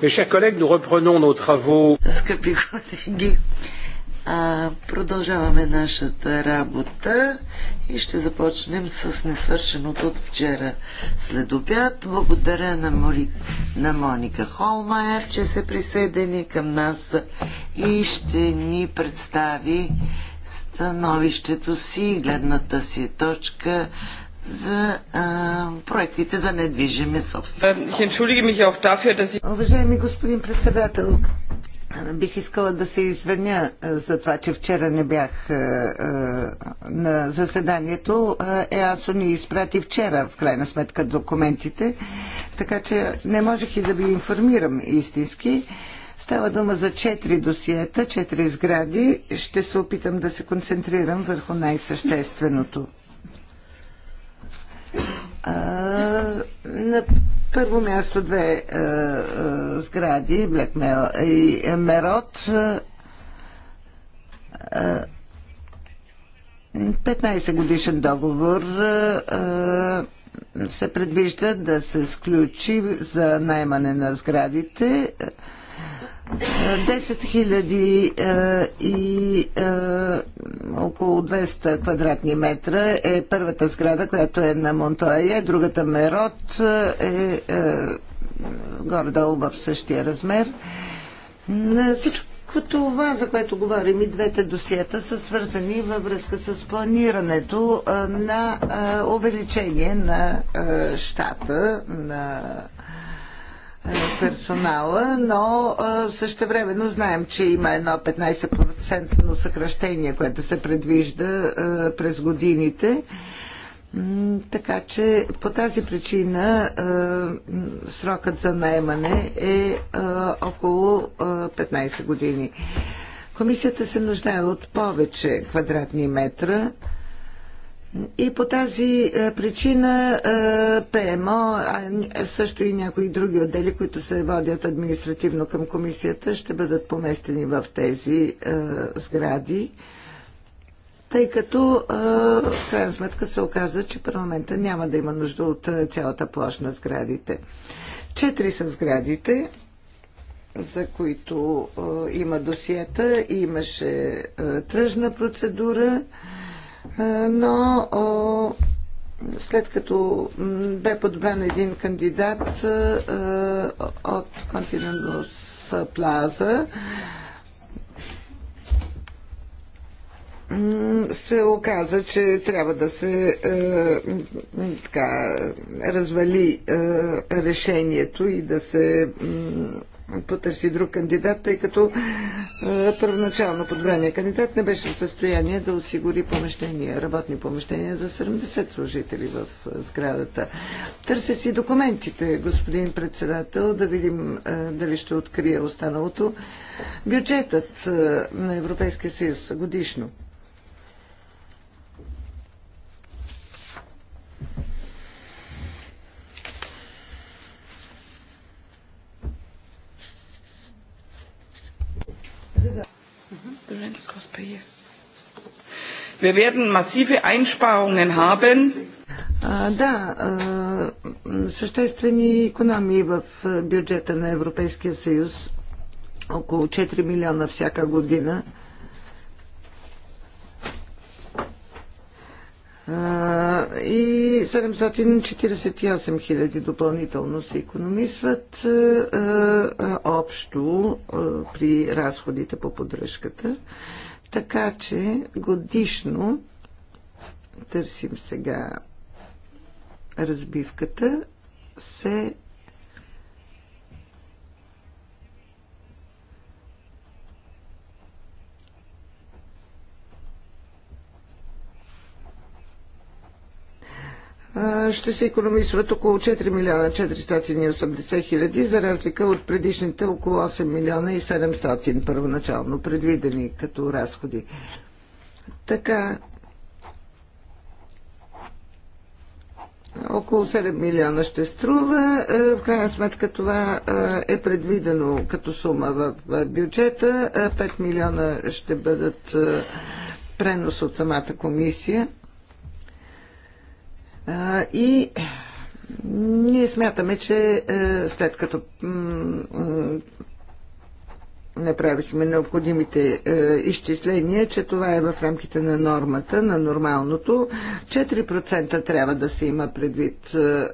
Скъпи колеги, продължаваме нашата работа и ще започнем с несвършеното от вчера след обяд. Благодаря на, Мори... на Моника Холмайер, че се присъедини към нас и ще ни представи становището си, гледната си точка за а, проектите за недвижими собственост. Äh, Уважаеми господин председател, бих искала да се извиня за това, че вчера не бях а, на заседанието. ЕАСО ни изпрати вчера, в крайна сметка, документите, така че не можех и да ви информирам истински. Става дума за четири досиета, четири сгради. Ще се опитам да се концентрирам върху най-същественото на първо място две сгради, Блекмел и Мерот. 15 годишен договор се предвижда да се сключи за найемане на сградите. 10 хиляди е, и е, около 200 квадратни метра е първата сграда, която е на Монтоя, другата Мерот е, е горе-долу в същия размер. Всичко това, за което говорим и двете досиета, са свързани във връзка с планирането на увеличение на щата, на е, персонала, но е, също времено знаем, че има едно 15% съкръщение, което се предвижда е, през годините. Така че по тази причина срокът за наемане е около 15 години. Комисията се нуждае от повече квадратни метра и по тази е, причина е, ПМО, а също и някои други отдели, които се водят административно към комисията, ще бъдат поместени в тези е, сгради, тъй като в крайна сметка се оказа, че парламента няма да има нужда от цялата площ на сградите. Четири са сградите, за които има досиета, имаше тръжна процедура. Е, но след като бе подбран един кандидат е, от Continental Плаза, се оказа, че трябва да се е, така, развали е, решението и да се потърси друг кандидат, тъй като а, е, първоначално подбрания кандидат не беше в състояние да осигури помещения, работни помещения за 70 служители в е, сградата. Търся си документите, господин председател, да видим а, е, дали ще открие останалото. Бюджетът а, на Европейския съюз годишно Wir werden massive Einsparungen haben. да, съществени економии в бюджета на Европейския съюз, около 4 милиона всяка година. и 748 хиляди допълнително се економисват общо при разходите по поддръжката. Така че годишно търсим сега разбивката се ще се економисват около 4 милиона 480 хиляди, за разлика от предишните около 8 милиона и 700 първоначално предвидени като разходи. Така, около 7 милиона ще струва. В крайна сметка това е предвидено като сума в бюджета. 5 милиона ще бъдат пренос от самата комисия – и ние смятаме, че е, след като направихме необходимите е, изчисления, че това е в рамките на нормата, на нормалното. 4% трябва да се има предвид е, е,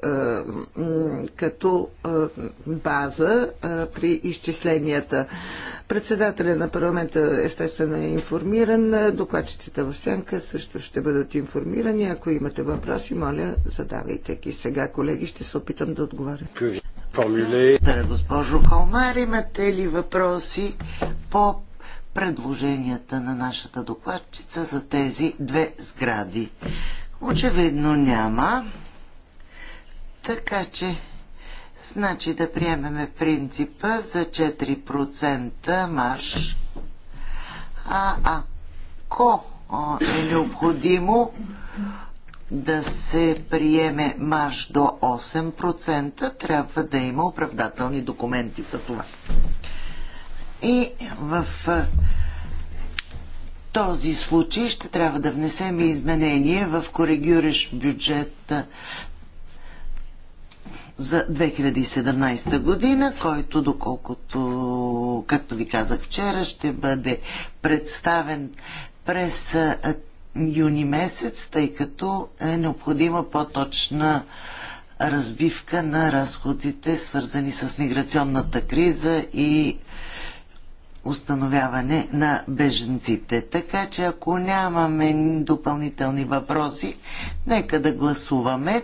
като е, база е, при изчисленията. Председателя на парламента естествено е информиран, докладчиците в Сянка също ще бъдат информирани. Ако имате въпроси, моля, задавайте ги. Сега, колеги, ще се опитам да отговоря госпожо Холмар. Имате ли въпроси по предложенията на нашата докладчица за тези две сгради? Очевидно няма. Така че, значи да приемеме принципа за 4% марш. А ако е необходимо, да се приеме марш до 8%, трябва да има оправдателни документи за това. И в този случай ще трябва да внесем изменение в коригюреш бюджет за 2017 година, който доколкото, както ви казах вчера, ще бъде представен през юни месец, тъй като е необходима по-точна разбивка на разходите, свързани с миграционната криза и установяване на беженците. Така че ако нямаме допълнителни въпроси, нека да гласуваме.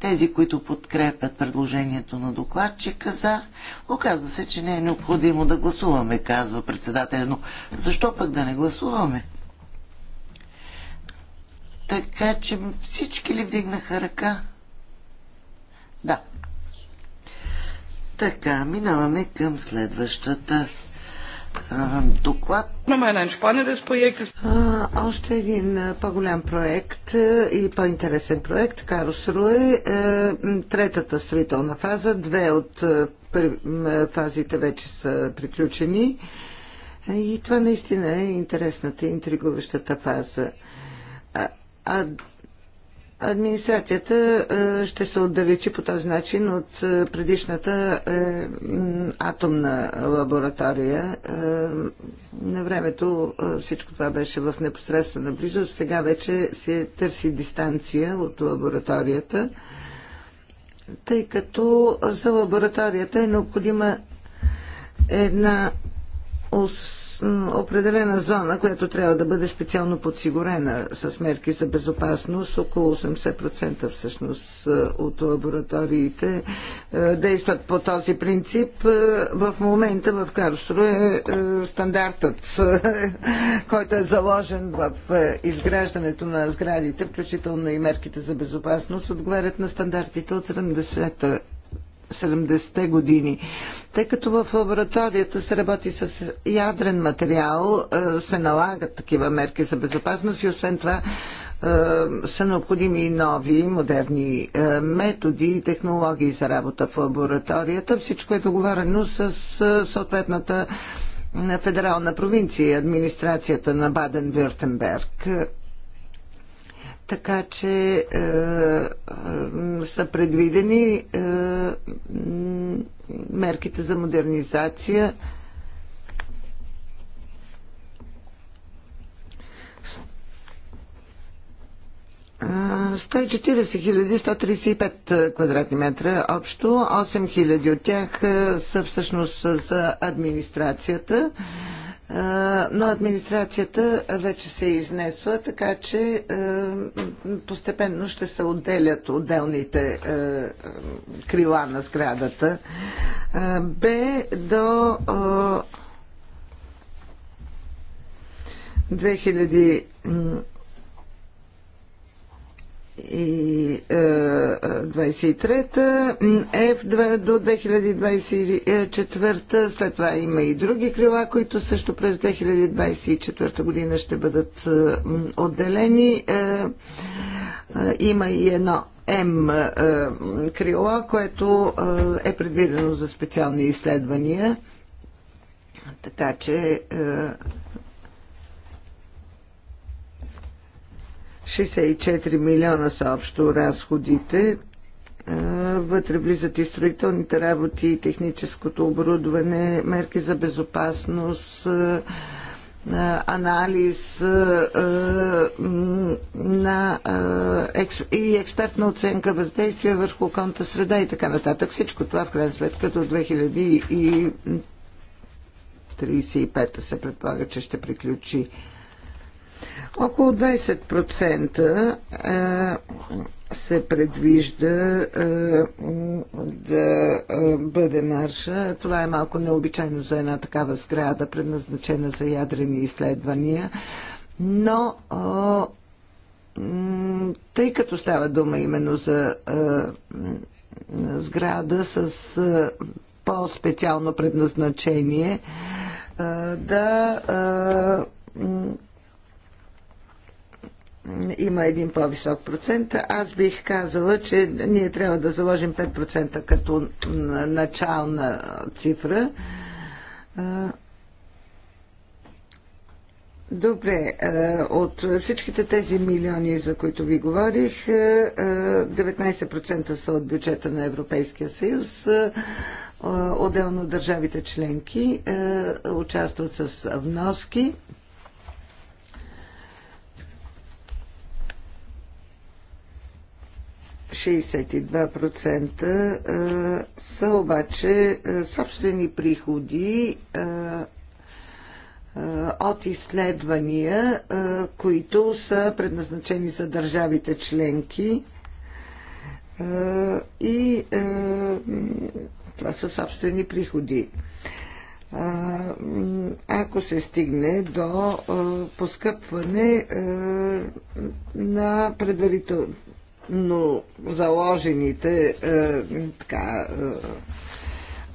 Тези, които подкрепят предложението на докладчика за... Оказва се, че не е необходимо да гласуваме, казва председателя. Но защо пък да не гласуваме? Така че всички ли вдигнаха ръка? Да. Така, минаваме към следващата а, доклад. още един по-голям проект и по-интересен проект, Карус Руе, третата строителна фаза, две от фазите вече са приключени. И това наистина е интересната, интригуващата фаза. Администрацията е, ще се отдалечи по този начин от е, предишната е, атомна лаборатория. На времето всичко това беше в непосредствена близост. Сега вече се търси дистанция от лабораторията, тъй като за лабораторията е необходима една ос определена зона, която трябва да бъде специално подсигурена с мерки за безопасност. Около 80% всъщност е, от лабораториите е, действат по този принцип. Е, в момента в Карлсру е стандартът, който е заложен в изграждането на сградите, включително и мерките за безопасност, отговарят на стандартите от 70-та 70-те години. Тъй като в лабораторията се работи с ядрен материал, е, се налагат такива мерки за безопасност и освен това е, са необходими и нови, модерни е, методи и технологии за работа в лабораторията. Всичко е договорено с съответната федерална провинция и администрацията на Баден-Вюртенберг така че е, е, са предвидени е, мерките за модернизация. Е, 140 135 квадратни метра общо, 8 000 от тях е, са всъщност за администрацията. Е, но администрацията вече се е изнесла, така че постепенно ще се отделят отделните крила на сградата. Б до и 23-та, е, F2 до 2024, след това има и други крила, които също през 2024 година ще бъдат е, отделени. Е, има и едно М крила, което е предвидено за специални изследвания. Така че 64 милиона са общо разходите. Вътре влизат и строителните работи, и техническото оборудване, мерки за безопасност, анализ на, и експертна оценка въздействие върху околната среда и така нататък. Всичко това в крайна сметка до 2035 се предполага, че ще приключи. Около 20% се предвижда да бъде марша. Това е малко необичайно за една такава сграда, предназначена за ядрени изследвания. Но тъй като става дума именно за сграда с по-специално предназначение, да има един по-висок процент. Аз бих казала, че ние трябва да заложим 5% като начална цифра. Добре, от всичките тези милиони, за които ви говорих, 19% са от бюджета на Европейския съюз. Отделно държавите членки участват с вноски 62% са обаче собствени приходи от изследвания, които са предназначени за държавите членки и това са собствени приходи. Ако се стигне до поскъпване на предварително но заложените е, така,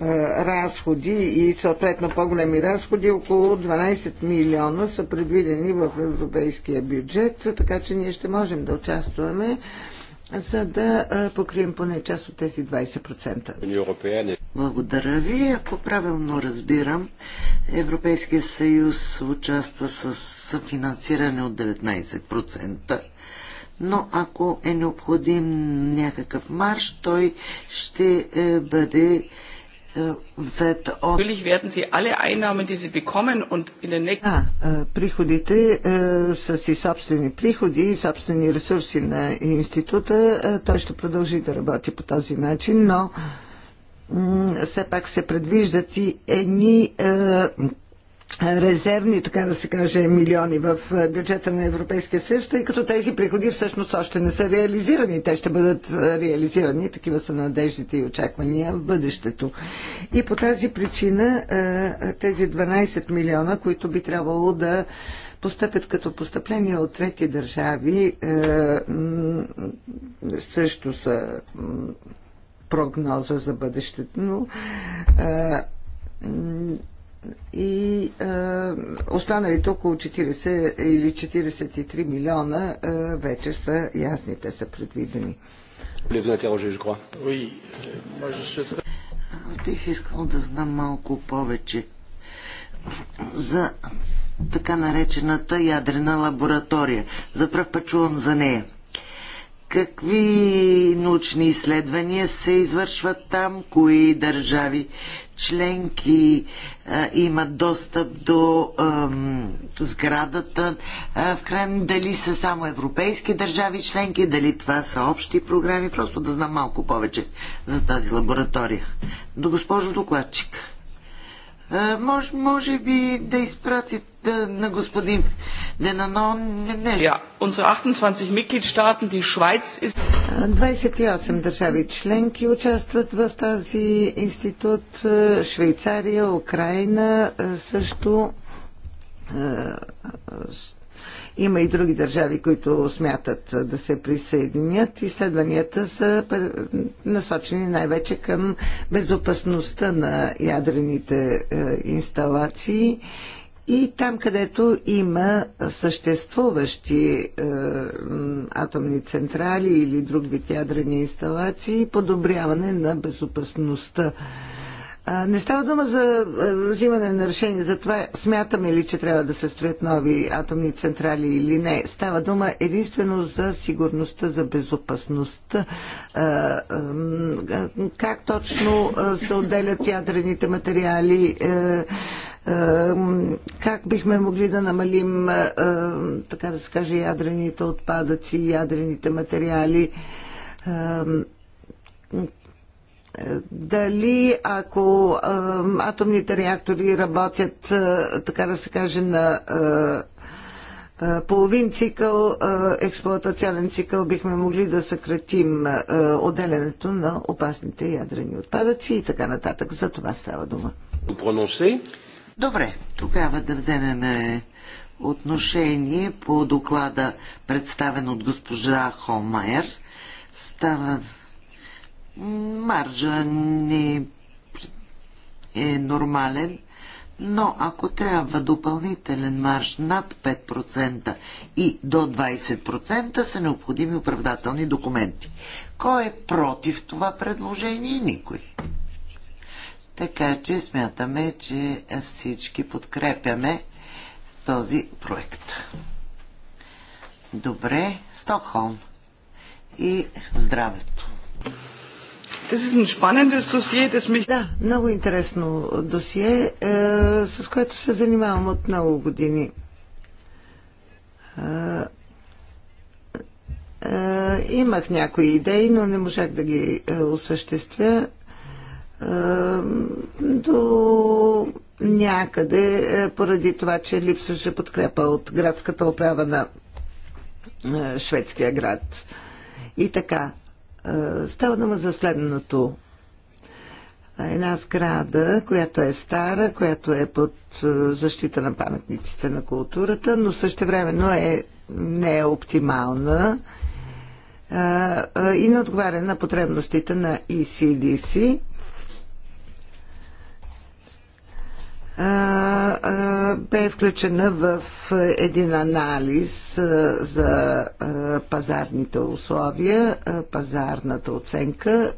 е, е, разходи и съответно по-големи разходи, около 12 милиона са предвидени в европейския бюджет, така че ние ще можем да участваме за да е, покрием поне част от тези 20%. Благодаря ви. Ако правилно разбирам, Европейския съюз участва с финансиране от 19% но ако е необходим някакъв марш, той ще е, бъде е, взет от... Да, е, приходите са си собствени приходи и собствени ресурси на института. Той ще продължи да работи по този начин, но все пак се предвиждат и едни резервни, така да се каже, милиони в бюджета на Европейския съюз, тъй като тези приходи всъщност още не са реализирани. Те ще бъдат реализирани, такива са надеждите и очаквания в бъдещето. И по тази причина тези 12 милиона, които би трябвало да постъпят като постъпления от трети държави, също са прогноза за бъдещето, но и е, останалите около 40 или 43 милиона е, вече са ясни, те са предвидени. Euh, бих искал да знам малко повече за така наречената ядрена лаборатория. За пръв път чувам за нея. Какви научни изследвания се извършват там? Кои държави членки а, имат достъп до а, сградата. А, в крайна дали са само европейски държави членки, дали това са общи програми, просто да знам малко повече за тази лаборатория. До госпожо докладчик. Мож, може би да да, на господин Денанон нещо. Ja, unsere 28 Mitgliedstaaten, die Schweiz ist... 28 държави членки участват в този институт. Е, Швейцария, Украина е, също е, има и други държави, които смятат да се присъединят. Изследванията са насочени най-вече към безопасността на ядрените е, инсталации и там, където има съществуващи е, атомни централи или друг вид ядрени инсталации, подобряване на безопасността не става дума за взимане на решение за това, смятаме ли, че трябва да се строят нови атомни централи или не. Става дума единствено за сигурността, за безопасността. Как точно се отделят ядрените материали? Е, е, как бихме могли да намалим, така да се каже, ядрените отпадъци, ядрените материали? дали ако атомните реактори работят, така да се каже, на половин цикъл, експлоатационен цикъл, бихме могли да съкратим отделянето на опасните ядрени отпадъци и така нататък. За това става дума. Добре, тогава да вземем е, отношение по доклада, представен от госпожа Холмайерс. Става маржа не е нормален, но ако трябва допълнителен марш над 5% и до 20% са необходими оправдателни документи. Кой е против това предложение? Никой. Така че смятаме, че всички подкрепяме този проект. Добре, Стокхолм и здравето. Да, много интересно досие, е, с което се занимавам от много години. Е, е, имах някои идеи, но не можах да ги е, осъществя. Е, до някъде, е, поради това, че липсваше подкрепа от градската управа на шведския град. И така, е, става дума за следното. Една сграда, която е стара, която е под е, защита на паметниците на културата, но същевременно е, не е оптимална е, и не отговаря на потребностите на ECDC. бе включена в един анализ за пазарните условия, пазарната оценка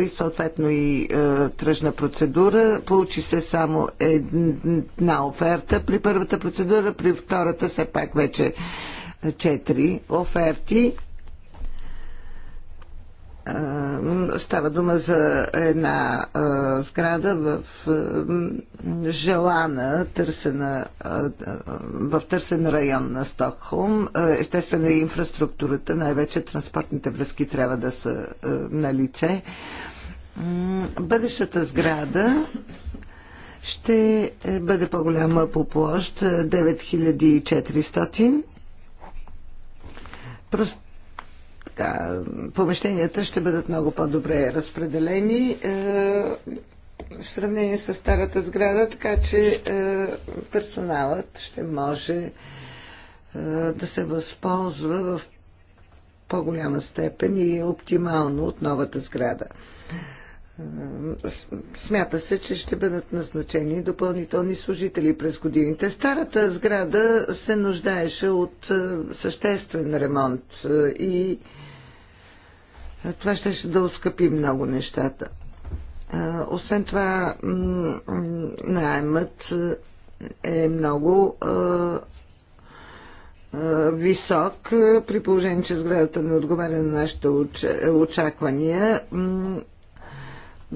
и съответно и тръжна процедура. Получи се само една оферта при първата процедура, при втората все пак вече четири оферти Става дума за една сграда в желана, търсена, в търсен район на Стокхолм. Естествено и инфраструктурата, най-вече транспортните връзки трябва да са на лице. Бъдещата сграда ще е, бъде по-голяма по площ 9400. просто така, помещенията ще бъдат много по-добре разпределени е, в сравнение с старата сграда, така че е, персоналът ще може е, да се възползва в по-голяма степен и оптимално от новата сграда. Е, смята се, че ще бъдат назначени допълнителни служители през годините. Старата сграда се нуждаеше от е, съществен ремонт е, и това ще, ще да ускъпи много нещата. Освен това, найемът е много висок, при положение, че сградата не отговаря на нашите очаквания.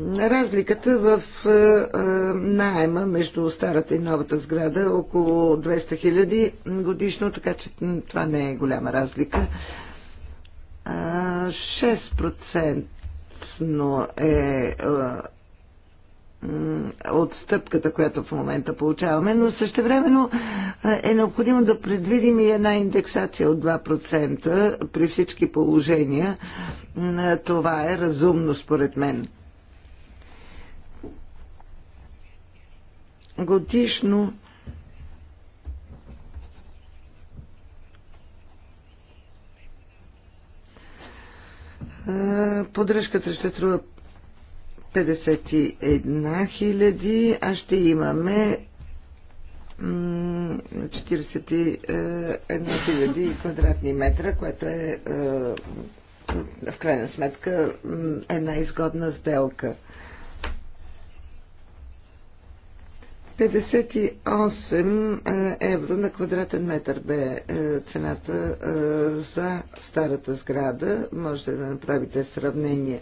Разликата в найема между старата и новата сграда е около 200 хиляди годишно, така че това не е голяма разлика. 6% е отстъпката, която в момента получаваме, но същевременно е необходимо да предвидим и една индексация от 2% при всички положения. Това е разумно според мен. Годишно Поддръжката ще струва 51 хиляди, а ще имаме 41 хиляди квадратни метра, което е в крайна сметка една изгодна сделка. 58 е, евро на квадратен метър бе е, цената е, за старата сграда. Можете да направите сравнение.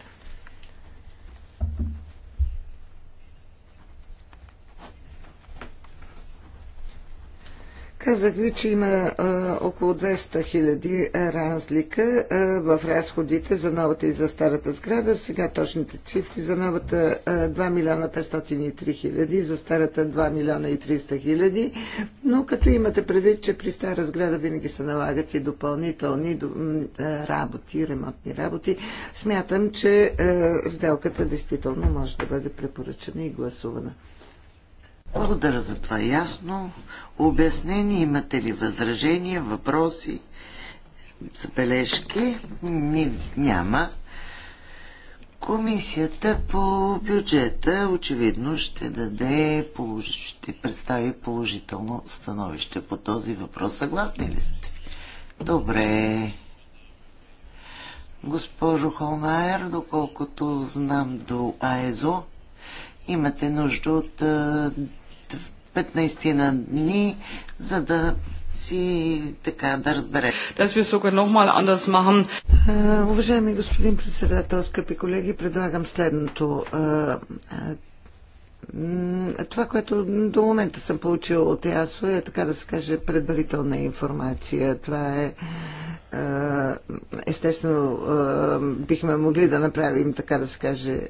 Казах ви, че има а, около 200 хиляди разлика а, в разходите за новата и за старата сграда. Сега точните цифри за новата а, 2 милиона 503 хиляди, за старата 2 милиона и 300 хиляди. Но като имате предвид, че при стара сграда винаги се налагат и допълнителни работи, ремонтни работи, смятам, че а, сделката действително може да бъде препоръчена и гласувана. Благодаря за това ясно. Обяснение имате ли възражения, въпроси, забележки? Няма. Комисията по бюджета очевидно ще даде, ще представи положително становище по този въпрос. Съгласни ли сте? Добре. Госпожо Холмайер, доколкото знам до АЕЗО, имате нужда от 15 на дни, за да си така да разбере. Uh, уважаеми господин председател, скъпи колеги, предлагам следното. Uh, това, което до момента съм получил от ЕАСО е, така да се каже, предварителна информация. Това е естествено бихме могли да направим, така да се каже,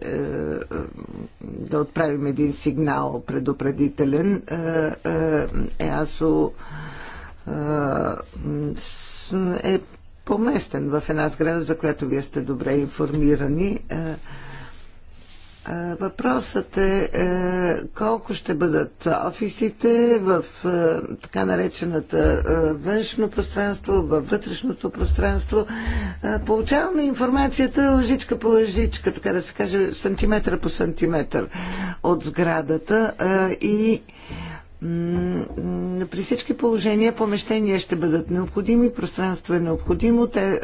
да отправим един сигнал предупредителен. ЕАСО е поместен в една сграда, за която вие сте добре информирани. Въпросът е, е колко ще бъдат офисите в е, така наречената е, външно пространство, във вътрешното пространство. Получаваме информацията лъжичка по лъжичка, така да се каже, сантиметър по сантиметър от сградата и при всички положения помещения ще бъдат необходими, пространство е необходимо, те е,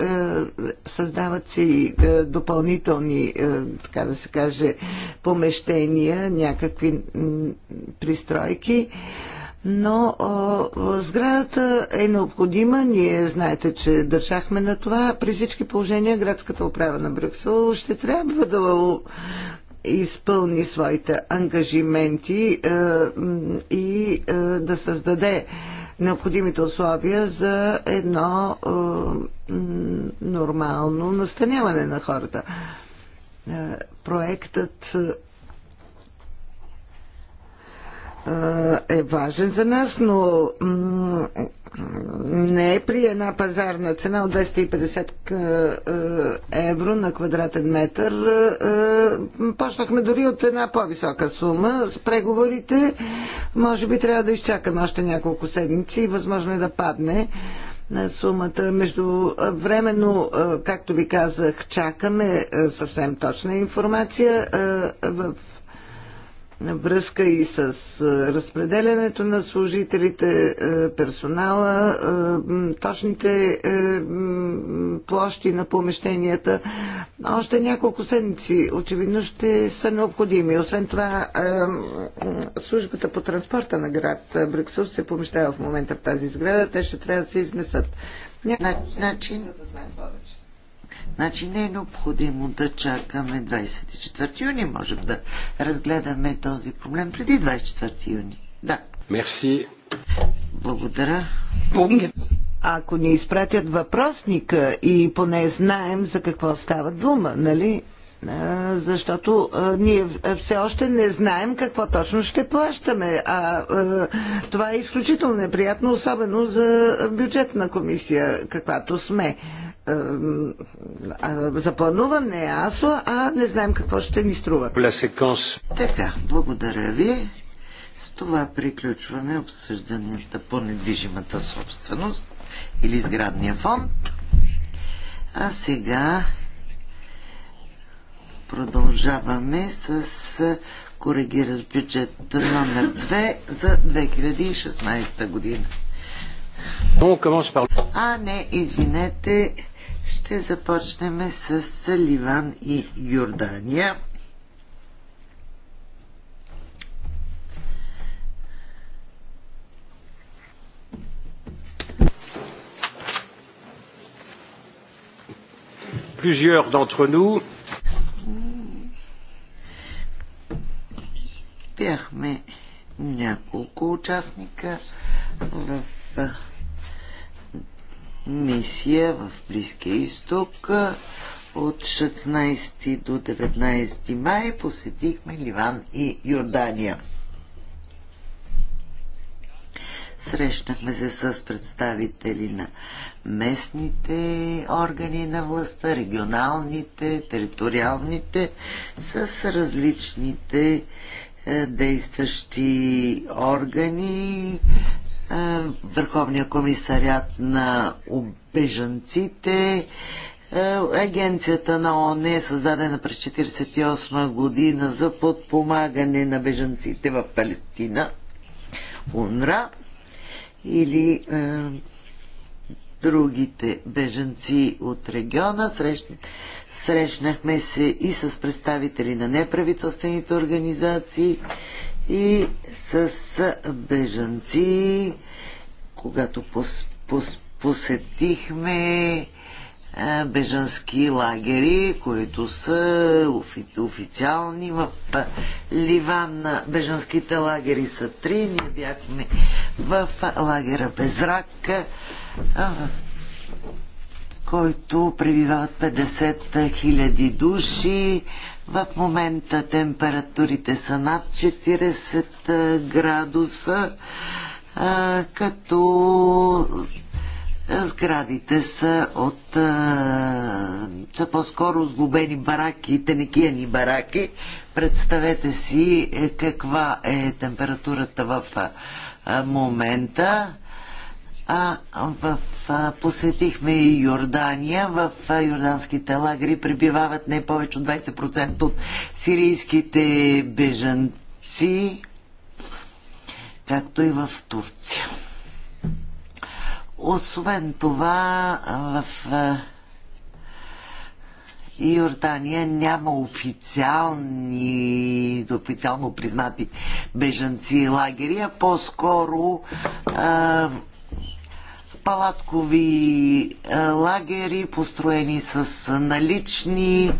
създават се и е, допълнителни, е, така да се каже, помещения, някакви пристройки. Но е, сградата е необходима, ние знаете, че държахме на това. При всички положения градската управа на Брюксел ще трябва да изпълни своите ангажименти е, и е, да създаде необходимите условия за едно е, нормално настаняване на хората. Проектът е важен за нас, но не е при една пазарна цена от 250 е, е, евро на квадратен метър. Е, почнахме дори от една по-висока сума с преговорите. Може би трябва да изчакаме още няколко седмици и възможно е да падне на сумата. Между времено, както ви казах, чакаме съвсем точна информация. В връзка и с разпределянето на служителите, персонала, точните площи на помещенията. Още няколко седмици очевидно ще са необходими. Освен това, службата по транспорта на град Брюксел се помещава в момента в тази сграда. Те ще трябва да се изнесат. Няма начин. За да знаем повече. Значи не е необходимо да чакаме 24 юни. Можем да разгледаме този проблем преди 24 юни. Да. Мерси. Благодаря. Ако ни изпратят въпросника и поне знаем за какво става дума, нали? защото а, ние все още не знаем какво точно ще плащаме. А, а това е изключително неприятно, особено за бюджетна комисия, каквато сме за плануване е АСО, а не знаем какво ще ни струва. Така, благодаря ви. С това приключваме обсъжданията по недвижимата собственост или сградния фонд. А сега продължаваме с коригиращ бюджет номер 2 за 2016 година. А не, извинете, ще започнем с Ливан и Йордания. Plusieurs d'entre nous бяхме няколко участника в мисия в Близкия изток. От 16 до 19 май посетихме Ливан и Йордания. Срещнахме се с представители на местните органи на властта, регионалните, териториалните, с различните е, действащи органи, е, Върховния комисарят на обежанците. Е, Агенцията на ОНЕ, е създадена през 1948 година за подпомагане на бежанците в Палестина. УНРА или е, другите бежанци от региона. Срещ, срещнахме се и с представители на неправителствените организации и с бежанци, когато пос, пос, посетихме бежански лагери, които са офи, официални в Ливан. Бежанските лагери са три. Ние бяхме в лагера Безрак, който пребивават 50 000 души. В момента температурите са над 40 градуса, като сградите са от са по-скоро сглобени бараки, тенекияни бараки. Представете си е, каква е температурата в момента а, в, а, посетихме и Йордания. В а, йорданските лагери прибивават не повече от 20% от сирийските бежанци, както и в Турция. Освен това, в а, Йордания няма официални, официално признати бежанци и лагери, а по-скоро палаткови е, лагери, построени с е, налични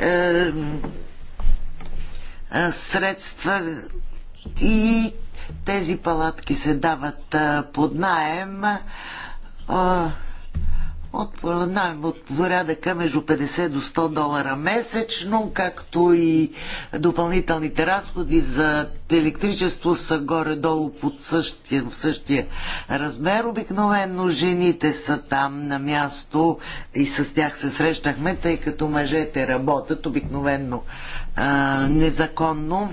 е, средства и тези палатки се дават под найем от, от порядъка между 50 до 100 долара месечно, както и допълнителните разходи за електричество са горе-долу под същия, в същия размер. Обикновено жените са там на място и с тях се срещахме, тъй като мъжете работят обикновено а, незаконно.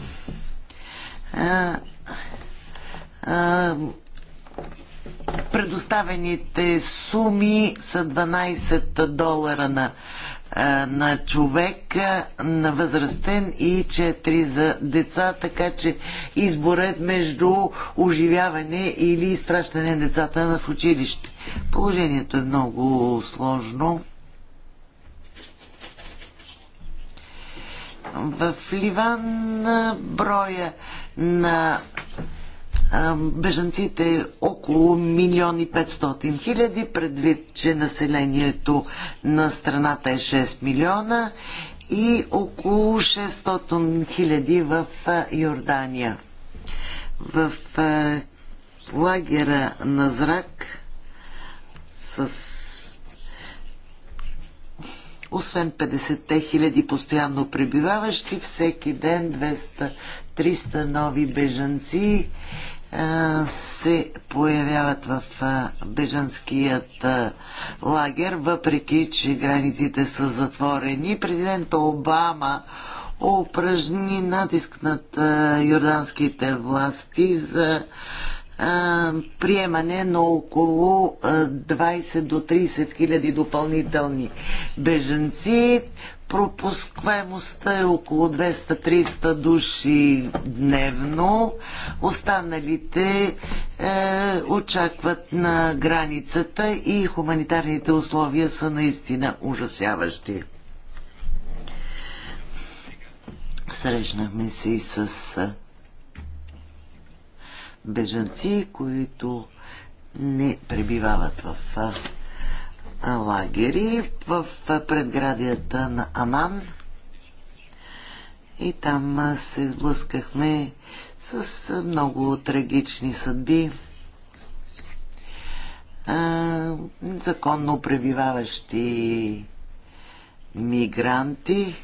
А, а, предоставените суми са 12 долара на, е, на човек, е, на възрастен и 4 за деца, така че изборът между оживяване или изпращане на децата в училище. Положението е много сложно. В Ливан е, броя на бежанците около милион и 500 хиляди, предвид, че населението на страната е 6 милиона и около 600 хиляди в Йордания. В лагера на Зрак с освен 50-те хиляди постоянно пребиваващи, всеки ден 200-300 нови бежанци се появяват в бежанският лагер, въпреки че границите са затворени. Президента Обама упражни натиск над йорданските власти за приемане на около 20 до 30 хиляди допълнителни беженци. Пропускваемостта е около 200-300 души дневно. Останалите е, очакват на границата и хуманитарните условия са наистина ужасяващи. Срещнахме се и с е, бежанци, които не пребивават в е, лагери в предградията на Аман. И там се сблъскахме с много трагични съдби. Законно пребиваващи мигранти,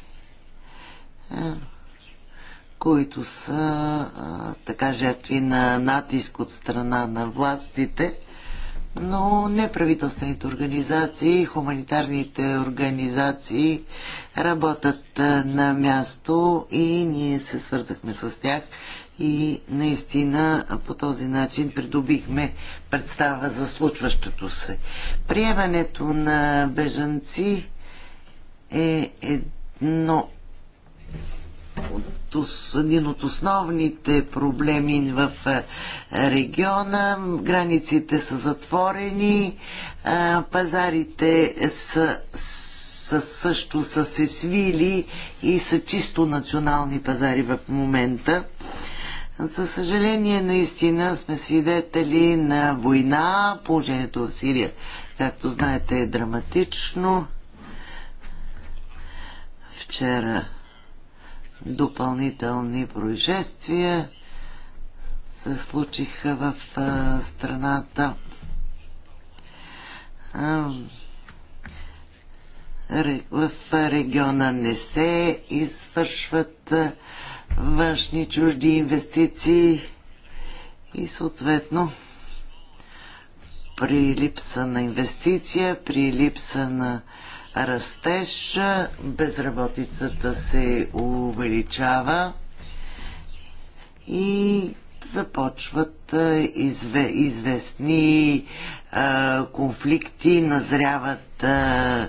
които са така жертви на натиск от страна на властите но неправителствените организации, хуманитарните организации работят на място и ние се свързахме с тях и наистина по този начин придобихме представа за случващото се. Приемането на бежанци е едно един от основните проблеми в е, региона. Границите са затворени, е, пазарите са, са също са се свили и са чисто национални пазари в момента. За съжаление, наистина сме свидетели на война. Положението в Сирия, както знаете, е драматично. Вчера допълнителни происшествия се случиха в страната. В региона не се извършват външни чужди инвестиции и съответно при липса на инвестиция, при липса на растеж, безработицата се увеличава и започват изве, известни а, конфликти, назряват а,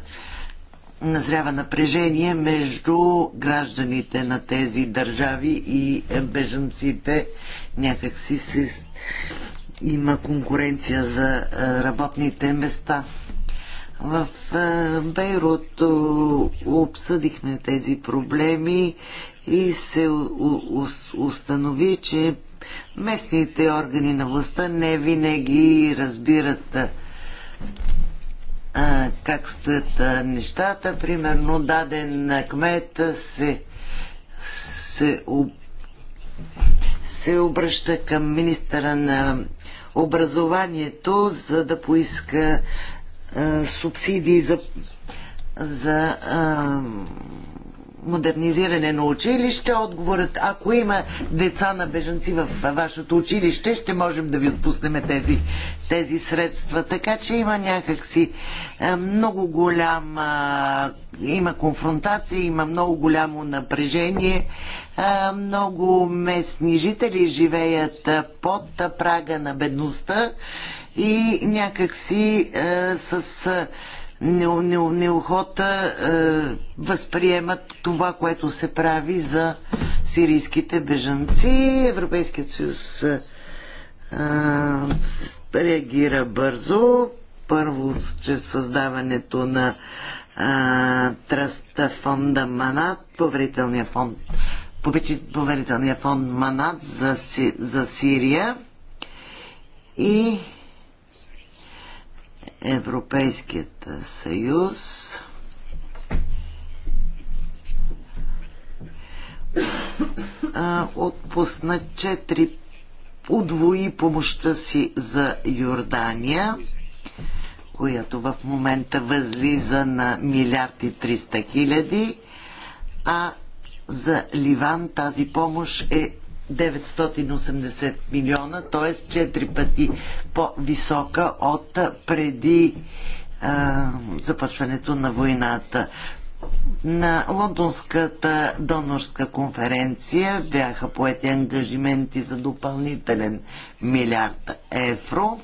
назрява напрежение между гражданите на тези държави и бежанците. Някакси се има конкуренция за работните места. В е, Бейрут е, обсъдихме тези проблеми и се установи, че местните органи на властта не винаги разбират е, как стоят нещата. Примерно даден кмет се, се, се обръща към министъра на образованието, за да поиска субсидии за, за а, модернизиране на училище. Отговорът, ако има деца на бежанци в вашето училище, ще можем да ви отпуснем тези, тези средства. Така че има някакси много голяма има конфронтация, има много голямо напрежение. Много местни жители живеят под прага на бедността и някакси а, е, с не, не, неохота е, възприемат това, което се прави за сирийските бежанци. Европейският съюз а, е, реагира бързо. Първо, чрез създаването на а, тръста фонда Манат, поверителния фонд, поверителния фонд Манат за, за Сирия и Европейският съюз отпусна 4 удвои помощта си за Йордания, която в момента възлиза на милиард и 300 хиляди, а за Ливан тази помощ е 980 милиона, т.е. 4 пъти по-висока от преди а, започването на войната. На Лондонската донорска конференция бяха поети ангажименти за допълнителен милиард евро.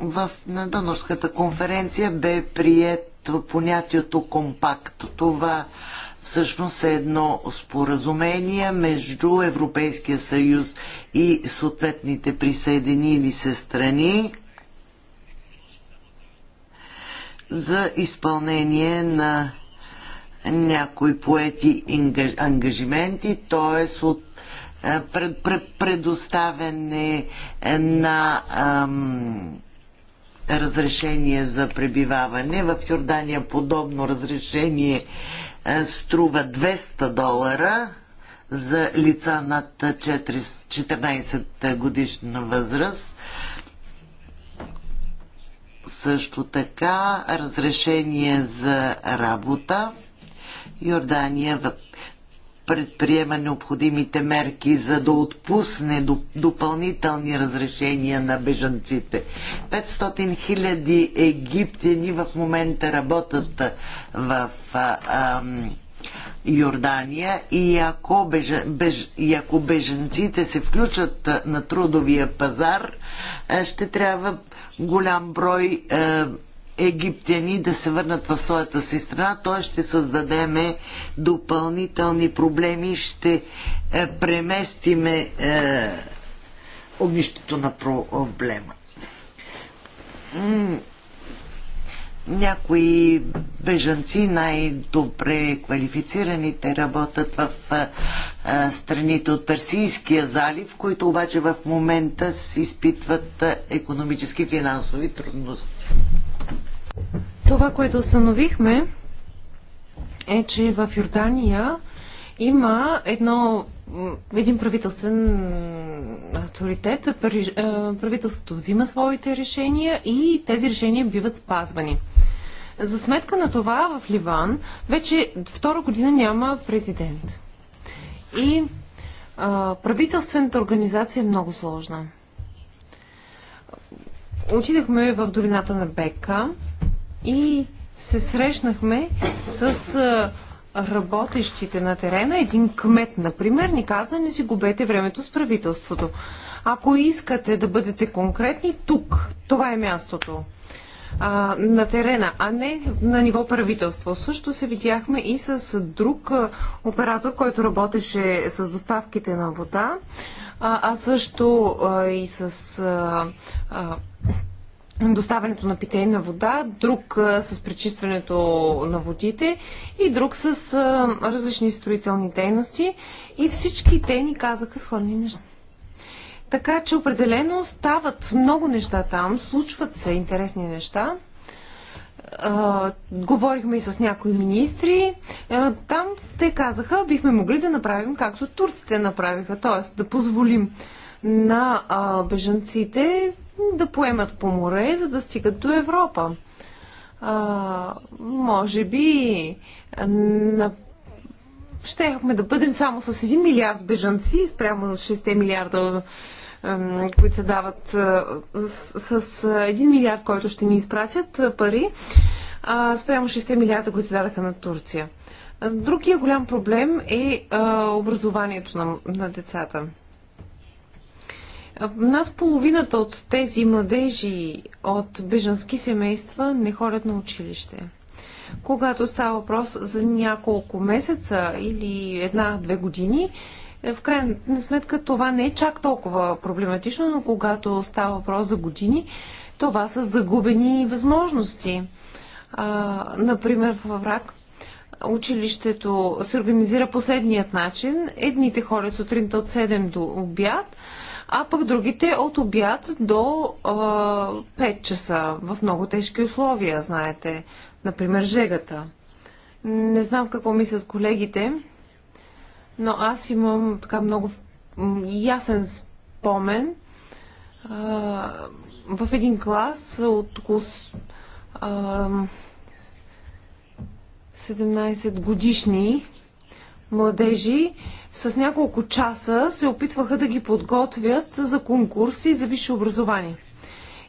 в, на донорската конференция бе прият понятието компакт. Това всъщност е едно споразумение между Европейския съюз и съответните присъединили се страни за изпълнение на някои поети ангажименти, т.е. от е, предоставяне е, на ам, разрешение за пребиваване. В Йордания подобно разрешение е, струва 200 долара за лица над 14 годишна възраст. Също така разрешение за работа. Йордания предприема необходимите мерки, за да отпусне допълнителни разрешения на бежанците. 500 хиляди египтяни в момента работят в а, а, Йордания и ако, беж, беж, и ако беженците се включат на трудовия пазар, ще трябва голям брой а, египтяни да се върнат в своята си страна, т.е. ще създадеме допълнителни проблеми, ще е, преместиме е, огнището на проблема. Някои бежанци, най-добре квалифицираните, работят в а, е, е, страните от Персийския залив, които обаче в момента изпитват економически и финансови трудности. Това, което установихме, е, че в Йордания има едно, един правителствен авторитет. Правителството взима своите решения и тези решения биват спазвани. За сметка на това в Ливан вече втора година няма президент. И а, правителствената организация е много сложна отидахме в долината на Бека и се срещнахме с работещите на терена. Един кмет, например, ни каза, не си губете времето с правителството. Ако искате да бъдете конкретни, тук. Това е мястото а, на терена, а не на ниво правителство. Също се видяхме и с друг оператор, който работеше с доставките на вода, а, а също а, и с а, а, доставянето на питейна вода, друг с пречистването на водите и друг с различни строителни дейности. И всички те ни казаха сходни неща. Така че определено стават много неща там, случват се интересни неща. А, говорихме и с някои министри. А, там те казаха, бихме могли да направим както турците направиха, т.е. да позволим на а, бежанците да поемат по море, за да стигат до Европа. А, може би на... щехме да бъдем само с 1 милиард бежанци спрямо с 6 милиарда които се дават с, с 1 милиард, който ще ни изпратят пари, спрямо 6 милиарда, които се дадаха на Турция. Другия голям проблем е образованието на, на децата. Над половината от тези младежи от бежански семейства не ходят на училище. Когато става въпрос за няколко месеца или една-две години, е, в крайна сметка това не е чак толкова проблематично, но когато става въпрос за години, това са загубени възможности. А, например, във враг училището се организира последният начин. Едните ходят сутринта от 7 до обяд, а пък другите от обяд до а, 5 часа в много тежки условия, знаете. Например, жегата. Не знам какво мислят колегите, но аз имам така много ясен спомен. А, в един клас от около а, 17 годишни младежи с няколко часа се опитваха да ги подготвят за конкурси за висше образование.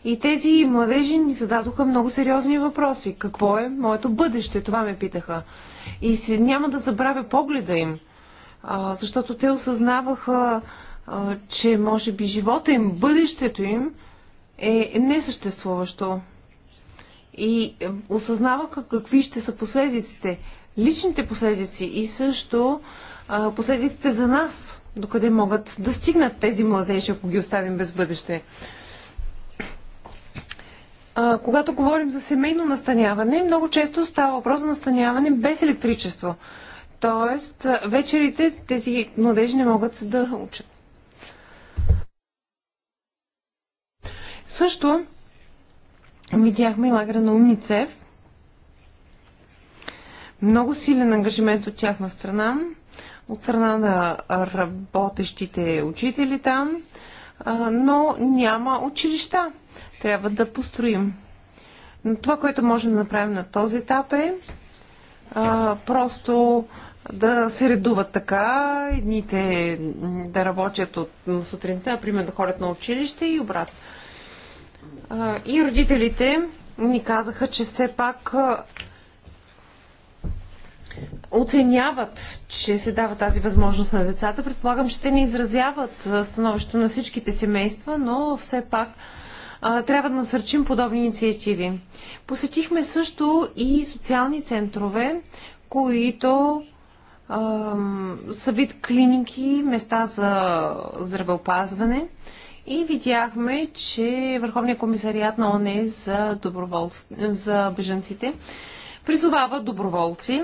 И тези младежи ни зададоха много сериозни въпроси. Какво е моето бъдеще? Това ме питаха. И си, няма да забравя погледа им, а, защото те осъзнаваха, а, че може би живота им, бъдещето им е несъществуващо. И е, осъзнаваха какви ще са последиците личните последици и също а, последиците за нас, докъде могат да стигнат тези младежи, ако ги оставим без бъдеще. А, когато говорим за семейно настаняване, много често става въпрос за настаняване без електричество. Тоест, вечерите тези младежи не могат да учат. Също видяхме лагера на Умницев, много силен ангажимент от тяхна страна, от страна на работещите учители там, но няма училища. Трябва да построим. Но това, което можем да направим на този етап е а, просто да се редуват така, едните да работят от сутринта, например да ходят на училище и обратно. И родителите ни казаха, че все пак оценяват, че се дава тази възможност на децата. Предполагам, че те не изразяват становището на всичките семейства, но все пак а, трябва да насърчим подобни инициативи. Посетихме също и социални центрове, които а, са вид клиники, места за здравеопазване и видяхме, че Върховният комисариат на ОНЕ за, за беженците призовава доброволци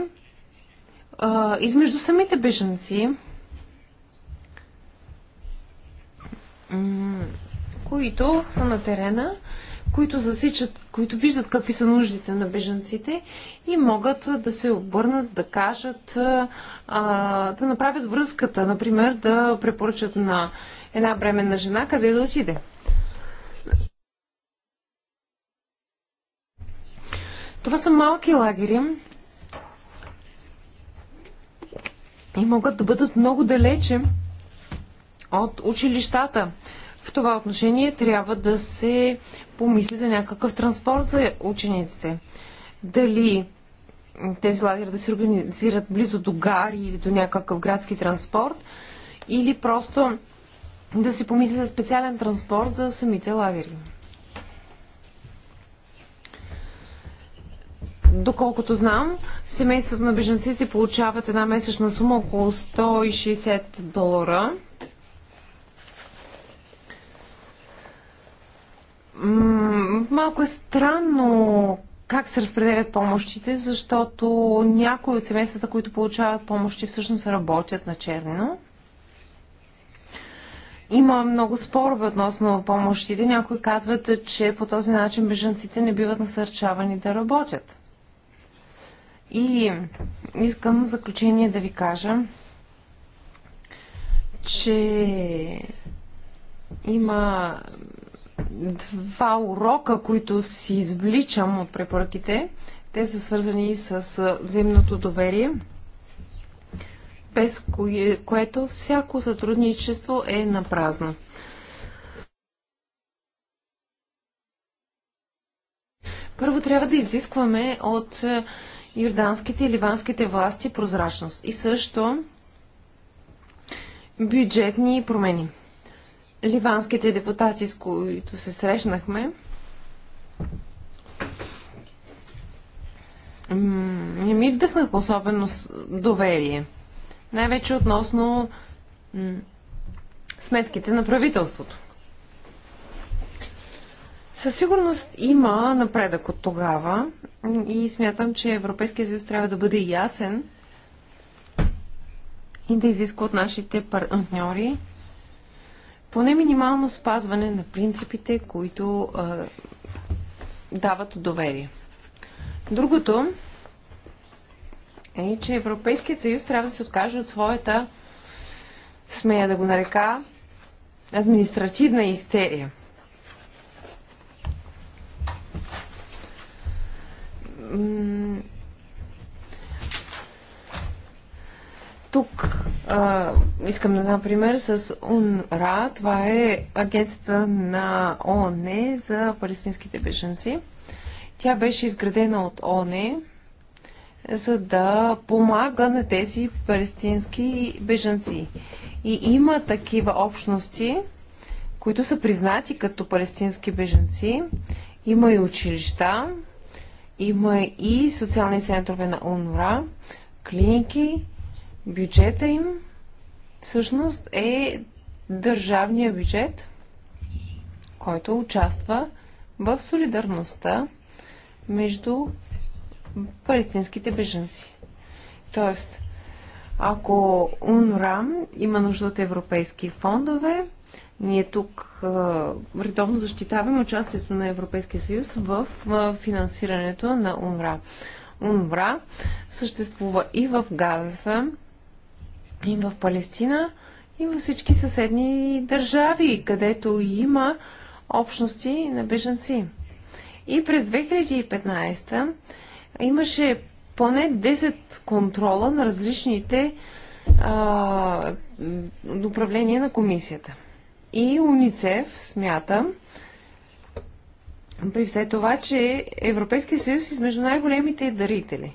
измежду самите бежанци, които са на терена, които засичат, които виждат какви са нуждите на бежанците и могат да се обърнат, да кажат, да направят връзката, например, да препоръчат на една бременна жена къде да отиде. Това са малки лагери, и могат да бъдат много далече от училищата. В това отношение трябва да се помисли за някакъв транспорт за учениците. Дали тези лагери да се организират близо до гари или до някакъв градски транспорт, или просто да се помисли за специален транспорт за самите лагери. Доколкото знам, семейството на беженците получават една месечна сума около 160 долара. Малко е странно как се разпределят помощите, защото някои от семействата, които получават помощи, всъщност работят на черно. Има много спорове относно помощите. Някои казват, че по този начин бежанците не биват насърчавани да работят. И искам в заключение да ви кажа, че има два урока, които си извличам от препоръките. Те са свързани с взаимното доверие, без кое, което всяко сътрудничество е напразно. Първо трябва да изискваме от йорданските и ливанските власти прозрачност и също бюджетни промени. Ливанските депутати, с които се срещнахме, не ми вдъхнаха особено доверие. Най-вече относно сметките на правителството. Със сигурност има напредък от тогава и смятам, че Европейския съюз трябва да бъде ясен и да изисква от нашите партньори поне минимално спазване на принципите, които а, дават доверие. Другото е, че Европейският съюз трябва да се откаже от своята, смея да го нарека, административна истерия. тук а, искам да дам пример с УНРА. Това е агенцията на ООН за палестинските беженци. Тя беше изградена от ООН, за да помага на тези палестински беженци. И има такива общности, които са признати като палестински беженци. Има и училища, има и социални центрове на УНРА, клиники, бюджета им всъщност е държавния бюджет, който участва в солидарността между палестинските беженци. Тоест, ако УНРА има нужда от европейски фондове, ние тук редовно защитаваме участието на Европейския съюз в финансирането на УНРА. УНРА съществува и в Газа, и в Палестина, и във всички съседни държави, където има общности на бежанци. И през 2015 имаше поне 10 контрола на различните а, управления на комисията. И УНИЦЕФ смята, при все това, че Европейския съюз е между най-големите дарители.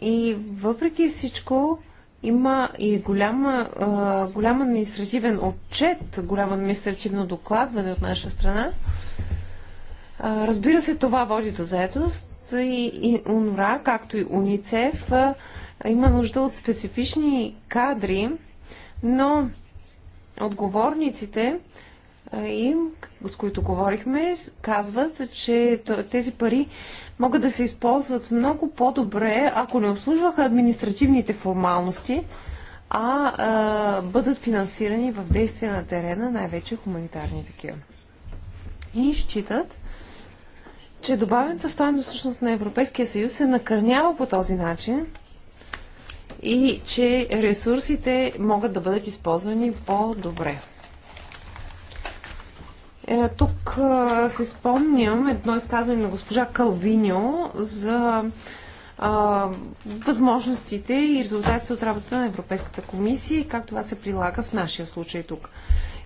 И въпреки всичко, има и голяма, а, голям административен отчет, голямо административно докладване от наша страна. А, разбира се, това води до заедост и, и УНРА, както и УНИЦЕФ, а, има нужда от специфични кадри, но отговорниците им, с които говорихме, казват, че тези пари могат да се използват много по-добре, ако не обслужваха административните формалности, а, а бъдат финансирани в действия на терена, най-вече хуманитарни такива. И считат, че добавената стоеност всъщност на Европейския съюз се накърнява по този начин, и че ресурсите могат да бъдат използвани по-добре. Е, тук е, се спомням едно изказване на госпожа Калвиньо за възможностите и резултатите от работата на Европейската комисия и как това се прилага в нашия случай тук.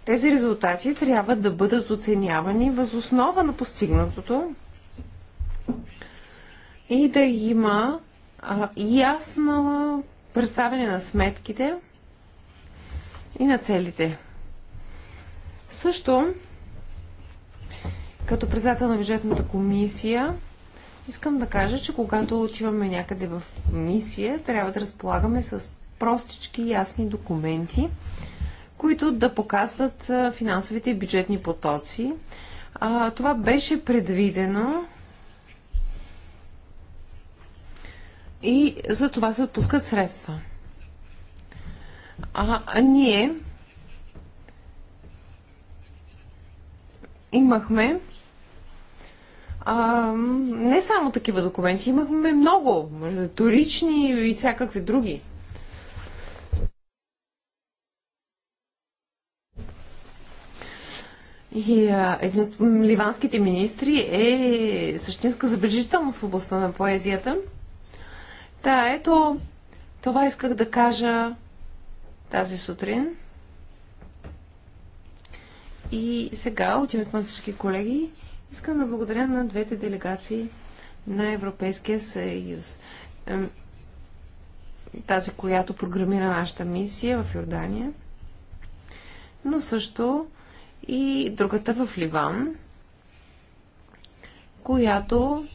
Тези резултати трябва да бъдат оценявани въз основа на постигнатото и да има а, ясна представяне на сметките и на целите. Също, като председател на бюджетната комисия, искам да кажа, че когато отиваме някъде в мисия, трябва да разполагаме с простички, ясни документи, които да показват финансовите и бюджетни потоци. А, това беше предвидено и за това се отпускат средства. А, а ние имахме а, не само такива документи, имахме много, турични и всякакви други. И а, един от ливанските министри е същинска забележителност в областта на поезията – да, ето, това исках да кажа тази сутрин. И сега, от името на всички колеги, искам да благодаря на двете делегации на Европейския съюз. Тази, която програмира нашата мисия в Йордания, но също и другата в Ливан, която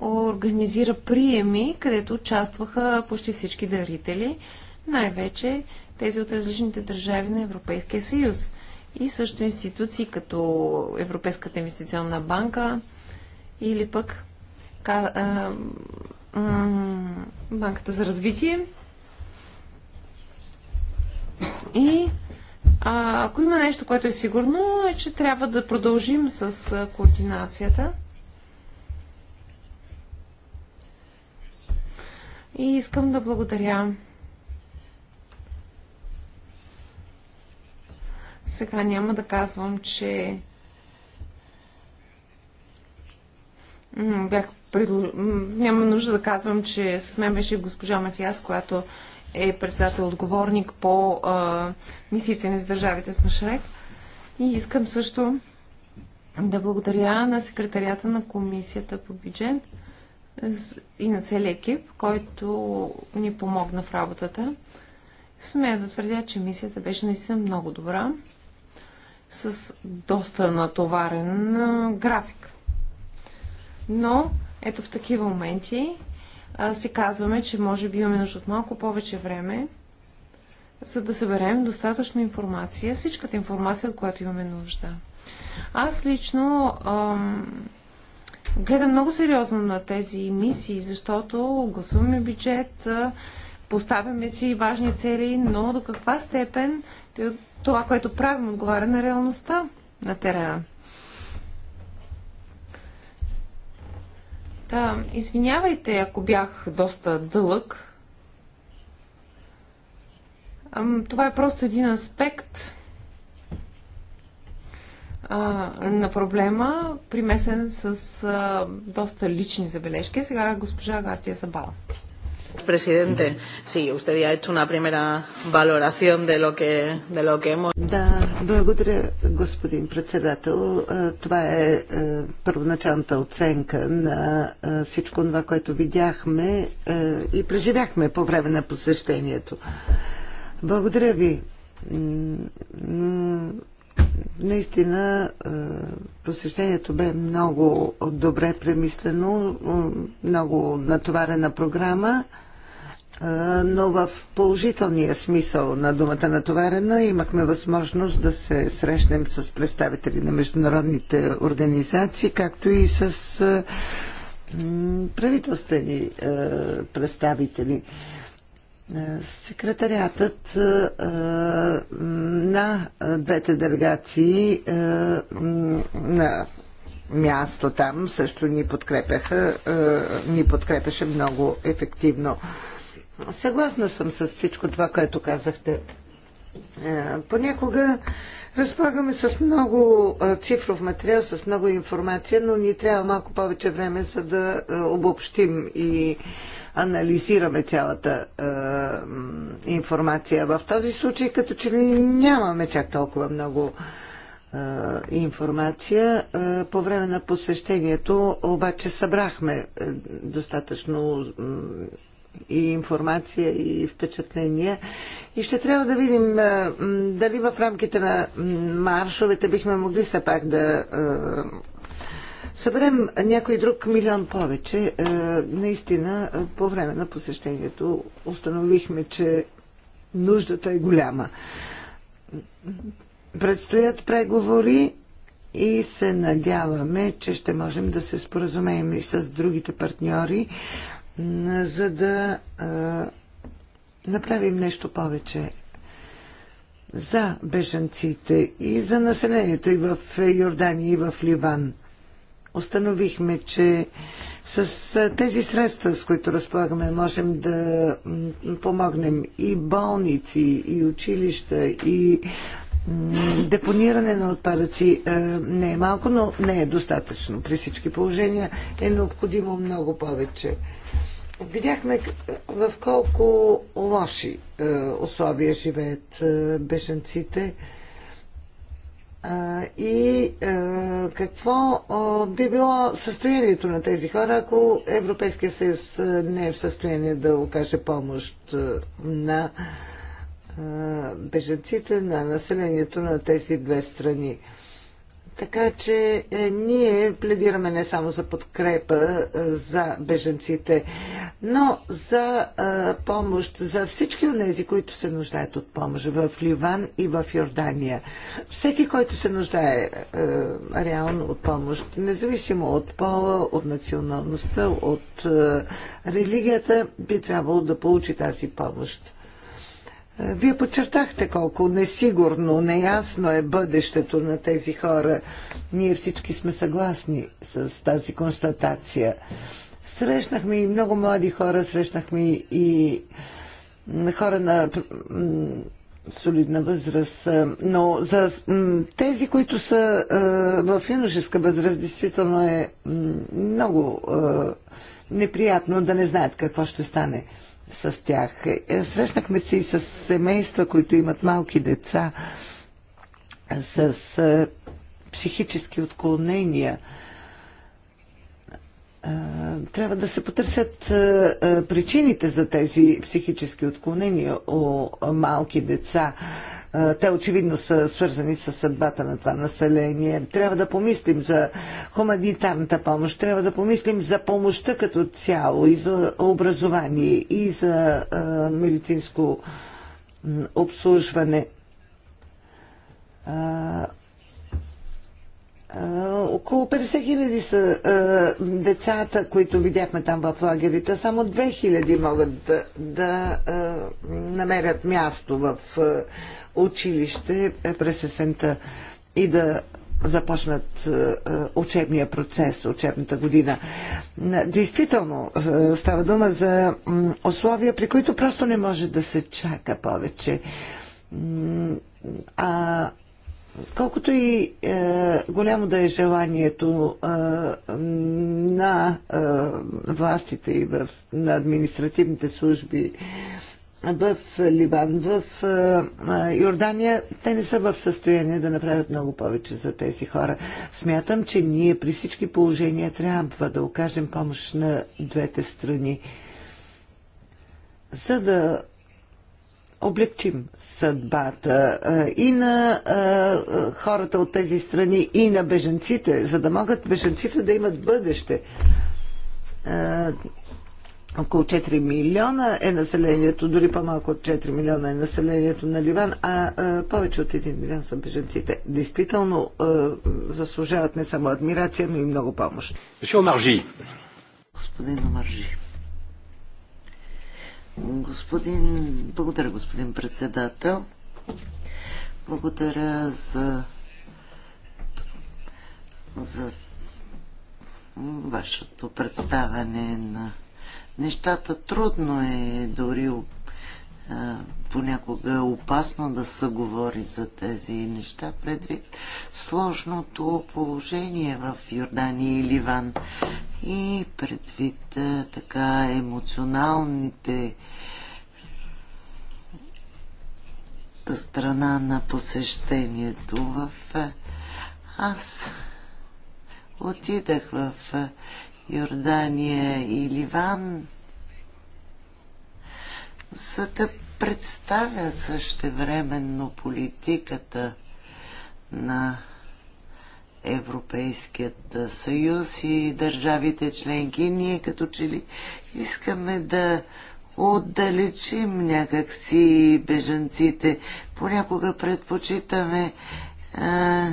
организира приеми, където участваха почти всички дарители, най-вече тези от различните държави на Европейския съюз. И също институции като Европейската инвестиционна банка или пък Банката за развитие. И а, ако има нещо, което е сигурно, е, че трябва да продължим с координацията. И искам да благодаря. Сега няма да казвам, че бях предлож... Няма нужда да казвам, че с мен беше госпожа Матиас, която е председател отговорник по а, мисиите ни за държавите с Машрек. И искам също да благодаря на секретарията на комисията по бюджет, и на целия екип, който ни помогна в работата. Смея да твърдя, че мисията беше наистина много добра, с доста натоварен график. Но ето в такива моменти а, си казваме, че може би имаме нужда от малко повече време, за да съберем достатъчно информация, всичката информация, от която имаме нужда. Аз лично гледам много сериозно на тези мисии, защото гласуваме бюджет, поставяме си важни цели, но до каква степен това, което правим, отговаря на реалността на терена. Да, извинявайте, ако бях доста дълъг. Това е просто един аспект на проблема, примесен с а, доста лични забележки. Сега госпожа Гартия Забала. Presidente, sí, usted ya ha hecho una primera valoración de lo que, de lo que hemos... Да, благодаря, господин председател. Това е, е първоначалната оценка на всичко това, което видяхме е, и преживяхме по време на посещението. Благодаря ви. Наистина е, посещението бе много добре премислено, е, много натоварена програма, е, но в положителния смисъл на думата натоварена имахме възможност да се срещнем с представители на международните организации, както и с правителствени представители. Е, секретариатът е, е, на двете делегации на място там също ни, подкрепяха, ни подкрепяше много ефективно. Съгласна съм с всичко това, което казахте. Понякога разполагаме с много цифров материал, с много информация, но ни трябва малко повече време, за да обобщим и анализираме цялата е, информация. В този случай, като че ли нямаме чак толкова много е, информация. Е, по време на посещението обаче събрахме е, достатъчно и информация и впечатления. И ще трябва да видим е, дали в рамките на маршовете бихме могли все пак да е, съберем някой друг милион повече, е, наистина е, по време на посещението установихме, че нуждата е голяма. Предстоят преговори и се надяваме, че ще можем да се споразумеем и с другите партньори, за да е, направим нещо повече за бежанците и за населението и в Йордания, и в Ливан установихме, че с тези средства, с които разполагаме, можем да помогнем и болници, и училища, и депониране на отпадъци не е малко, но не е достатъчно. При всички положения е необходимо много повече. Видяхме в колко лоши условия живеят беженците и какво би било състоянието на тези хора, ако Европейския съюз не е в състояние да окаже помощ на бежанците, на населението на тези две страни? Така че е, ние пледираме не само за подкрепа е, за беженците, но за е, помощ за всички от тези, които се нуждаят от помощ в Ливан и в Йордания. Всеки, който се нуждае е, реално от помощ, независимо от пола, от националността, от е, религията, би трябвало да получи тази помощ. Вие подчертахте колко несигурно, неясно е бъдещето на тези хора. Ние всички сме съгласни с тази констатация. Срещнахме и много млади хора, срещнахме и хора на солидна възраст, но за тези, които са в юношеска възраст, действително е много неприятно да не знаят какво ще стане с тях. Е, срещнахме се и с семейства, които имат малки деца, с е, психически отклонения трябва да се потърсят причините за тези психически отклонения у малки деца. Те очевидно са свързани с съдбата на това население. Трябва да помислим за хуманитарната помощ, трябва да помислим за помощта като цяло и за образование и за медицинско обслужване около 50 хиляди са а, децата, които видяхме там в лагерите. Само 2 хиляди могат да, да а, намерят място в а, училище през есента и да започнат учебния процес, учебната година. Действително става дума за условия, при които просто не може да се чака повече. А Колкото и е, голямо да е желанието е, на е, властите и в, на административните служби в Ливан, в е, е, Йордания, те не са в състояние да направят много повече за тези хора. Смятам, че ние при всички положения трябва да окажем помощ на двете страни, за да облегчим съдбата и на хората от тези страни, и на беженците, за да могат беженците да имат бъдеще. Около 4 милиона е населението, дори по-малко от 4 милиона е населението на Ливан, а повече от 1 милион са беженците. Действително заслужават не само адмирация, но и много помощ. Господин Омаржи. Господин... Благодаря, господин председател. Благодаря за, за вашето представяне на нещата. Трудно е, дори понякога понякога опасно да се говори за тези неща, предвид сложното положение в Йордания и Ливан и предвид така емоционалните другата страна на посещението в... Е, аз отидах в е, Йордания и Ливан, за да представя същевременно политиката на Европейският съюз и държавите членки. Ние като че ли искаме да отдалечим някакси бежанците. Понякога предпочитаме а,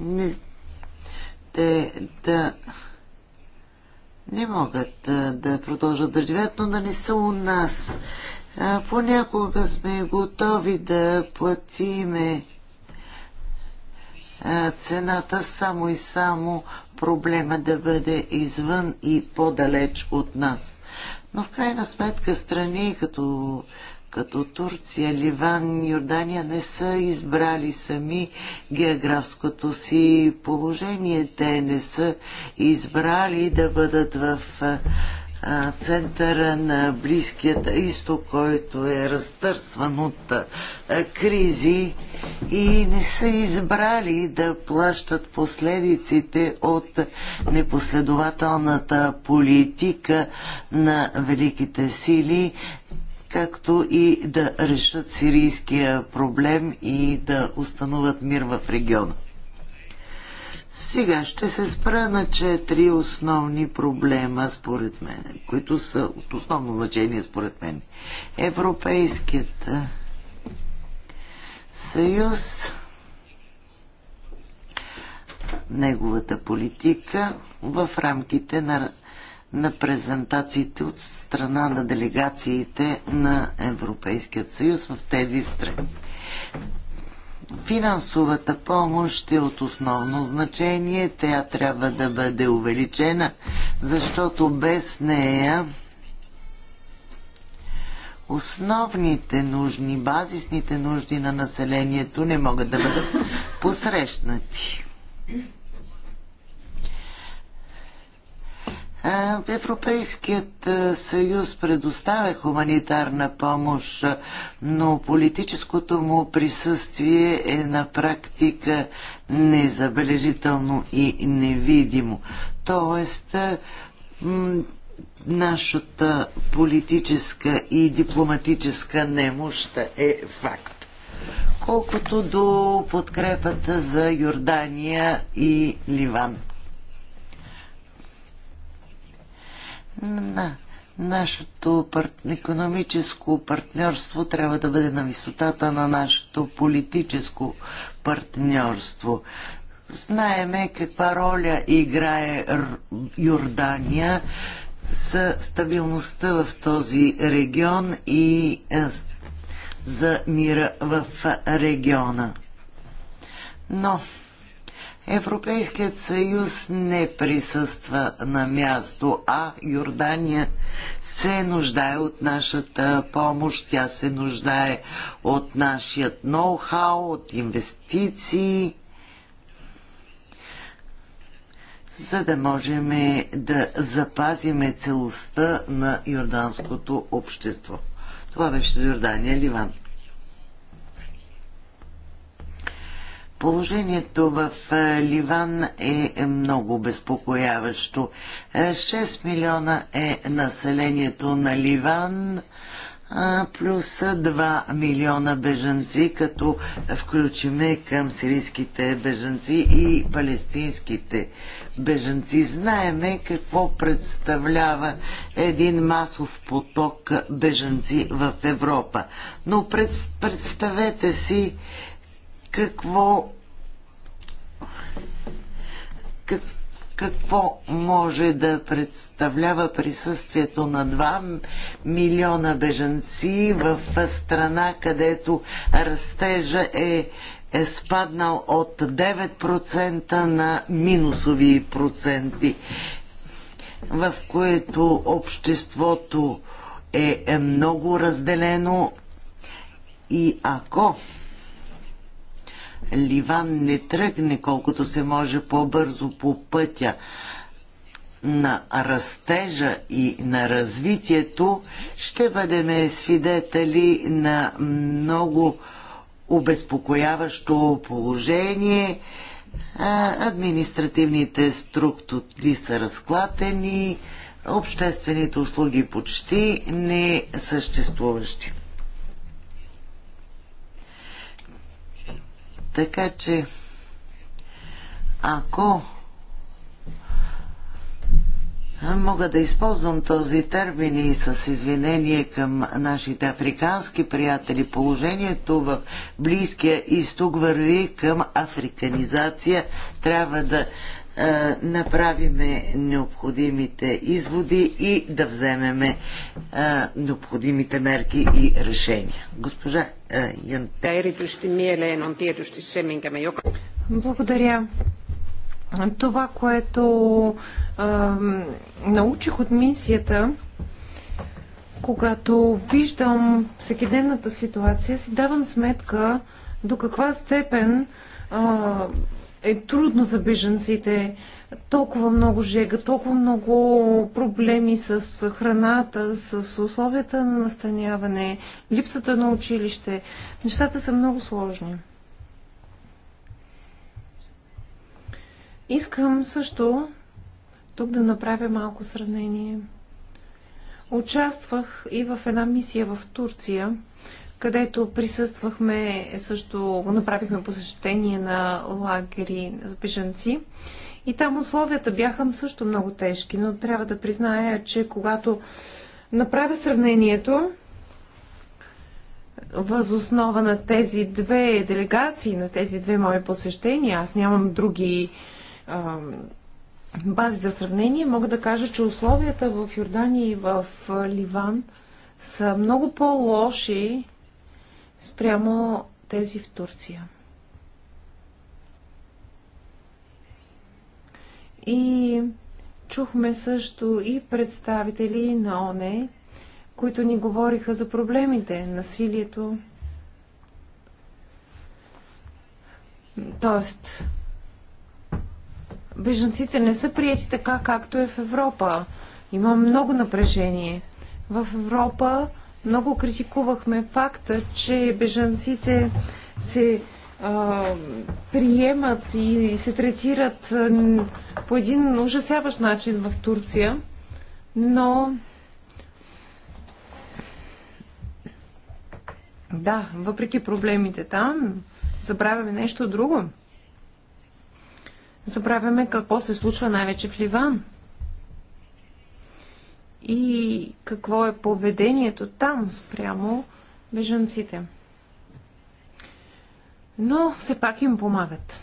не, те да не могат да, да продължат да живеят, но да не са у нас. А, понякога сме готови да платиме а, цената само и само проблема да бъде извън и по-далеч от нас. Но в крайна сметка страни като, като Турция, Ливан, Йордания не са избрали сами географското си положение. Те не са избрали да бъдат в центъра на Близкият изток, който е разтърсван от кризи и не са избрали да плащат последиците от непоследователната политика на великите сили, както и да решат сирийския проблем и да установят мир в региона. Сега ще се спра на четири основни проблема, според мен, които са от основно значение, според мен. Европейският съюз, неговата политика в рамките на, на презентациите от страна на делегациите на Европейският съюз в тези страни. Финансовата помощ е от основно значение. Тя трябва да бъде увеличена, защото без нея основните нужни, базисните нужди на населението не могат да бъдат посрещнати. Европейският съюз предоставя хуманитарна помощ, но политическото му присъствие е на практика незабележително и невидимо. Тоест, нашата политическа и дипломатическа немощ е факт. Колкото до подкрепата за Йордания и Ливан. на нашето пар... економическо партньорство трябва да бъде на висотата на нашето политическо партньорство. Знаеме каква роля играе Йордания за стабилността в този регион и е, за мира в е, региона. Но Европейският съюз не присъства на място, а Йордания се нуждае от нашата помощ, тя се нуждае от нашият ноу-хау, от инвестиции, за да можем да запазиме целостта на йорданското общество. Това беше за Йордания Ливан. Положението в Ливан е много безпокояващо. 6 е, милиона е населението на Ливан плюс 2 милиона бежанци, като включиме към сирийските бежанци и палестинските бежанци. Знаеме какво представлява един масов поток бежанци в Европа. Но представете си какво как, какво може да представлява присъствието на 2 милиона бежанци в страна, където растежа е, е спаднал от 9% на минусови проценти, в което обществото е, е много разделено и ако Ливан не тръгне колкото се може по-бързо по пътя на растежа и на развитието, ще бъдем свидетели на много обезпокояващо положение. Административните структури са разклатени, обществените услуги почти не съществуващи. Така че, ако мога да използвам този термин и с извинение към нашите африкански приятели, положението в Близкия изток върви към африканизация. Трябва да направиме необходимите изводи и да вземеме необходимите мерки и решения. Госпожа Янте. Благодаря. Това, което научих от мисията, когато виждам всекидневната ситуация, си давам сметка до каква степен а, е трудно за беженците. Толкова много жега, толкова много проблеми с храната, с условията на настаняване, липсата на училище. Нещата са много сложни. Искам също тук да направя малко сравнение. Участвах и в една мисия в Турция, където присъствахме, също направихме посещение на лагери за бежанци. И там условията бяха също много тежки, но трябва да призная, че когато направя сравнението възоснова на тези две делегации, на тези две мои посещения, аз нямам други бази за сравнение, мога да кажа, че условията в Йордания и в Ливан са много по-лоши спрямо тези в Турция. И чухме също и представители на ОНЕ, които ни говориха за проблемите, насилието. Тоест, бежанците не са прияти така, както е в Европа. Има много напрежение. В Европа много критикувахме факта, че бежанците се а, приемат и се третират по един ужасяващ начин в Турция, но да, въпреки проблемите там, забравяме нещо друго. Забравяме какво се случва най-вече в Ливан – и какво е поведението там спрямо бежанците. Но все пак им помагат.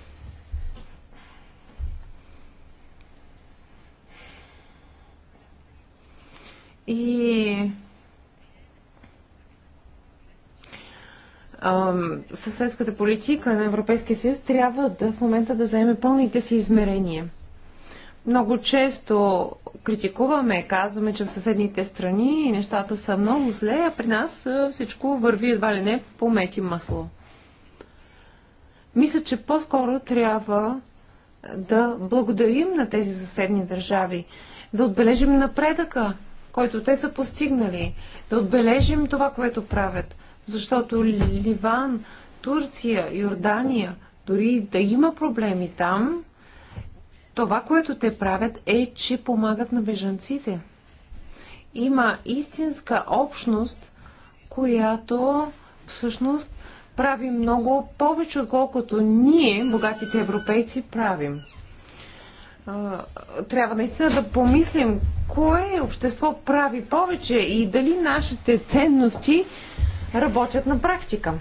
И съседската политика на Европейския съюз трябва да в момента да заеме пълните си измерения – много често критикуваме, казваме, че в съседните страни нещата са много зле, а при нас всичко върви едва ли не по мети масло. Мисля, че по-скоро трябва да благодарим на тези съседни държави, да отбележим напредъка, който те са постигнали, да отбележим това, което правят. Защото Ливан, Турция, Йордания, дори да има проблеми там, това, което те правят е, че помагат на бежанците. Има истинска общност, която всъщност прави много повече, отколкото ние, богатите европейци, правим. Трябва наистина да помислим кое общество прави повече и дали нашите ценности работят на практика.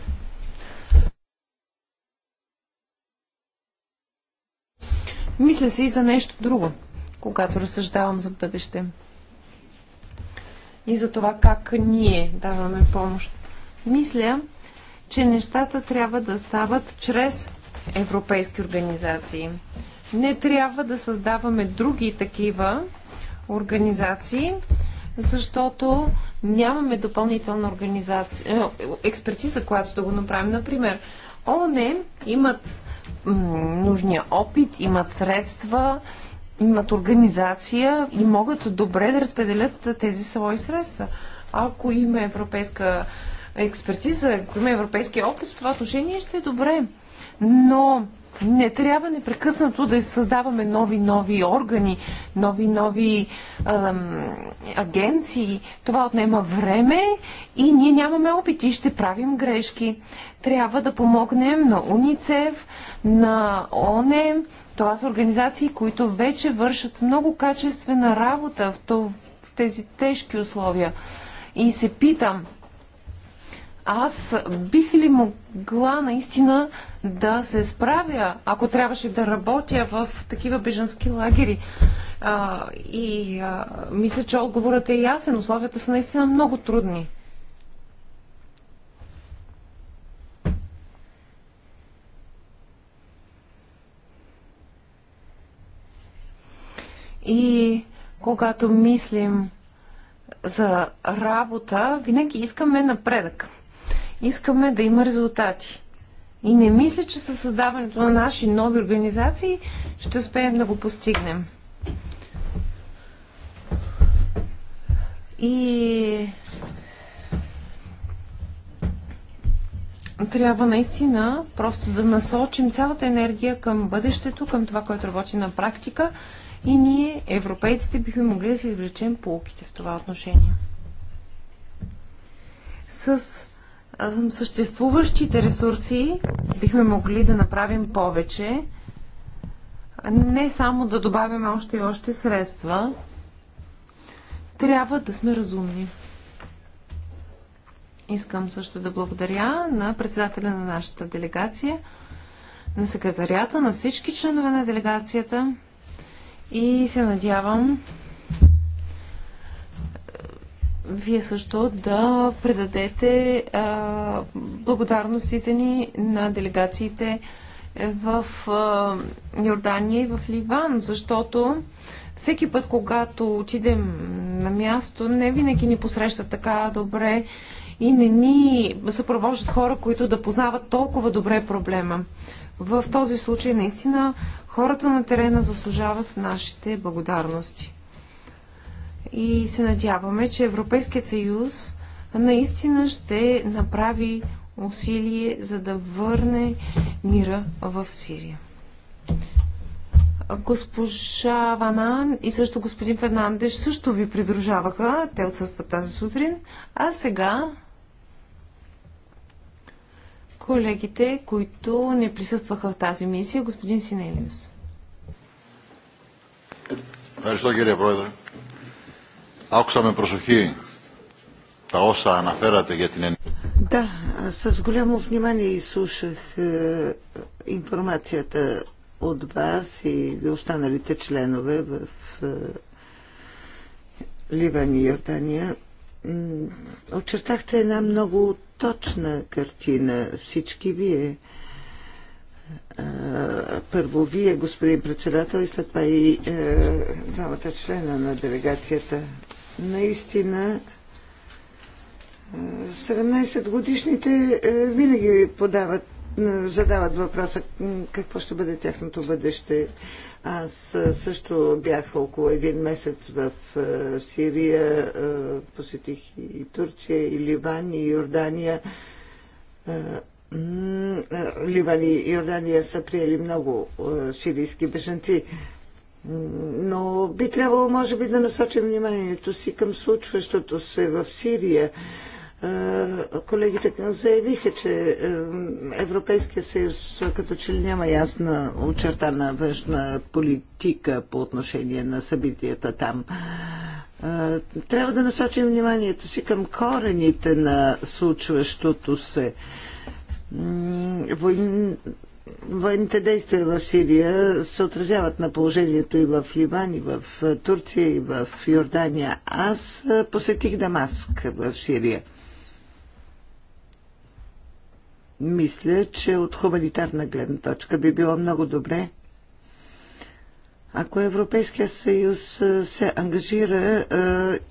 Мисля си и за нещо друго, когато разсъждавам за бъдеще. И за това как ние даваме помощ. Мисля, че нещата трябва да стават чрез европейски организации. Не трябва да създаваме други такива организации, защото нямаме допълнителна организация, е, експертиза, която да го направим. Например, ООН имат нужния опит, имат средства, имат организация и могат добре да разпределят тези свои средства. Ако има европейска експертиза, ако има европейски опит в това отношение, ще е добре. Но не трябва непрекъснато да създаваме нови, нови органи, нови, нови ам, агенции. Това отнема време и ние нямаме опит и ще правим грешки. Трябва да помогнем на УНИЦЕВ, на ОНЕ. Това са организации, които вече вършат много качествена работа в тези тежки условия. И се питам, аз бих ли могла наистина да се справя, ако трябваше да работя в такива беженски лагери. А, и а, мисля, че отговорът е ясен. Условията са наистина много трудни. И когато мислим за работа, винаги искаме напредък. Искаме да има резултати. И не мисля, че със създаването на наши нови организации ще успеем да го постигнем. И трябва наистина просто да насочим цялата енергия към бъдещето, към това, което работи на практика и ние, европейците, бихме могли да се извлечем полуките в това отношение. С съществуващите ресурси бихме могли да направим повече, не само да добавяме още и още средства. Трябва да сме разумни. Искам също да благодаря на председателя на нашата делегация, на секретарията, на всички членове на делегацията и се надявам вие също да предадете а, благодарностите ни на делегациите в а, Йордания и в Ливан, защото всеки път, когато отидем на място, не винаги ни посрещат така добре и не ни съпровождат хора, които да познават толкова добре проблема. В този случай, наистина, хората на терена заслужават нашите благодарности и се надяваме, че Европейският съюз наистина ще направи усилие за да върне мира в Сирия. Госпожа Ванан и също господин Фернандеш също ви придружаваха. Те отсъстват тази сутрин. А сега колегите, които не присъстваха в тази мисия, господин Синелиус. Ευχαριστώ Άκουσα με προσοχή τα όσα αναφέρατε για την Да, с голямо внимание изслушах е, информацията от вас и останалите членове в е, Ливан и Йордания. Очертахте една много точна картина. Всички вие. Е, първо вие, господин председател, и след това и е, двамата члена на делегацията наистина 17-годишните е, винаги подават, е, задават въпроса какво ще бъде тяхното бъдеще. Аз е, също бях около един месец в Сирия, посетих и Турция, и Ливан, и Йордания. Ливан и Йордания са приели много сирийски бежанци. Но би трябвало, може би, да насочим вниманието си към случващото се в Сирия. Е, колегите заявиха, че е, Европейския съюз като че ли няма ясна очертана външна политика по отношение на събитията там. Е, трябва да насочим вниманието си към корените на случващото се. Военните действия в Сирия се отразяват на положението и в Ливан, и в Турция, и в Йордания. Аз посетих Дамаск в Сирия. Мисля, че от хуманитарна гледна точка би било много добре ако Европейския съюз се ангажира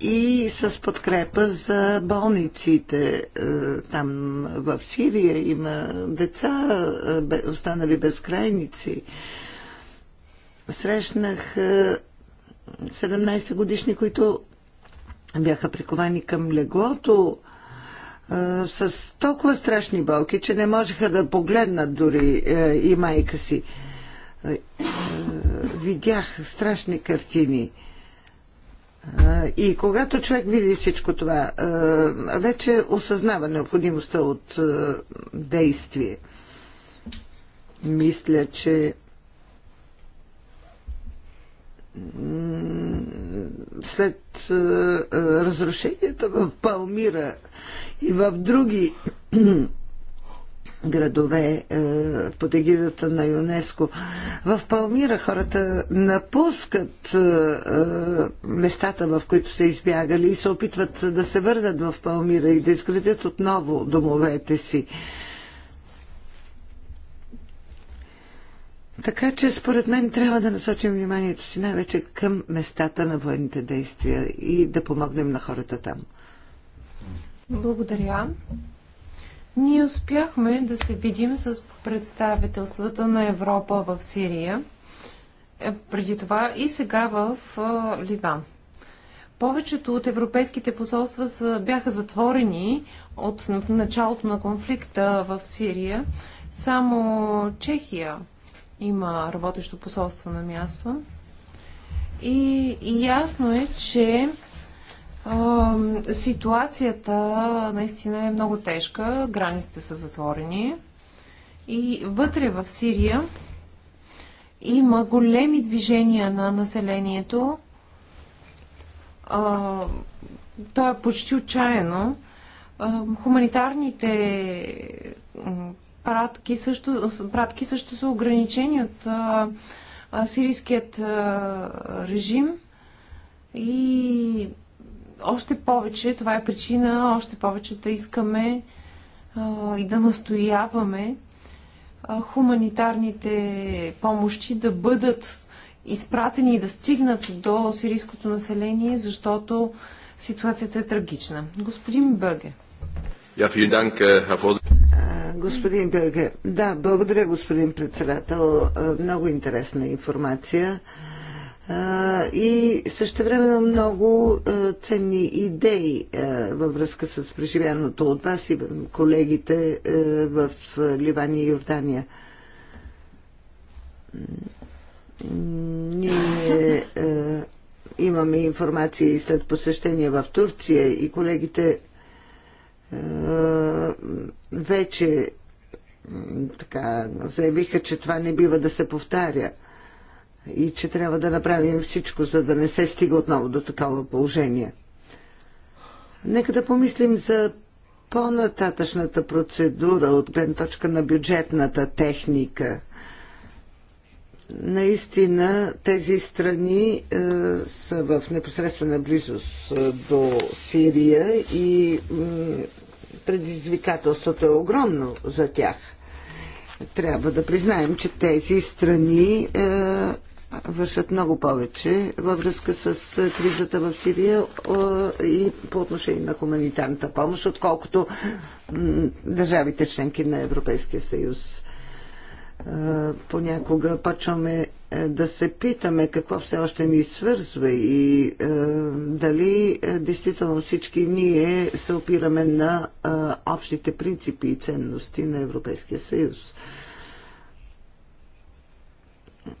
и с подкрепа за болниците. Там в Сирия има деца, останали безкрайници. Срещнах 17 годишни, които бяха приковани към леглото с толкова страшни болки, че не можеха да погледнат дори и майка си видях страшни картини. И когато човек види всичко това, вече осъзнава необходимостта от действие. Мисля, че след разрушенията в Палмира и в други градове е, под егидата на ЮНЕСКО. В Палмира хората напускат е, е, местата, в които са избягали и се опитват да се върнат в Палмира и да изградят отново домовете си. Така че според мен трябва да насочим вниманието си най-вече към местата на военните действия и да помогнем на хората там. Благодаря. Ние успяхме да се видим с представителствата на Европа в Сирия, е, преди това и сега в Ливан. Повечето от европейските посолства са, бяха затворени от началото на конфликта в Сирия. Само Чехия има работещо посолство на място. И, и ясно е, че ситуацията наистина е много тежка. Границите са затворени. И вътре в Сирия има големи движения на населението. то е почти отчаяно. хуманитарните пратки също, пратки също са ограничени от сирийският режим и още повече, това е причина още повече да искаме а, и да настояваме а, хуманитарните помощи да бъдат изпратени и да стигнат до сирийското население, защото ситуацията е трагична. Господин Бъге. Господин Бъге, да, благодаря господин председател. Много интересна информация и също време много ценни идеи във връзка с преживяното от вас и колегите в Ливан и Йордания. Ние имаме информация и след посещение в Турция и колегите вече така заявиха, че това не бива да се повтаря – и че трябва да направим всичко, за да не се стига отново до такова положение. Нека да помислим за по-нататъчната процедура от гледна точка на бюджетната техника. Наистина тези страни е, са в непосредствена близост е, до Сирия и предизвикателството е огромно за тях. Трябва да признаем, че тези страни е, вършат много повече във връзка с кризата в Сирия и по отношение на хуманитарната помощ, отколкото държавите членки на Европейския съюз. Понякога почваме е, да се питаме какво все още ни свързва и е, дали е, действително всички ние се опираме на общите принципи и ценности на Европейския съюз.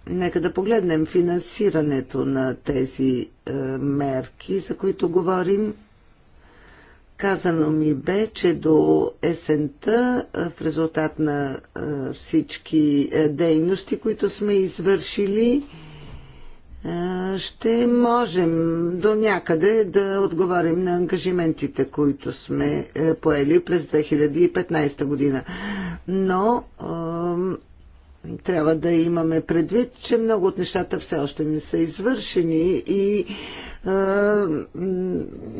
Нека да погледнем финансирането на тези е, мерки, за които говорим. Казано ми бе, че до есента е, в резултат на е, всички е, дейности, които сме извършили, ще можем до някъде да отговорим на ангажиментите, които сме поели през 2015 година. Но трябва да имаме предвид, че много от нещата все още не са извършени и е,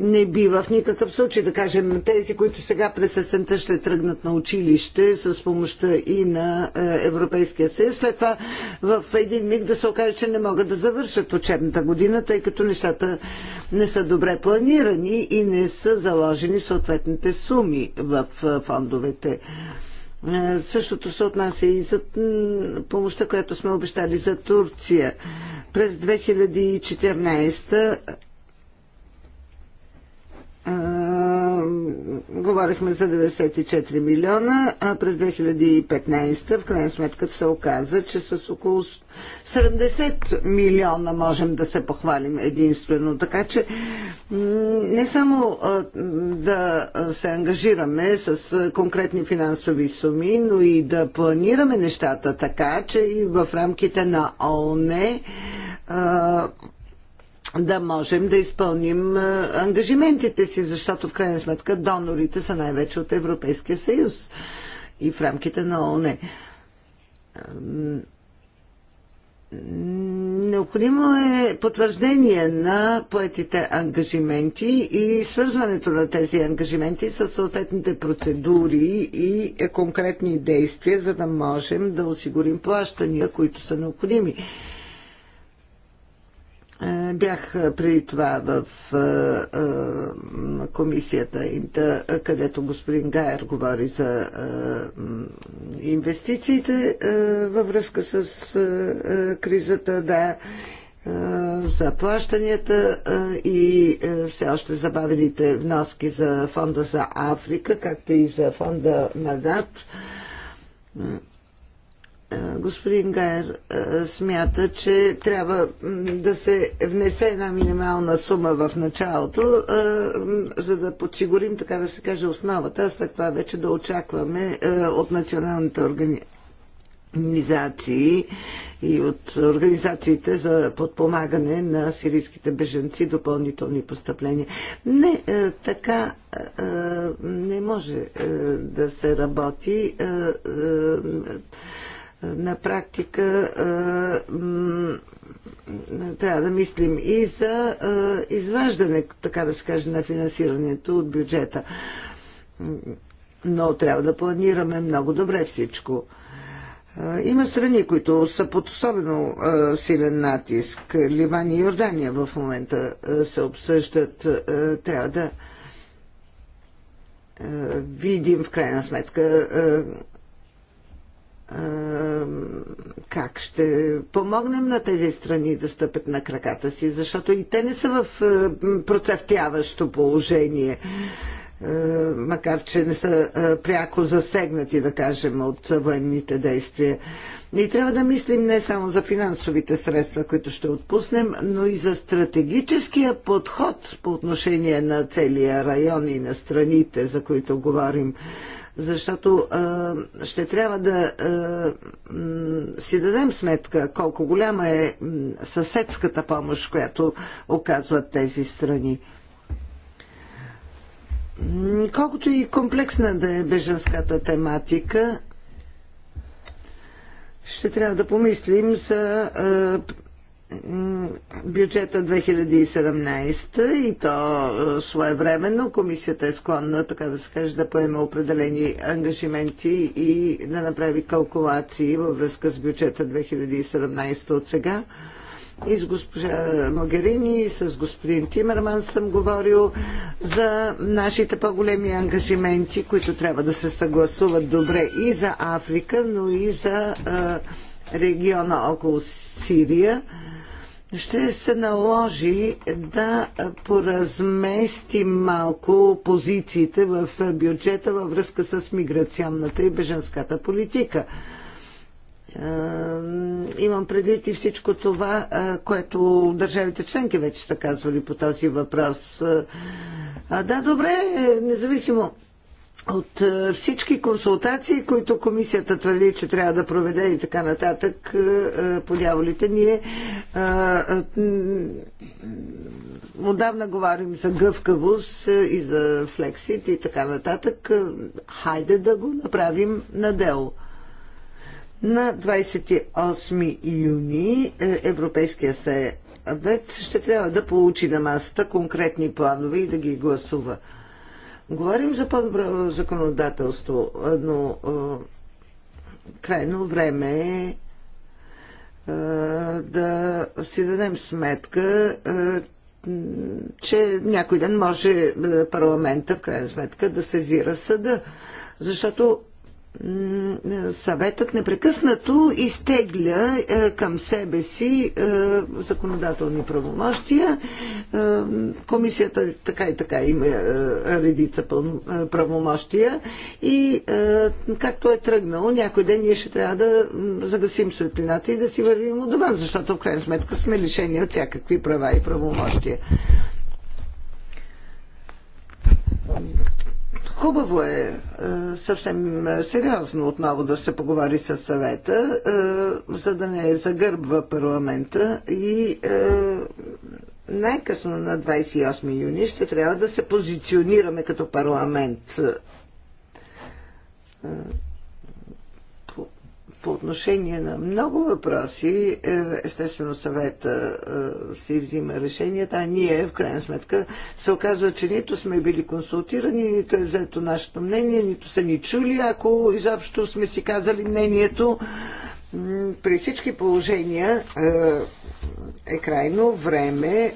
не бива в никакъв случай да кажем тези, които сега през есента ще тръгнат на училище с помощта и на Европейския съюз, след това в един миг да се окаже, че не могат да завършат учебната година, тъй като нещата не са добре планирани и не са заложени съответните суми в фондовете. Е, същото се отнася и за помощта, която сме обещали за Турция. През 2014 говорихме за 94 милиона, а през 2015 в крайна сметка се оказа, че с около 70 милиона можем да се похвалим единствено. Така че не само да се ангажираме с конкретни финансови суми, но и да планираме нещата така, че и в рамките на ООН да можем да изпълним ангажиментите си, защото в крайна сметка донорите са най-вече от Европейския съюз и в рамките на ОНЕ. Необходимо е потвърждение на поетите ангажименти и свързването на тези ангажименти с съответните процедури и конкретни действия, за да можем да осигурим плащания, които са необходими е, бях е, преди това в е, комисията Инта, където господин Гайер говори за инвестициите във връзка с кризата, да, за плащанията и все още забавените вноски за фонда за Африка, както и за фонда Мадат е, господин Гайер е, смята, че трябва да се внесе една минимална сума в началото, е, за да подсигурим, така да се каже, основата, а след това вече да очакваме от националните организации и от организациите за подпомагане на сирийските беженци допълнителни постъпления. Не, така не може да се работи на практика е, трябва да мислим и за е, изваждане, така да се каже, на финансирането от бюджета. Но трябва да планираме много добре всичко. Е, има страни, които са под особено силен натиск. Ливан и Йордания в момента се обсъждат. Трябва да видим в крайна сметка как ще помогнем на тези страни да стъпят на краката си, защото и те не са в процъфтяващо положение, макар че не са пряко засегнати, да кажем, от военните действия. И трябва да мислим не само за финансовите средства, които ще отпуснем, но и за стратегическия подход по отношение на целия район и на страните, за които говорим защото а, ще трябва да а, си дадем сметка колко голяма е съседската помощ, която оказват тези страни. Колкото и комплексна да е беженската тематика, ще трябва да помислим за а, бюджета 2017 и то е, своевременно. Комисията е склонна, така да се каже, да поема определени ангажименти и да направи калкулации във връзка с бюджета 2017 от сега. И с госпожа Могерини, и с господин Тимерман съм говорил за нашите по-големи ангажименти, които трябва да се съгласуват добре и за Африка, но и за е, региона около Сирия ще се наложи да поразместим малко позициите в бюджета във връзка с миграционната и беженската политика. Имам предвид и всичко това, което държавите членки вече са казвали по този въпрос. Да, добре, независимо от е, всички консултации, които комисията твърди, че трябва да проведе и така нататък е, е, по дяволите, ние отдавна говорим за гъвкавост и за флексит и така нататък. Хайде да го направим на дело. На 28 юни Европейския съвет ще трябва да получи на масата конкретни планове и да ги гласува. Говорим за по-добро законодателство, но крайно време е да си дадем сметка, че някой ден може парламента, в крайна сметка, да сезира съда. Защото съветът непрекъснато изтегля е, към себе си е, законодателни правомощия. Е, комисията така и така има редица правомощия и както е тръгнало, някой ден ние ще трябва да загасим светлината и да си вървим от дома, защото в крайна сметка сме лишени от всякакви права и правомощия Хубаво е, е съвсем е, сериозно отново да се поговори с съвета, е, за да не загърбва парламента и най-късно на 28 юни ще трябва да се позиционираме като парламент по отношение на много въпроси, е, естествено съвета е, си взима решенията, а ние в крайна сметка се оказва, че нито сме били консултирани, нито е взето нашето мнение, нито са ни чули, ако изобщо сме си казали мнението. При всички положения е, е крайно време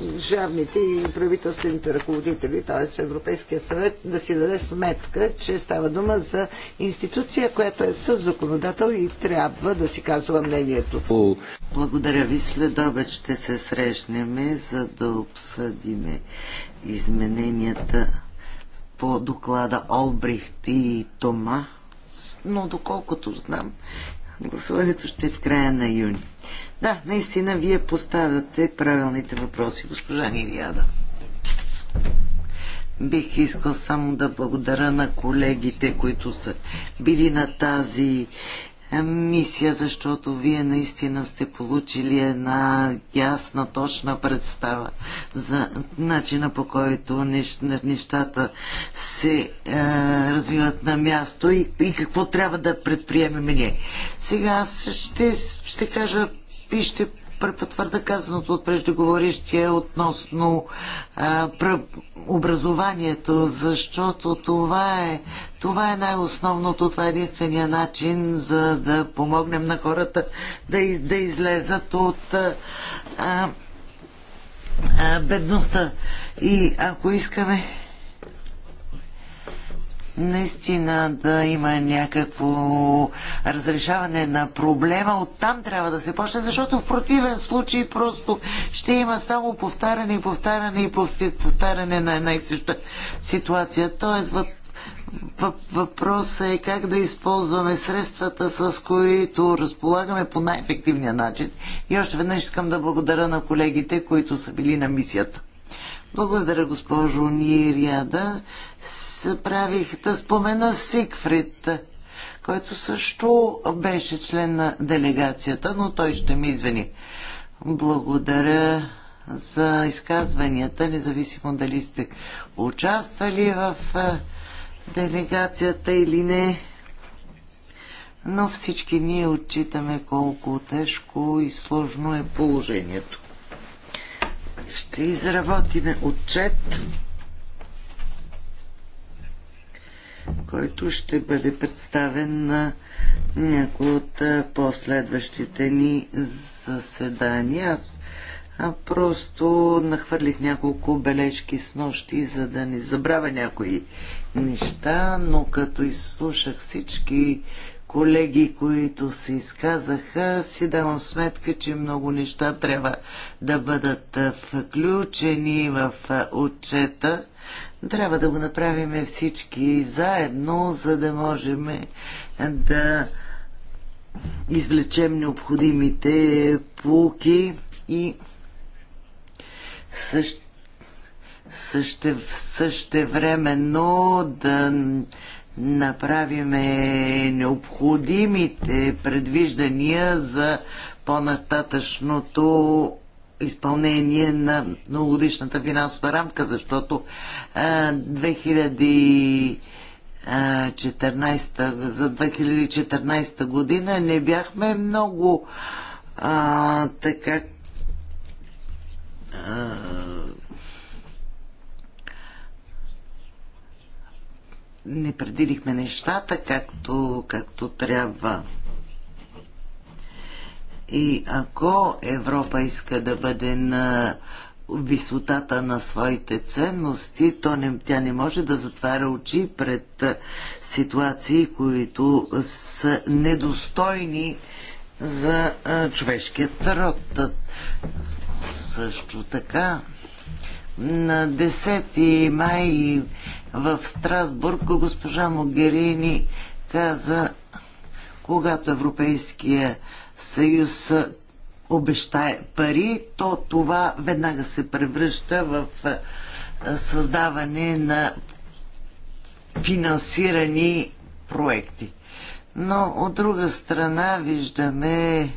държавните и правителствените ръководители, т.е. Европейския съвет, да си даде сметка, че става дума за институция, която е със законодател и трябва да си казва мнението. Благодаря ви. След обед ще се срещнем, за да обсъдиме измененията по доклада Олбрихт и Тома. Но доколкото знам, гласуването ще е в края на юни. Да, наистина вие поставяте правилните въпроси, госпожа Нивиада. Бих искал само да благодаря на колегите, които са били на тази е, мисия, защото вие наистина сте получили една ясна, точна представа за начина по който нещата се е, развиват на място и, и какво трябва да предприемем ние. Сега аз ще, ще кажа и ще препотвърда казаното от преждеговорещия относно а, образованието, защото това е, това е най-основното, това е единствения начин за да помогнем на хората да, из, да излезат от а, а, бедността. И ако искаме наистина да има някакво разрешаване на проблема. Оттам трябва да се почне, защото в противен случай просто ще има само повтаряне и повтаряне и повтаряне на една и съща ситуация. Тоест, въпросът е как да използваме средствата, с които разполагаме по най-ефективния начин. И още веднъж искам да благодаря на колегите, които са били на мисията. Благодаря, госпожо Нирияда правих да спомена Сигфрид, който също беше член на делегацията, но той ще ми извини. Благодаря за изказванията, независимо дали сте участвали в делегацията или не. Но всички ние отчитаме колко тежко и сложно е положението. Ще изработиме отчет. който ще бъде представен на някои от последващите ни заседания. Аз просто нахвърлих няколко бележки с нощи, за да не забравя някои неща, но като изслушах всички колеги, които се изказаха, си давам сметка, че много неща трябва да бъдат включени в отчета, трябва да го направим всички заедно, за да можем да извлечем необходимите полуки и също съще, същевременно да направиме необходимите предвиждания за по-нататъчното изпълнение на многогодишната финансова рамка, защото 2014 за 2014 година не бяхме много а, така а, не предилихме нещата както, както трябва. И ако Европа иска да бъде на висотата на своите ценности, то не, тя не може да затваря очи пред ситуации, които са недостойни за а, човешкият род. Също така, на 10 май в Страсбург госпожа Могерини каза, когато Европейския съюз обещае пари, то това веднага се превръща в е, създаване на финансирани проекти. Но от друга страна виждаме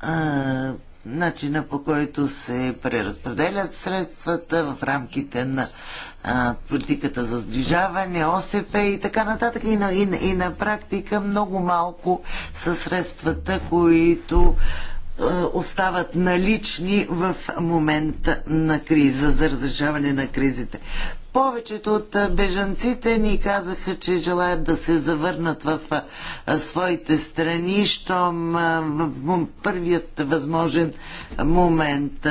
а, е, начина по който се преразпределят средствата в рамките на а, политиката за сближаване, ОСП и така нататък. И на, и, и на практика много малко са средствата, които остават налични в момента на криза, за разрешаване на кризите. Повечето от бежанците ни казаха, че желаят да се завърнат в своите страни, щом в първият възможен момент.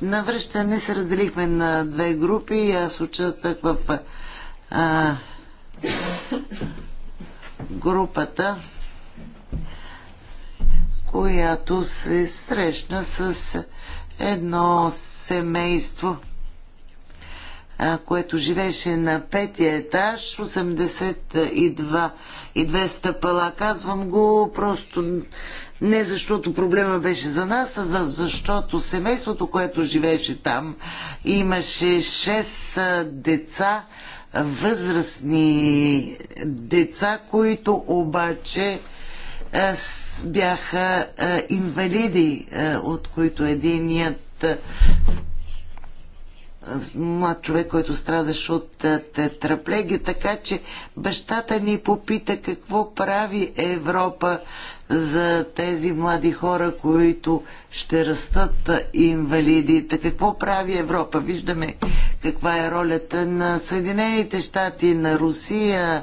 На връщане се разделихме на две групи и аз участвах в а, групата, която се срещна с едно семейство – което живееше на петия етаж, 82 и 200 стъпала. Казвам го просто не защото проблема беше за нас, а защото семейството, което живееше там, имаше 6 деца, възрастни деца, които обаче бяха инвалиди, от които единият млад човек, който страдаше от тетраплегия, така че бащата ни попита какво прави Европа за тези млади хора, които ще растат инвалиди. Какво прави Европа? Виждаме каква е ролята на Съединените щати, на Русия,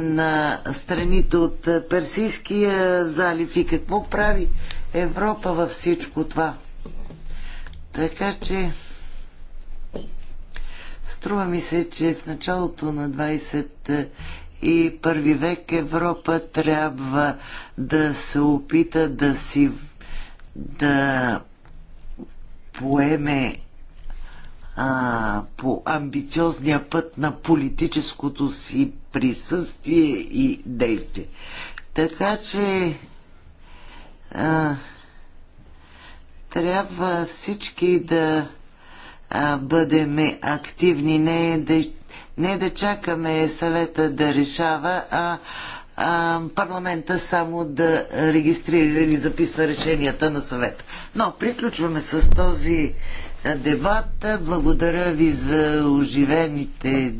на страните от Персийския залив и какво прави Европа във всичко това. Така че Струва ми се, че в началото на 21 век Европа трябва да се опита да си да поеме а, по амбициозния път на политическото си присъствие и действие. Така че а, трябва всички да а, бъдем активни, не е да, не е да чакаме съвета да решава, а, а парламента само да регистрира или записва решенията на съвета. Но приключваме с този дебат. Благодаря ви за оживените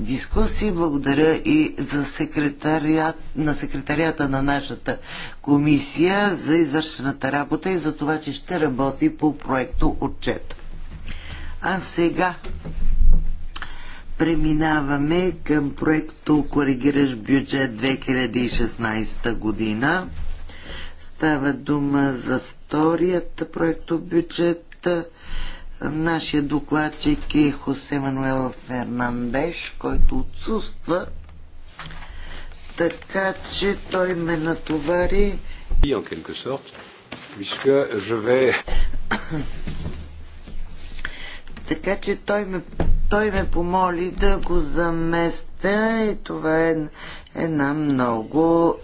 дискусии. Благодаря и за секретарият, на секретарията на нашата комисия за извършената работа и за това, че ще работи по проекто отчета. А сега преминаваме към проекто Коригираш бюджет 2016 година. Става дума за вторият проекто бюджет. Нашия докладчик е Хосе Мануел Фернандеш, който отсутства. Така че той ме натовари. И в quelque sorte, puisque je vais така че той ме, той ме помоли да го заместя и това е една много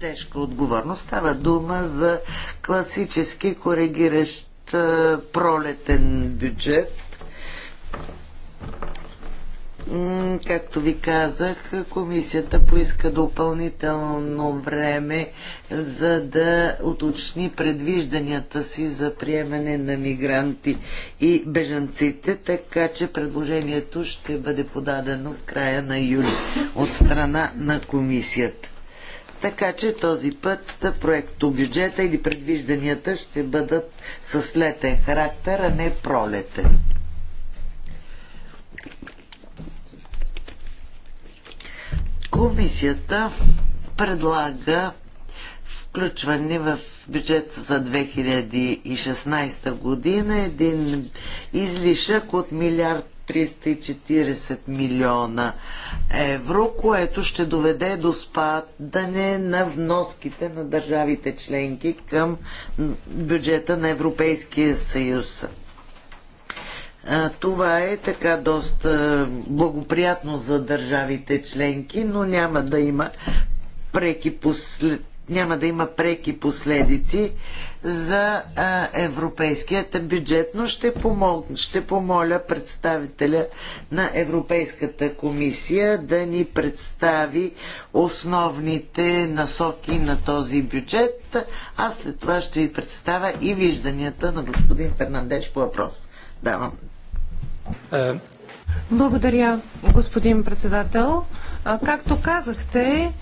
тежка отговорност. Става дума за класически коригиращ пролетен бюджет Както ви казах, комисията поиска допълнително време, за да уточни предвижданията си за приемане на мигранти и бежанците, така че предложението ще бъде подадено в края на юли от страна на комисията. Така че този път проекто бюджета или предвижданията ще бъдат с летен характер, а не пролетен. Комисията предлага включване в бюджет за 2016 година един излишък от милиард 340 милиона евро, което ще доведе до спадане на вноските на държавите членки към бюджета на Европейския съюз. Това е така доста благоприятно за държавите членки, но няма да има преки послед... няма да има преки последици за а, европейският бюджет, но ще, помол... ще помоля представителя на Европейската комисия да ни представи основните насоки на този бюджет. А след това ще ви представя и вижданията на господин Фернандеш по въпрос. Давам благодаря, господин председател. Както казахте,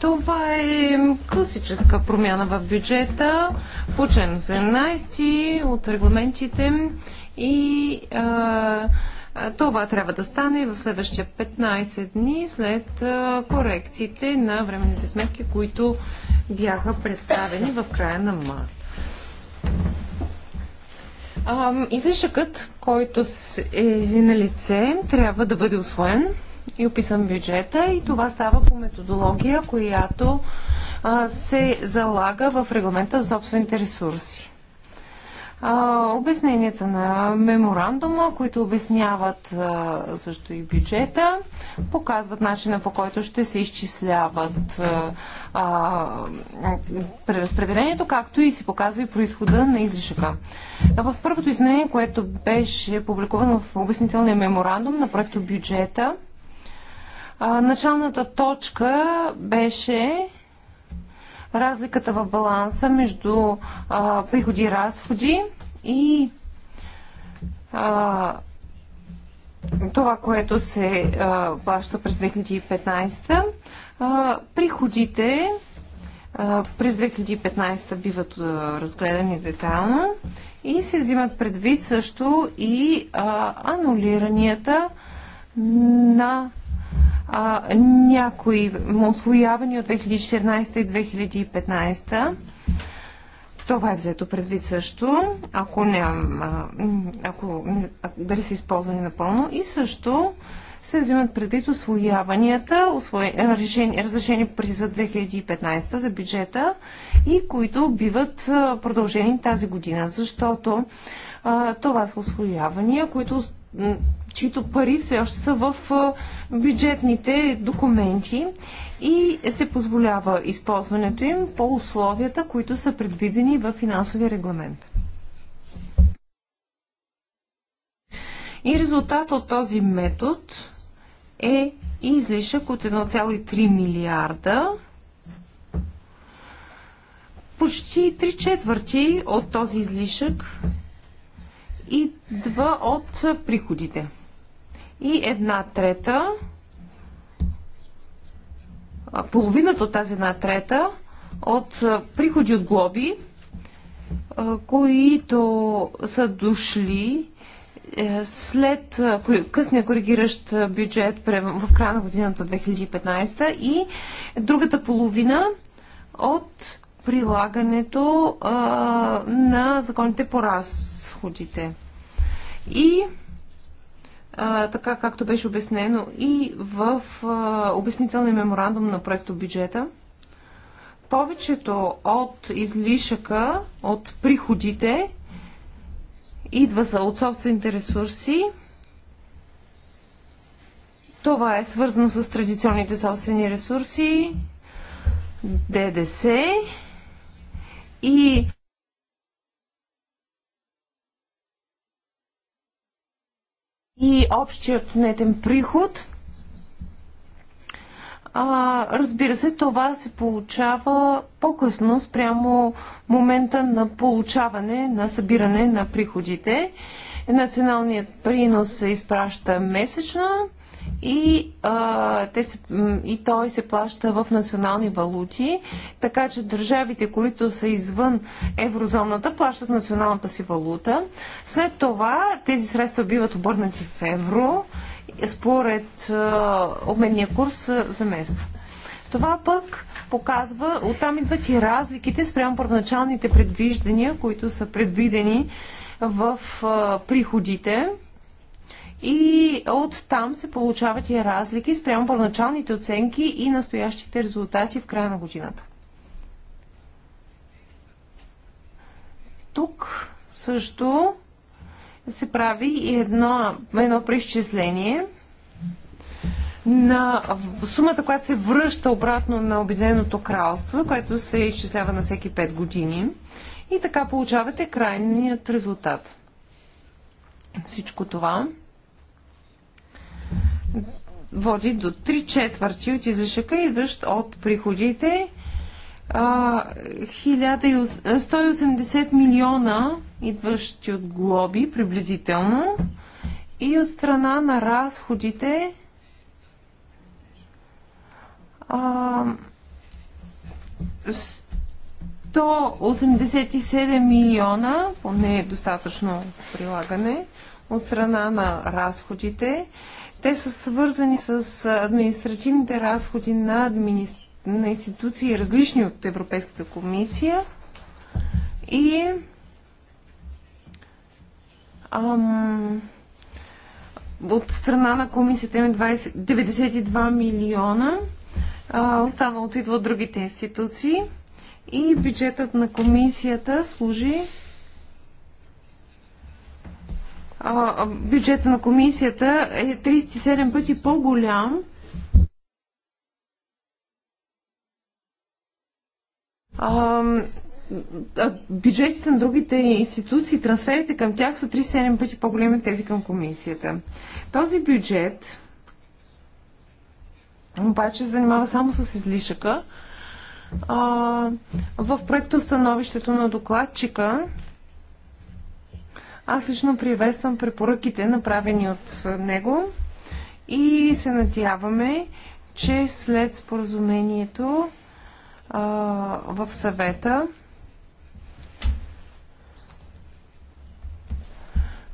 това е класическа промяна в бюджета по член 17 от регламентите и това трябва да стане в следващия 15 дни след корекциите на временните сметки, които бяха представени в края на март. Излишъкът, който е на лице, трябва да бъде освоен и описан бюджета и това става по методология, която се залага в регламента за собствените ресурси а, обясненията на меморандума, които обясняват а, също и бюджета, показват начина по който ще се изчисляват а, преразпределението, както и се показва и происхода на излишъка. В първото изменение, което беше публикувано в обяснителния меморандум на проекто бюджета, началната точка беше разликата в баланса между а, приходи и разходи и а, това, което се а, плаща през 2015. А, приходите а, през 2015 биват а, разгледани детайлно и се взимат предвид също и а, анулиранията на а, някои освоявани от 2014 и 2015. Това е взето предвид също, ако, няма, ако дали са използвани напълно. И също се взимат предвид освояванията, решени, разрешени при за 2015 за бюджета и които биват продължени тази година, защото а, това са освоявания, които чието пари все още са в бюджетните документи и се позволява използването им по условията, които са предвидени в финансовия регламент. И резултат от този метод е излишък от 1,3 милиарда. Почти 3 четвърти от този излишък идва от приходите и една трета, половината от тази една трета от приходи от глоби, които са дошли е, след късния коригиращ бюджет в края на годината 2015 и другата половина от прилагането на законите по разходите. И а, така както беше обяснено и в а, обяснителния меморандум на проекто бюджета. Повечето от излишъка, от приходите, идва за от собствените ресурси. Това е свързано с традиционните собствени ресурси, ДДС и и общият нетен приход. А, разбира се, това се получава по-късно спрямо момента на получаване, на събиране на приходите. Националният принос се изпраща месечно и, а, те се, и той се плаща в национални валути, така че държавите, които са извън еврозоната, плащат националната си валута. След това тези средства биват обърнати в евро според а, обменния курс а, за месец. Това пък показва, оттам идват и разликите спрямо първоначалните предвиждания, които са предвидени в а, приходите и от там се получават и разлики спрямо първоначалните оценки и настоящите резултати в края на годината. Тук също се прави и едно, едно преизчисление на сумата, която се връща обратно на Обединеното кралство, което се изчислява на всеки 5 години. И така получавате крайният резултат. Всичко това води до 3 четвърти от излишъка, идващ от приходите. 180 милиона, идващи от глоби приблизително, и от страна на разходите а, 187 милиона, поне е достатъчно прилагане, от страна на разходите. Те са свързани с административните разходи на, админи... на институции, различни от Европейската комисия. И ам, от страна на комисията има 20... 92 милиона. Останалото идва от другите институции. И бюджетът на комисията служи бюджета на комисията е 37 пъти по-голям бюджетите на другите институции, трансферите към тях са 37 пъти по-големи от тези към комисията. Този бюджет обаче се занимава само с излишъка. А, в проекто становището на докладчика аз лично приветствам препоръките, направени от него и се надяваме, че след споразумението а, в съвета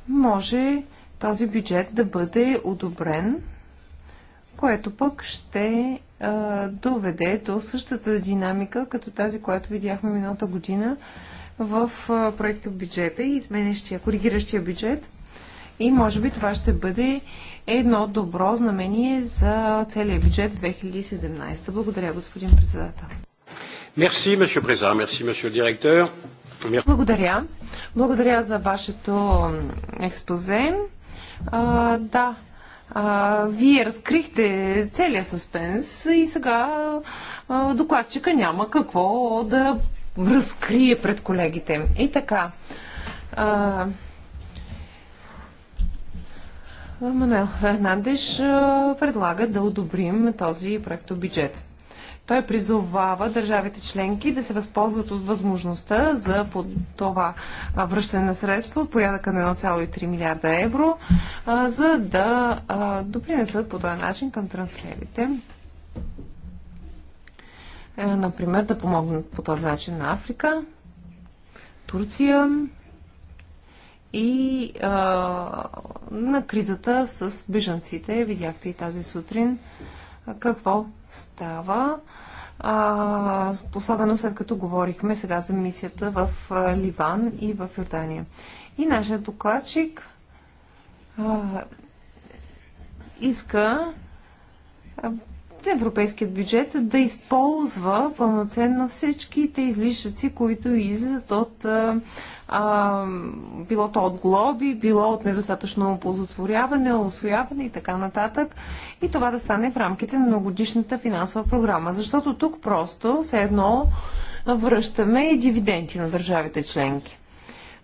може този бюджет да бъде одобрен, което пък ще а, доведе до същата динамика, като тази, която видяхме миналата година в проекта бюджета и изменящия, коригиращия бюджет. И може би това ще бъде едно добро знамение за целия бюджет 2017. Благодаря, господин председател. Мерси, месье Преза. Мерси, месье директор. Благодаря. Благодаря за вашето експозе. А, да, а, вие разкрихте целият съспенс и сега а, докладчика няма какво да разкрие пред колегите. И така. А, Мануел Фернандеш предлага да одобрим този проект бюджет. Той призовава държавите членки да се възползват от възможността за под това връщане на средства от порядъка на 1,3 милиарда евро, за да допринесат по този начин към трансферите е, например, да помогнат по този начин на Африка, Турция и а, на кризата с бежанците. Видяхте и тази сутрин какво става. А, особено след като говорихме сега за мисията в Ливан и в Йордания. И нашият докладчик а, иска европейският бюджет да използва пълноценно всичките излишъци, които излизат от а, било то от глоби, било от недостатъчно оползотворяване, освояване и така нататък. И това да стане в рамките на многодишната финансова програма. Защото тук просто все едно връщаме и дивиденти на държавите членки.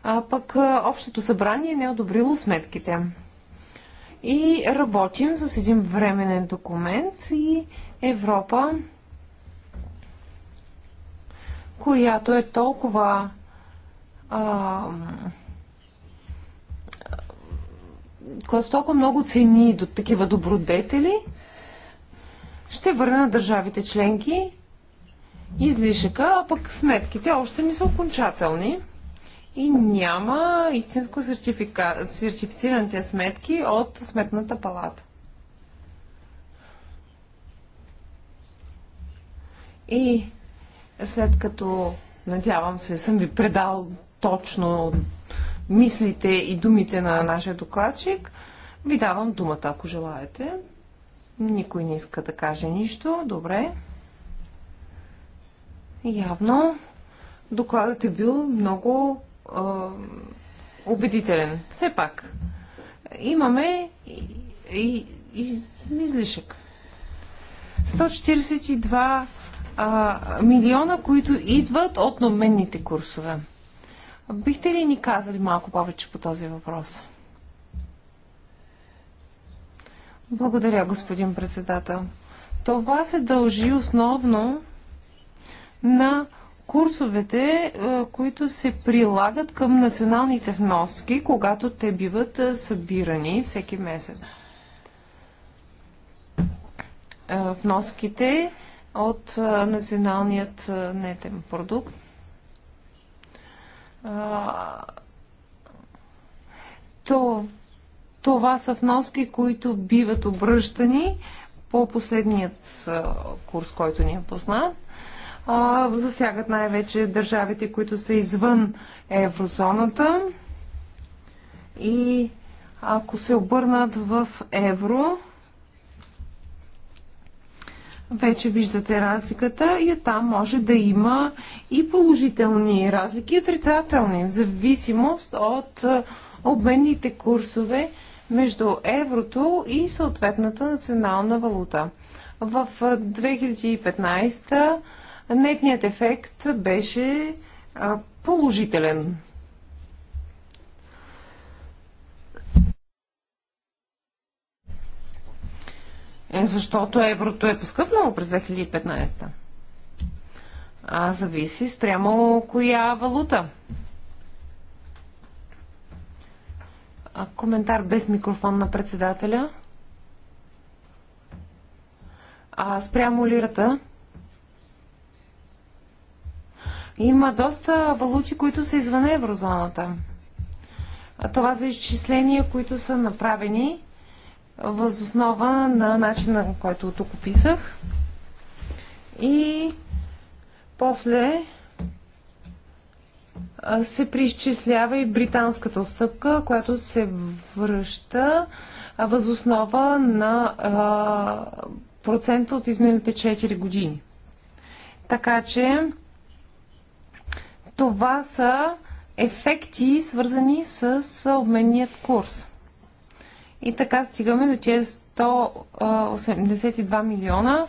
А пък Общото събрание не е одобрило сметките. И работим с един временен документ и Европа, която е толкова а, която толкова много цени до такива добродетели, ще върне на държавите членки излишъка, а пък сметките още не са окончателни и няма истинско сертифицираните сметки от Сметната палата. И след като, надявам се, съм ви предал точно мислите и думите на нашия докладчик, ви давам думата, ако желаете. Никой не иска да каже нищо. Добре. Явно докладът е бил много убедителен. Все пак, имаме и, и, и излишък. 142 а, милиона, които идват от номенните курсове. Бихте ли ни казали малко повече по този въпрос? Благодаря, господин председател. Това се дължи основно на курсовете, е, които се прилагат към националните вноски, когато те биват е, събирани всеки месец. Е, вноските от националният нетен продукт. То, това са вноски, които биват обръщани по последният курс, който ни е познат а, засягат най-вече държавите, които са извън еврозоната и ако се обърнат в евро, вече виждате разликата и там може да има и положителни разлики, и отрицателни, в зависимост от обменните курсове между еврото и съответната национална валута. В 2015 нетният ефект беше положителен. Е, защото еврото е поскъпнало през 2015. А зависи спрямо коя валута. А, коментар без микрофон на председателя. А спрямо лирата, има доста валути, които са извън еврозоната. Това за изчисления, които са направени въз основа на начина, който тук описах. И после се преизчислява и британската отстъпка, която се връща въз основа на процента от изминалите 4 години. Така че това са ефекти, свързани с обменният курс. И така стигаме до тези 182 милиона,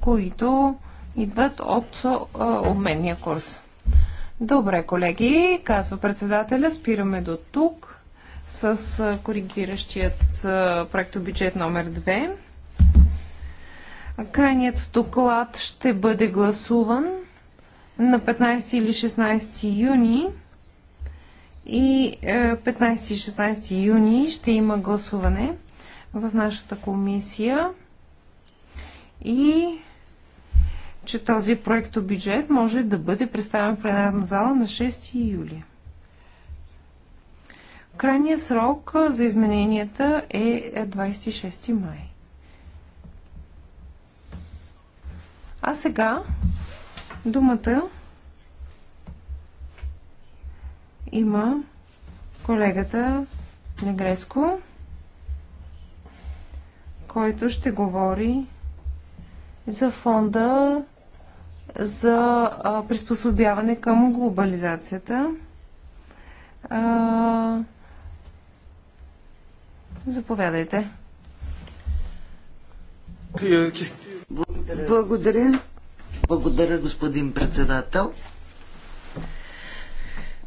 които идват от обменния курс. Добре, колеги, казва председателя, спираме до тук с коригиращият бюджет номер 2. Крайният доклад ще бъде гласуван на 15 или 16 юни и 15 е, и 16 юни ще има гласуване в нашата комисия и че този проекто бюджет може да бъде представен в пленарна зала на 6 юли. Крайният срок за измененията е 26 е май. А сега Думата има колегата Негреско, който ще говори за фонда за приспособяване към глобализацията. Заповядайте. Благодаря. Благодаря, господин председател.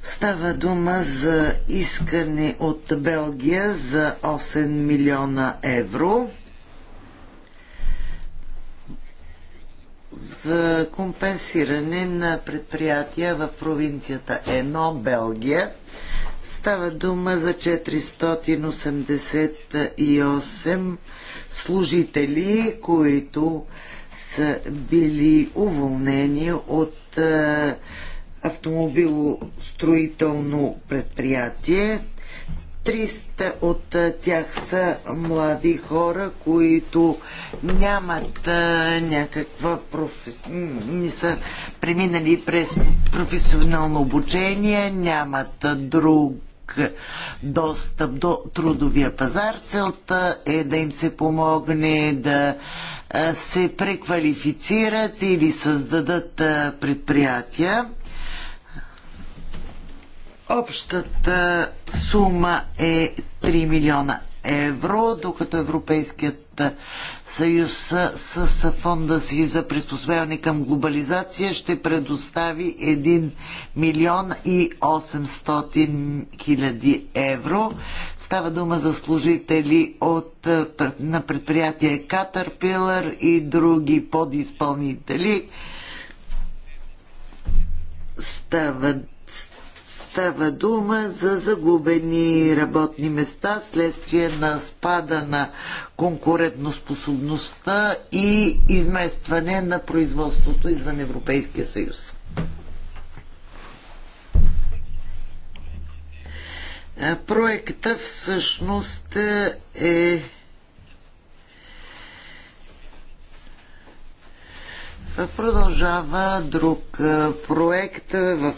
Става дума за искане от Белгия за 8 милиона евро за компенсиране на предприятия в провинцията Ено, Белгия. Става дума за 488 служители, които са били уволнени от е, автомобилостроително предприятие. 300 от е, тях са млади хора, които нямат а, е, някаква профес... не са преминали през професионално обучение, нямат друг достъп до трудовия пазар. Целта е да им се помогне да се преквалифицират или създадат предприятия. Общата сума е 3 милиона евро, докато Европейският съюз с фонда си за приспособяване към глобализация ще предостави 1 милион и 800 хиляди евро. Става дума за служители от, на предприятие Caterpillar и други подизпълнители. Става Става дума за загубени работни места следствие на спада на конкурентоспособността и изместване на производството извън Европейския съюз. Проекта всъщност е Продължава друг проект в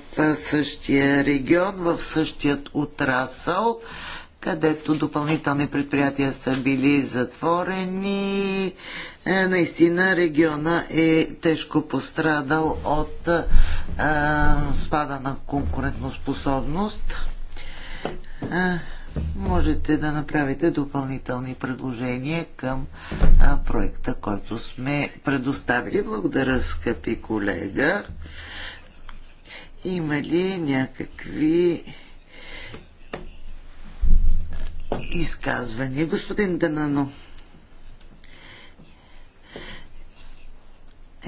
същия регион, в същият отрасъл, където допълнителни предприятия са били затворени. Е, наистина региона е тежко пострадал от спада на конкурентоспособност можете да направите допълнителни предложения към а, проекта, който сме предоставили. Благодаря, скъпи колега. Има ли някакви изказвания? Господин Данано.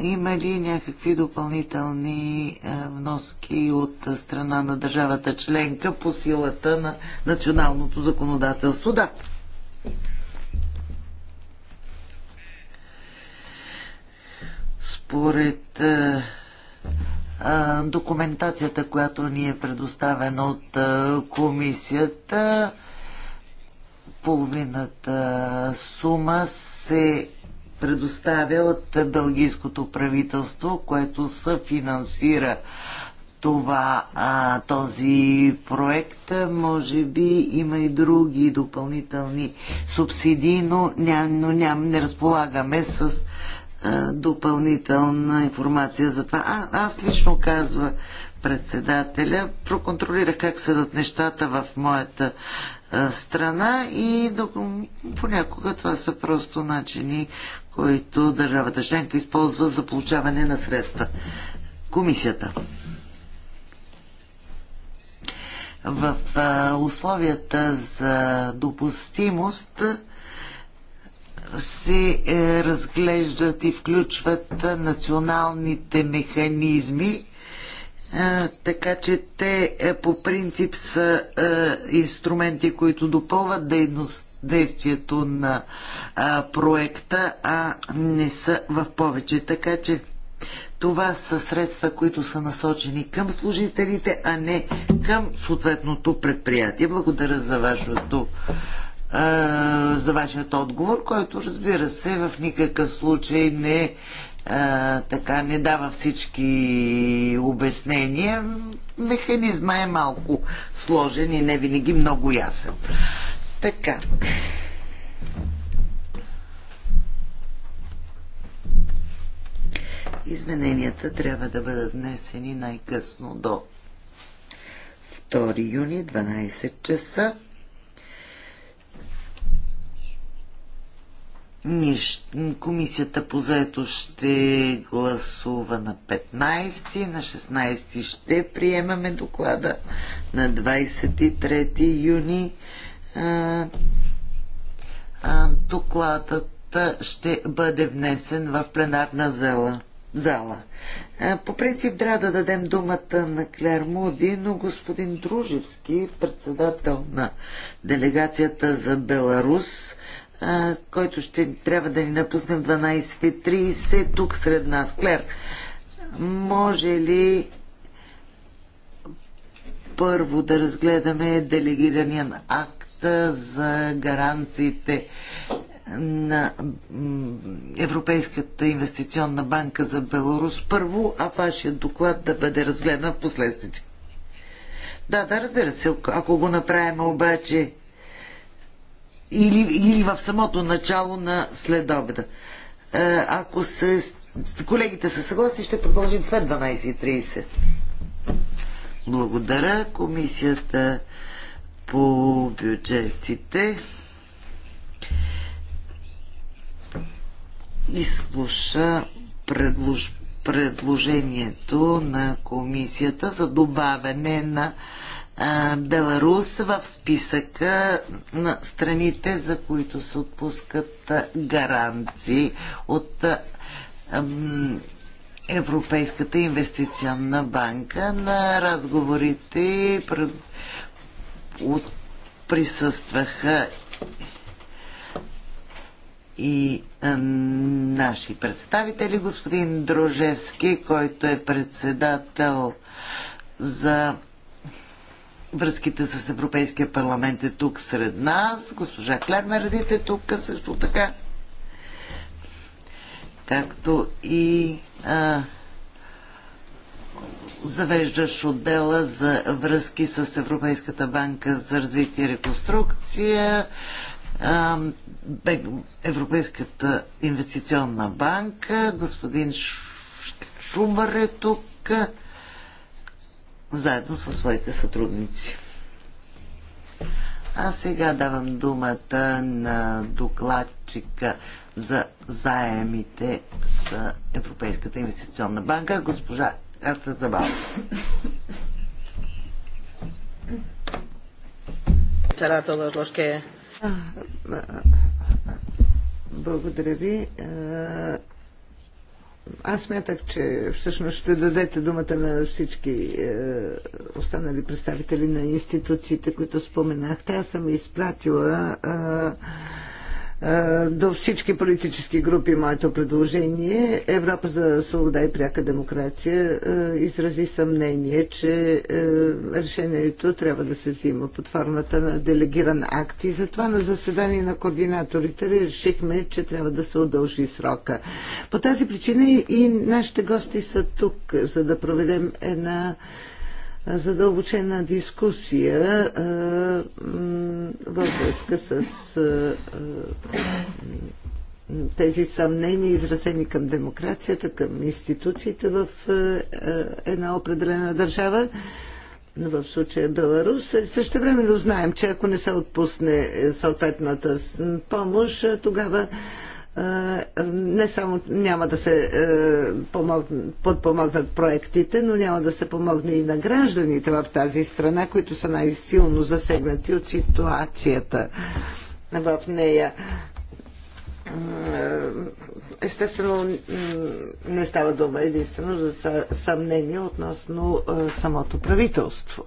Има ли някакви допълнителни е, вноски от страна на държавата членка по силата на националното законодателство? Да. Според е, е, документацията, която ни е предоставена от комисията, половината сума се предоставя от бългийското правителство, което съфинансира това, а, този проект. Може би има и други допълнителни субсидии, но, ня, но ня, не разполагаме с а, допълнителна информация за това. А, аз лично казва председателя, проконтролира как седат нещата в моята страна и понякога това са просто начини, които държавата членка използва за получаване на средства. Комисията. В условията за допустимост се е, разглеждат и включват националните механизми така че те е, по принцип са е, инструменти, които допълват дейност, действието на проекта, а не са в повече. Така че това са средства, които са насочени към служителите, а не към съответното предприятие. Благодаря за вашето за вашият отговор, който разбира се в никакъв случай не така не дава всички обяснения. Механизма е малко сложен и не винаги много ясен. Така. Измененията трябва да бъдат внесени най-късно до 2 юни 12 часа. комисията по заето ще гласува на 15, на 16 ще приемаме доклада на 23 юни. докладът ще бъде внесен в пленарна зала. зала. по принцип трябва да дадем думата на Клер Муди, но господин Дружевски, председател на делегацията за Беларус, който ще трябва да ни напусне в 12.30 тук сред нас. Клер, може ли първо да разгледаме делегирания акт за гаранциите на Европейската инвестиционна банка за Беларус първо, а вашия доклад да бъде разгледан в последствие. Да, да, разбира се. Ако го направим обаче или, или в самото начало на следобеда. Е, ако се, колегите са съгласни, ще продължим след 12.30. Благодаря. Комисията по бюджетите изслуша предлож, предложението на комисията за добавяне на Беларус в списъка на страните, за които се отпускат гаранции от Европейската инвестиционна банка. На разговорите присъстваха и наши представители, господин Дружевски, който е председател за връзките с Европейския парламент е тук сред нас. Госпожа Клермердит е тук също така. Както и а, завеждаш отдела за връзки с Европейската банка за развитие и реконструкция, а, Европейската инвестиционна банка, господин Шумър е тук заедно със своите сътрудници. А сега давам думата на докладчика за заемите с Европейската инвестиционна банка, госпожа Арта Забава. Благодаря ви. Аз смятах, че всъщност ще дадете думата на всички е, останали представители на институциите, които споменахте. Аз съм изпратила е, е, до всички политически групи моето предложение. Европа за свобода и пряка демокрация е, изрази съмнение, че е, решението трябва да се взима под формата на делегиран акт. И затова на заседание на координаторите решихме, че трябва да се удължи срока. По тази причина и нашите гости са тук, за да проведем една задълбочена дискусия във връзка с тези съмнения, изразени към демокрацията, към институциите в една определена държава, в случая Беларус. Също времено знаем, че ако не се отпусне е, съответната помощ, тогава не само няма да се е, подпомогнат проектите, но няма да се помогне и на гражданите в тази страна, които са най-силно засегнати от ситуацията в нея. Е, естествено, не става дума единствено за съмнение относно е, самото правителство.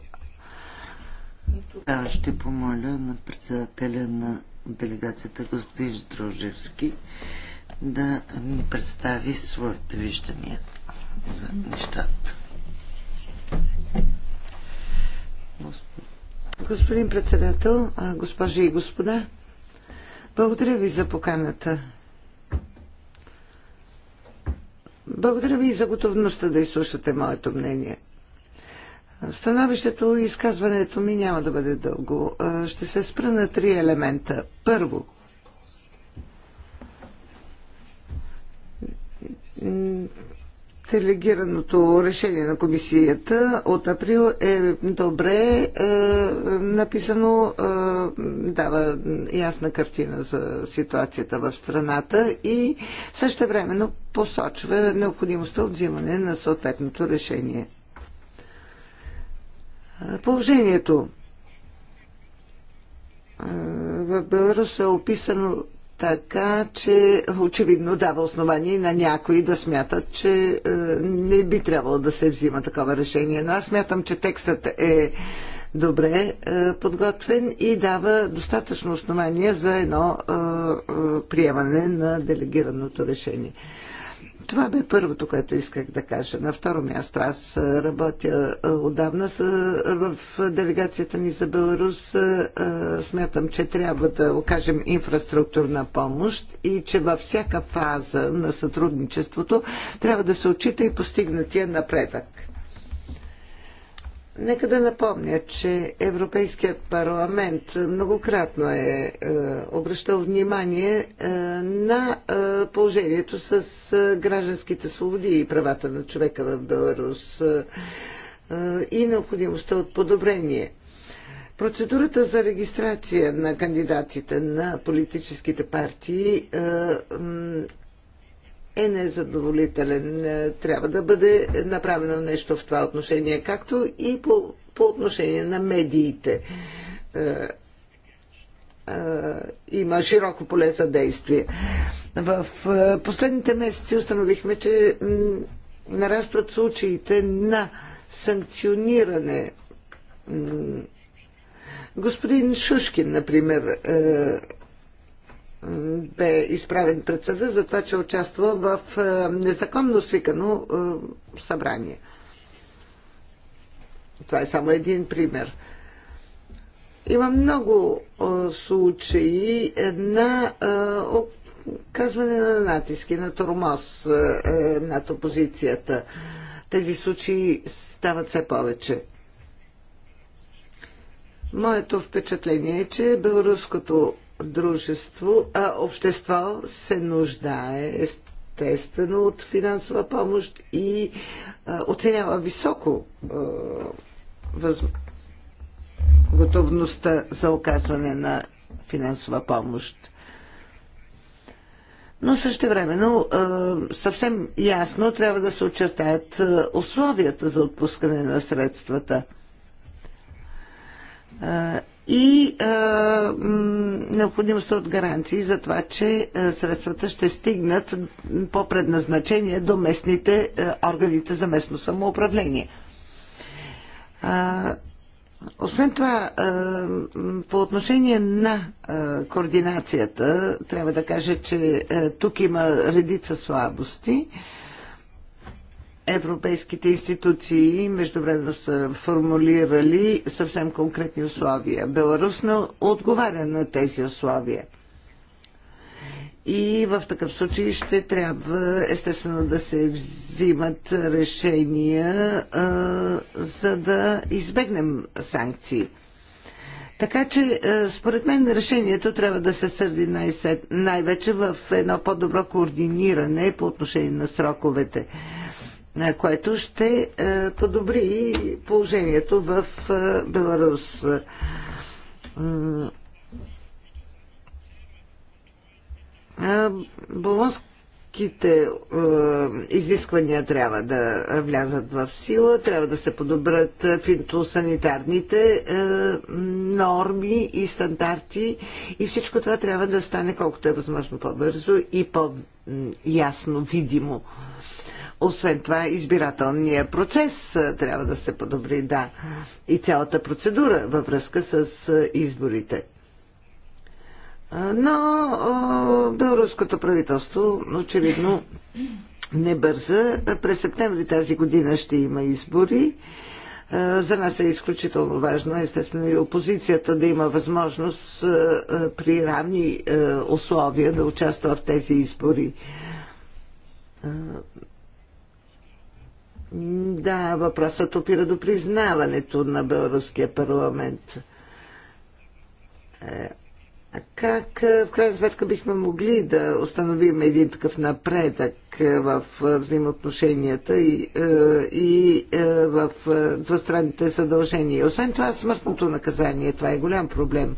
И тогава ще помоля на председателя на делегацията господин Дружевски да ни представи своите виждания за нещата. Господин председател, госпожи и господа, благодаря ви за поканата. Благодаря ви и за готовността да изслушате моето мнение. Становището и изказването ми няма да бъде дълго. Ще се спра на три елемента. Първо, делегираното решение на комисията от април е добре е, написано, е, дава ясна картина за ситуацията в страната и също времено посочва необходимостта от взимане на съответното решение. Положението в Беларус е описано така, че очевидно дава основание на някои да смятат, че не би трябвало да се взима такова решение. Но аз смятам, че текстът е добре подготвен и дава достатъчно основание за едно приемане на делегираното решение. Това бе първото, което исках да кажа. На второ място, аз работя отдавна в делегацията ни за Беларус. Смятам, че трябва да окажем инфраструктурна помощ и че във всяка фаза на сътрудничеството трябва да се отчита и постигнатия напредък. Нека да напомня, че Европейският парламент многократно е, е обръщал внимание е, на е, положението с гражданските свободи и правата на човека в Беларус и необходимостта от подобрение. Процедурата за регистрация на кандидатите на политическите партии е незадоволителен. Е, трябва да бъде направено нещо в това отношение, както и по, по отношение на медиите. Е, е, има широко поле за действие. В последните месеци установихме, че нарастват случаите на санкциониране. Господин Шушкин, например, бе изправен пред съда за това, че участва в е, незаконно свикано е, събрание. Това е само един пример. Има много е, случаи на казване на натиски, на тормоз над опозицията. Тези случаи стават все повече. Моето впечатление е, че беларуското дружество, а общество се нуждае естествено от финансова помощ и а, оценява високо а, въз... готовността за оказване на финансова помощ. Но също времено съвсем ясно трябва да се очертаят условията за отпускане на средствата и а, необходимостта от гаранции за това, че а, средствата ще стигнат по предназначение до местните а, органите за местно самоуправление. А, освен това, по отношение на координацията, трябва да кажа, че тук има редица слабости европейските институции междувременно са формулирали съвсем конкретни условия. Беларус не отговаря на тези условия. И в такъв случай ще трябва естествено да се взимат решения, а, за да избегнем санкции. Така че, според мен, решението трябва да се сърди най-вече в едно по-добро координиране по отношение на сроковете което ще е, подобри положението в е, Беларус. Е, болонските изисквания трябва да влязат в сила, трябва да се подобрят фитосанитарните норми и стандарти и всичко това трябва да стане колкото е възможно по-бързо и по-ясно видимо. Освен това, избирателния процес трябва да се подобри, да, и цялата процедура във връзка с изборите. Но белорусското правителство очевидно не бърза. През септември тази година ще има избори. За нас е изключително важно, естествено, и опозицията да има възможност при равни условия да участва в тези избори. Да, въпросът опира до признаването на Белоруския парламент. Е, как е, в крайна сметка бихме могли да установим един такъв напредък е, в взаимоотношенията и, и в двустранните задължения? Освен това, смъртното наказание, това е голям проблем.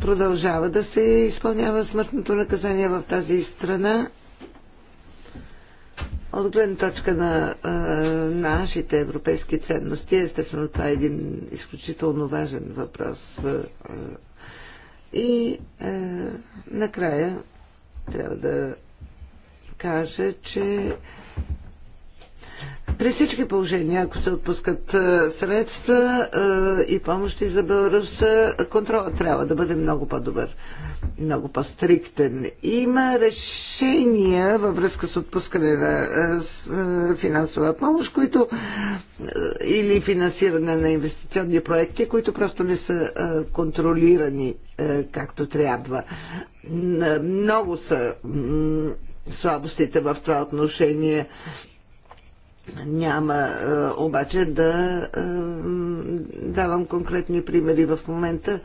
Продължава да се изпълнява смъртното наказание в тази страна от гледна точка на а, нашите европейски ценности, естествено това е един изключително важен въпрос. И а, накрая трябва да кажа, че а, при всички положения, ако се отпускат е, средства е, и помощи за Беларус, е, контролът трябва да бъде много по-добър, много по-стриктен. Има решения във връзка с отпускане на финансова помощ, които или финансиране на инвестиционни проекти, които просто не са контролирани както трябва. Много са слабостите в това отношение. Няма а, е, обаче да а, е, давам конкретни примери в момента.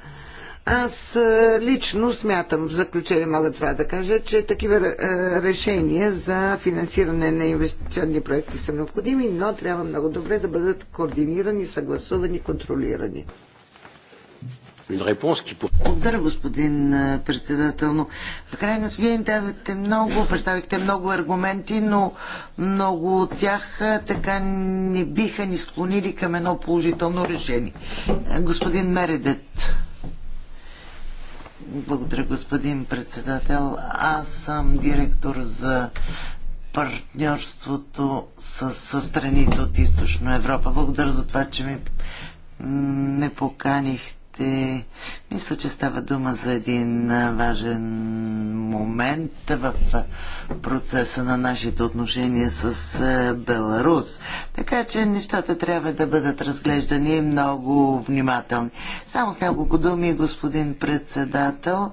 Аз а, е, лично смятам, в заключение мога това да кажа, че такива а, решения за финансиране на инвестиционни проекти са необходими, но трябва много добре да бъдат координирани, съгласувани, контролирани. Благодаря, господин председател, но в крайна вие давате много, представихте много аргументи, но много от тях така не биха ни склонили към едно положително решение. Господин Мередет. Благодаря, господин председател. Аз съм директор за партньорството с, с страните от Източна Европа. Благодаря за това, че ми не поканихте ще... Мисля, че става дума за един важен момент в процеса на нашите отношения с Беларус. Така че нещата трябва да бъдат разглеждани много внимателни. Само с няколко думи, господин председател,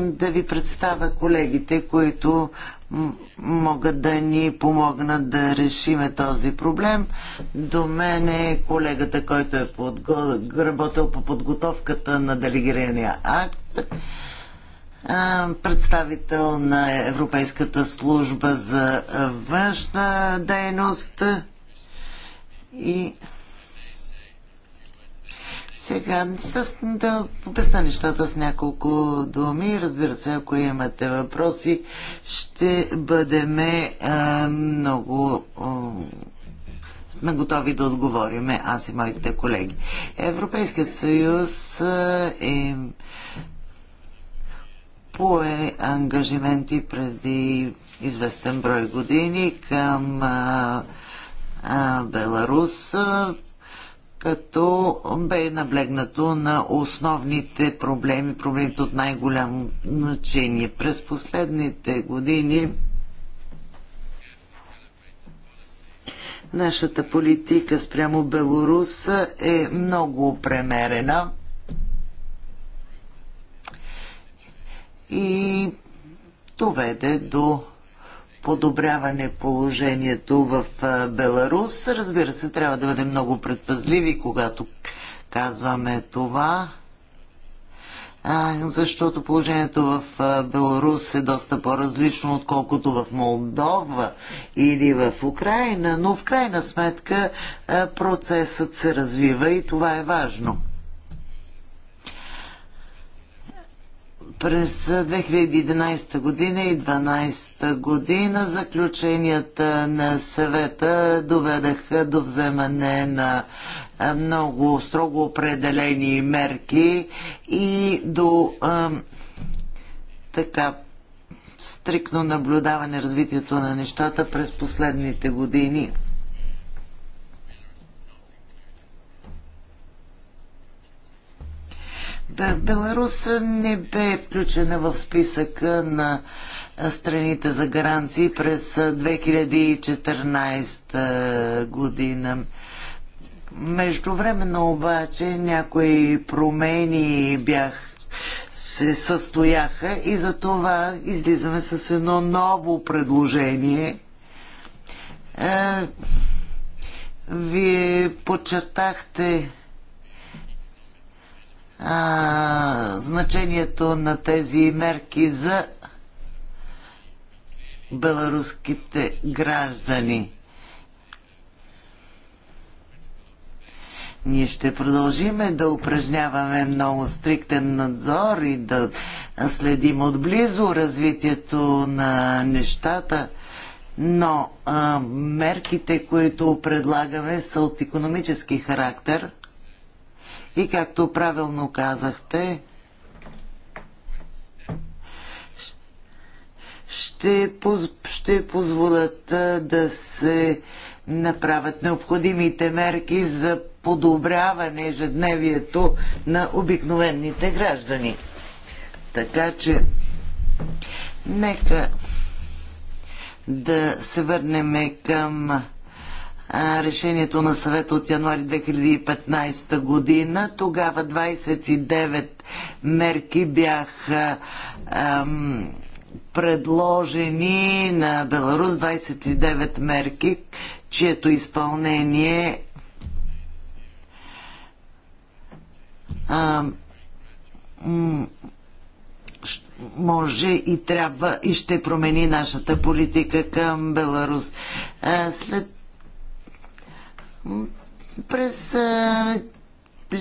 да ви представя колегите, които могат да ни помогнат да решиме този проблем. До мен е колегата, който е подго... работил по подготовката на делегирания акт, представител на Европейската служба за външна дейност и сега с, да обясня нещата с няколко думи. Разбира се, ако имате въпроси, ще бъдем много сме готови да отговориме, аз и моите колеги. Европейският съюз е пое ангажименти преди известен брой години към а, а, Беларус като бе наблегнато на основните проблеми, проблемите от най-голямо значение. През последните години нашата политика спрямо Беларус е много премерена и доведе до подобряване положението в Беларус. Разбира се, трябва да бъдем много предпазливи, когато казваме това, защото положението в Беларус е доста по-различно, отколкото в Молдова или в Украина, но в крайна сметка процесът се развива и това е важно. През 2011 година и 2012 година заключенията на съвета доведаха до вземане на много строго определени мерки и до а, така стрикно наблюдаване развитието на нещата през последните години. Беларус не бе включена в списъка на страните за гаранции през 2014 година. Междувременно обаче някои промени бях се състояха и за това излизаме с едно ново предложение. Е, вие подчертахте а, значението на тези мерки за беларуските граждани. Ние ще продължиме да упражняваме много стриктен надзор и да следим отблизо развитието на нещата, но а, мерките, които предлагаме, са от економически характер – и както правилно казахте, ще, поз, ще позволят да се направят необходимите мерки за подобряване ежедневието на обикновените граждани. Така че, нека да се върнем към решението на съвета от януари 2015 година. Тогава 29 мерки бяха ам, предложени на Беларус, 29 мерки, чието изпълнение ам, може и трябва и ще промени нашата политика към Беларус. След през е,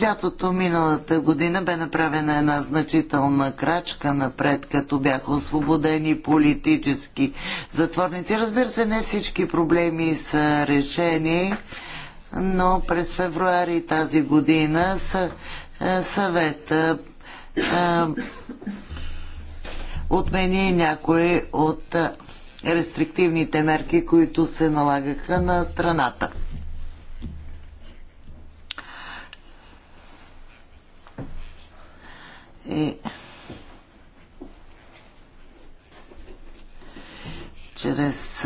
лятото миналата година бе направена една значителна крачка напред, като бяха освободени политически затворници. Разбира се, не всички проблеми са решени, но през февруари тази година е, съвета е, отмени някои от рестриктивните мерки, които се налагаха на страната. И чрез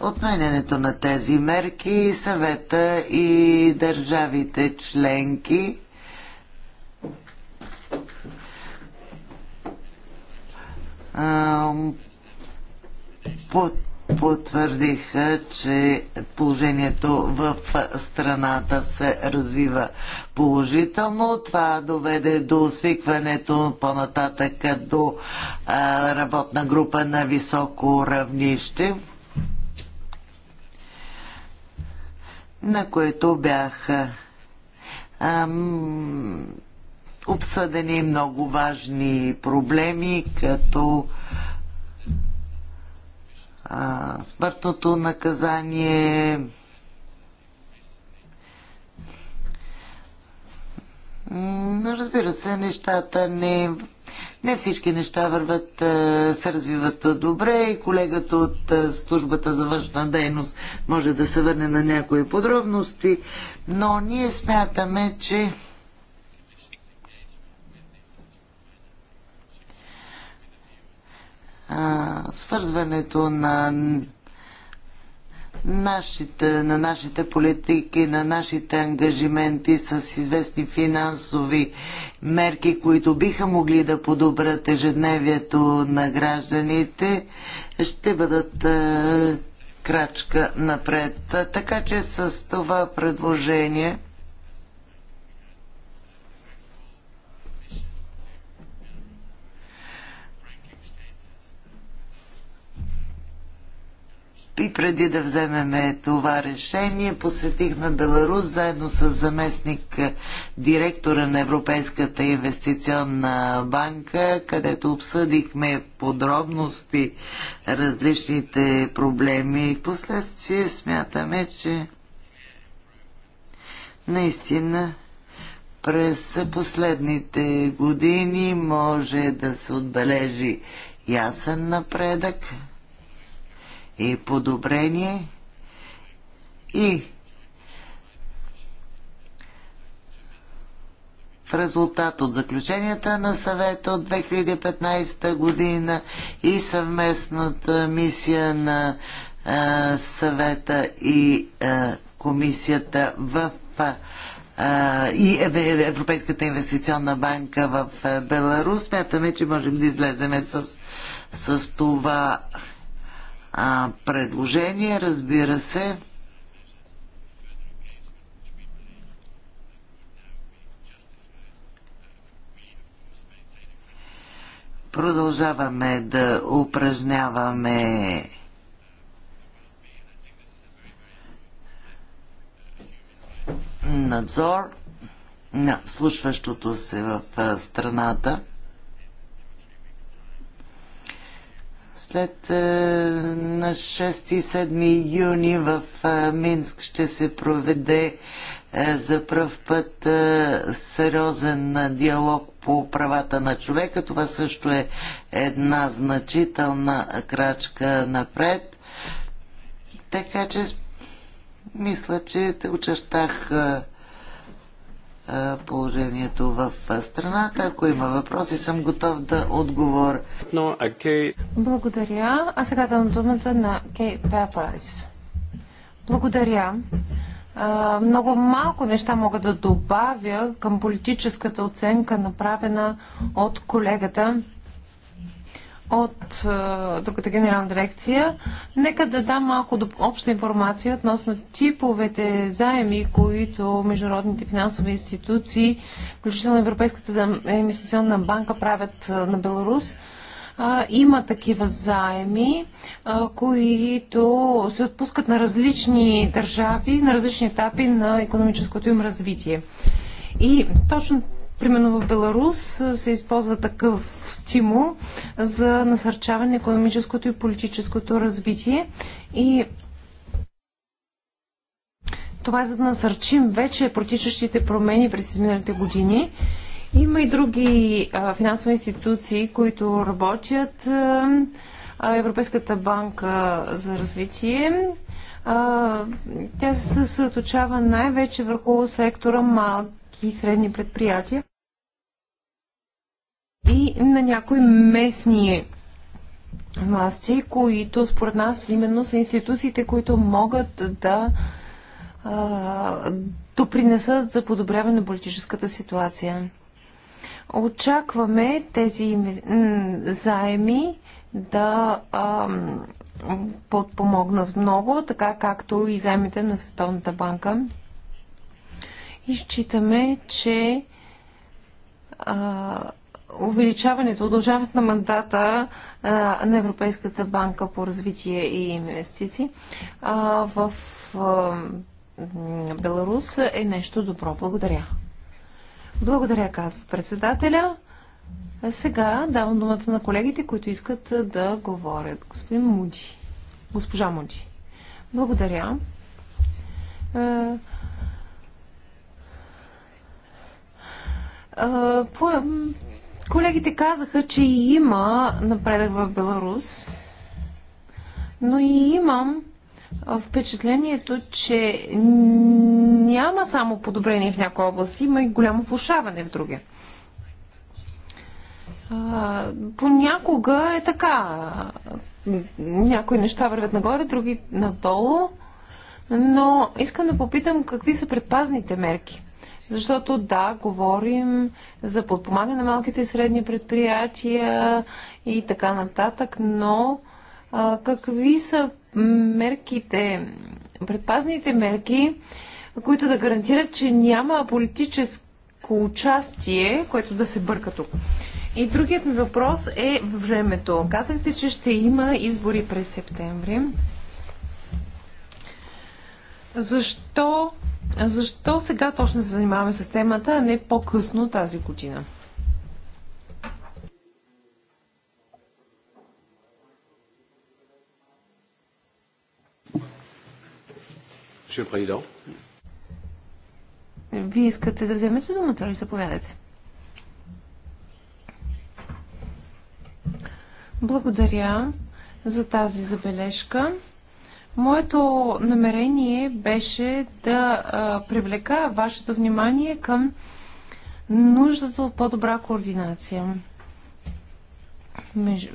отменянето на тези мерки съвета и държавите членки под потвърдиха, че положението в страната се развива положително. Това доведе до свикването по-нататък до работна група на високо равнище, на което бяха ам, обсъдени много важни проблеми, като а, смъртното наказание. Но разбира се, нещата не. Не всички неща върват, се развиват добре и колегата от службата за външна дейност може да се върне на някои подробности, но ние смятаме, че а, свързването на нашите, на нашите политики, на нашите ангажименти с известни финансови мерки, които биха могли да подобрят ежедневието на гражданите, ще бъдат а, крачка напред. Така че с това предложение и преди да вземеме това решение, посетихме Беларус заедно с заместник е, директора на Европейската инвестиционна банка, където обсъдихме подробности различните проблеми. И последствие смятаме, че наистина през последните години може да се отбележи ясен напредък и подобрение и в резултат от заключенията на съвета от 2015 година и съвместната мисия на а, съвета и а, комисията в а, и Европейската инвестиционна банка в Беларус. Смятаме, че можем да излеземе с, с това а, предложение. Разбира се, продължаваме да упражняваме надзор на слушващото се в страната. След е, на 6 и 7 юни в е, Минск ще се проведе е, за пръв път сериозен диалог по правата на човека. Това също е една значителна крачка напред. Така че мисля, че те очертах положението в страната. Ако има въпроси, съм готов да отговоря. No, okay. Благодаря. А сега дам думата на Кей Пеапрайс. Благодаря. много малко неща мога да добавя към политическата оценка, направена от колегата от а, другата генерална дирекция. Нека да дам малко обща информация относно типовете заеми, които международните финансови институции, включително Европейската инвестиционна банка, правят а, на Беларус. А, има такива заеми, а, които се отпускат на различни държави, на различни етапи на економическото им развитие. И точно Примерно в Беларус се използва такъв стимул за насърчаване на економическото и политическото развитие и това е за да насърчим вече протичащите промени през изминалите години. Има и други а, финансови институции, които работят. А, Европейската банка за развитие. А, тя се съсредоточава най-вече върху сектора мал, малки и средни предприятия и на някои местни власти, които според нас именно са институциите, които могат да допринесат за подобряване на политическата ситуация. Очакваме тези заеми да подпомогнат много, така както и заемите на Световната банка и считаме, че а, увеличаването, удължаването на мандата а, на Европейската банка по развитие и инвестиции а, в а, Беларус е нещо добро. Благодаря. Благодаря, казва председателя. А сега давам думата на колегите, които искат да говорят. Господин Муди. Госпожа Муди. Благодаря. Колегите казаха, че има напредък в Беларус, но и имам впечатлението, че няма само подобрение в някои области, има и голямо влушаване в други. Понякога е така. Някои неща вървят нагоре, други надолу. Но искам да попитам какви са предпазните мерки. Защото да, говорим за подпомагане на малките и средни предприятия и така нататък, но а, какви са мерките, предпазните мерки, които да гарантират, че няма политическо участие, което да се бърка тук. И другият ми въпрос е времето. Казахте, че ще има избори през септември. Защо, защо сега точно се занимаваме с темата, а не по-късно тази година? Вие искате да вземете думата ли? Заповядайте. Благодаря за тази забележка. Моето намерение беше да а, привлека вашето внимание към нуждата от по-добра координация. Меж...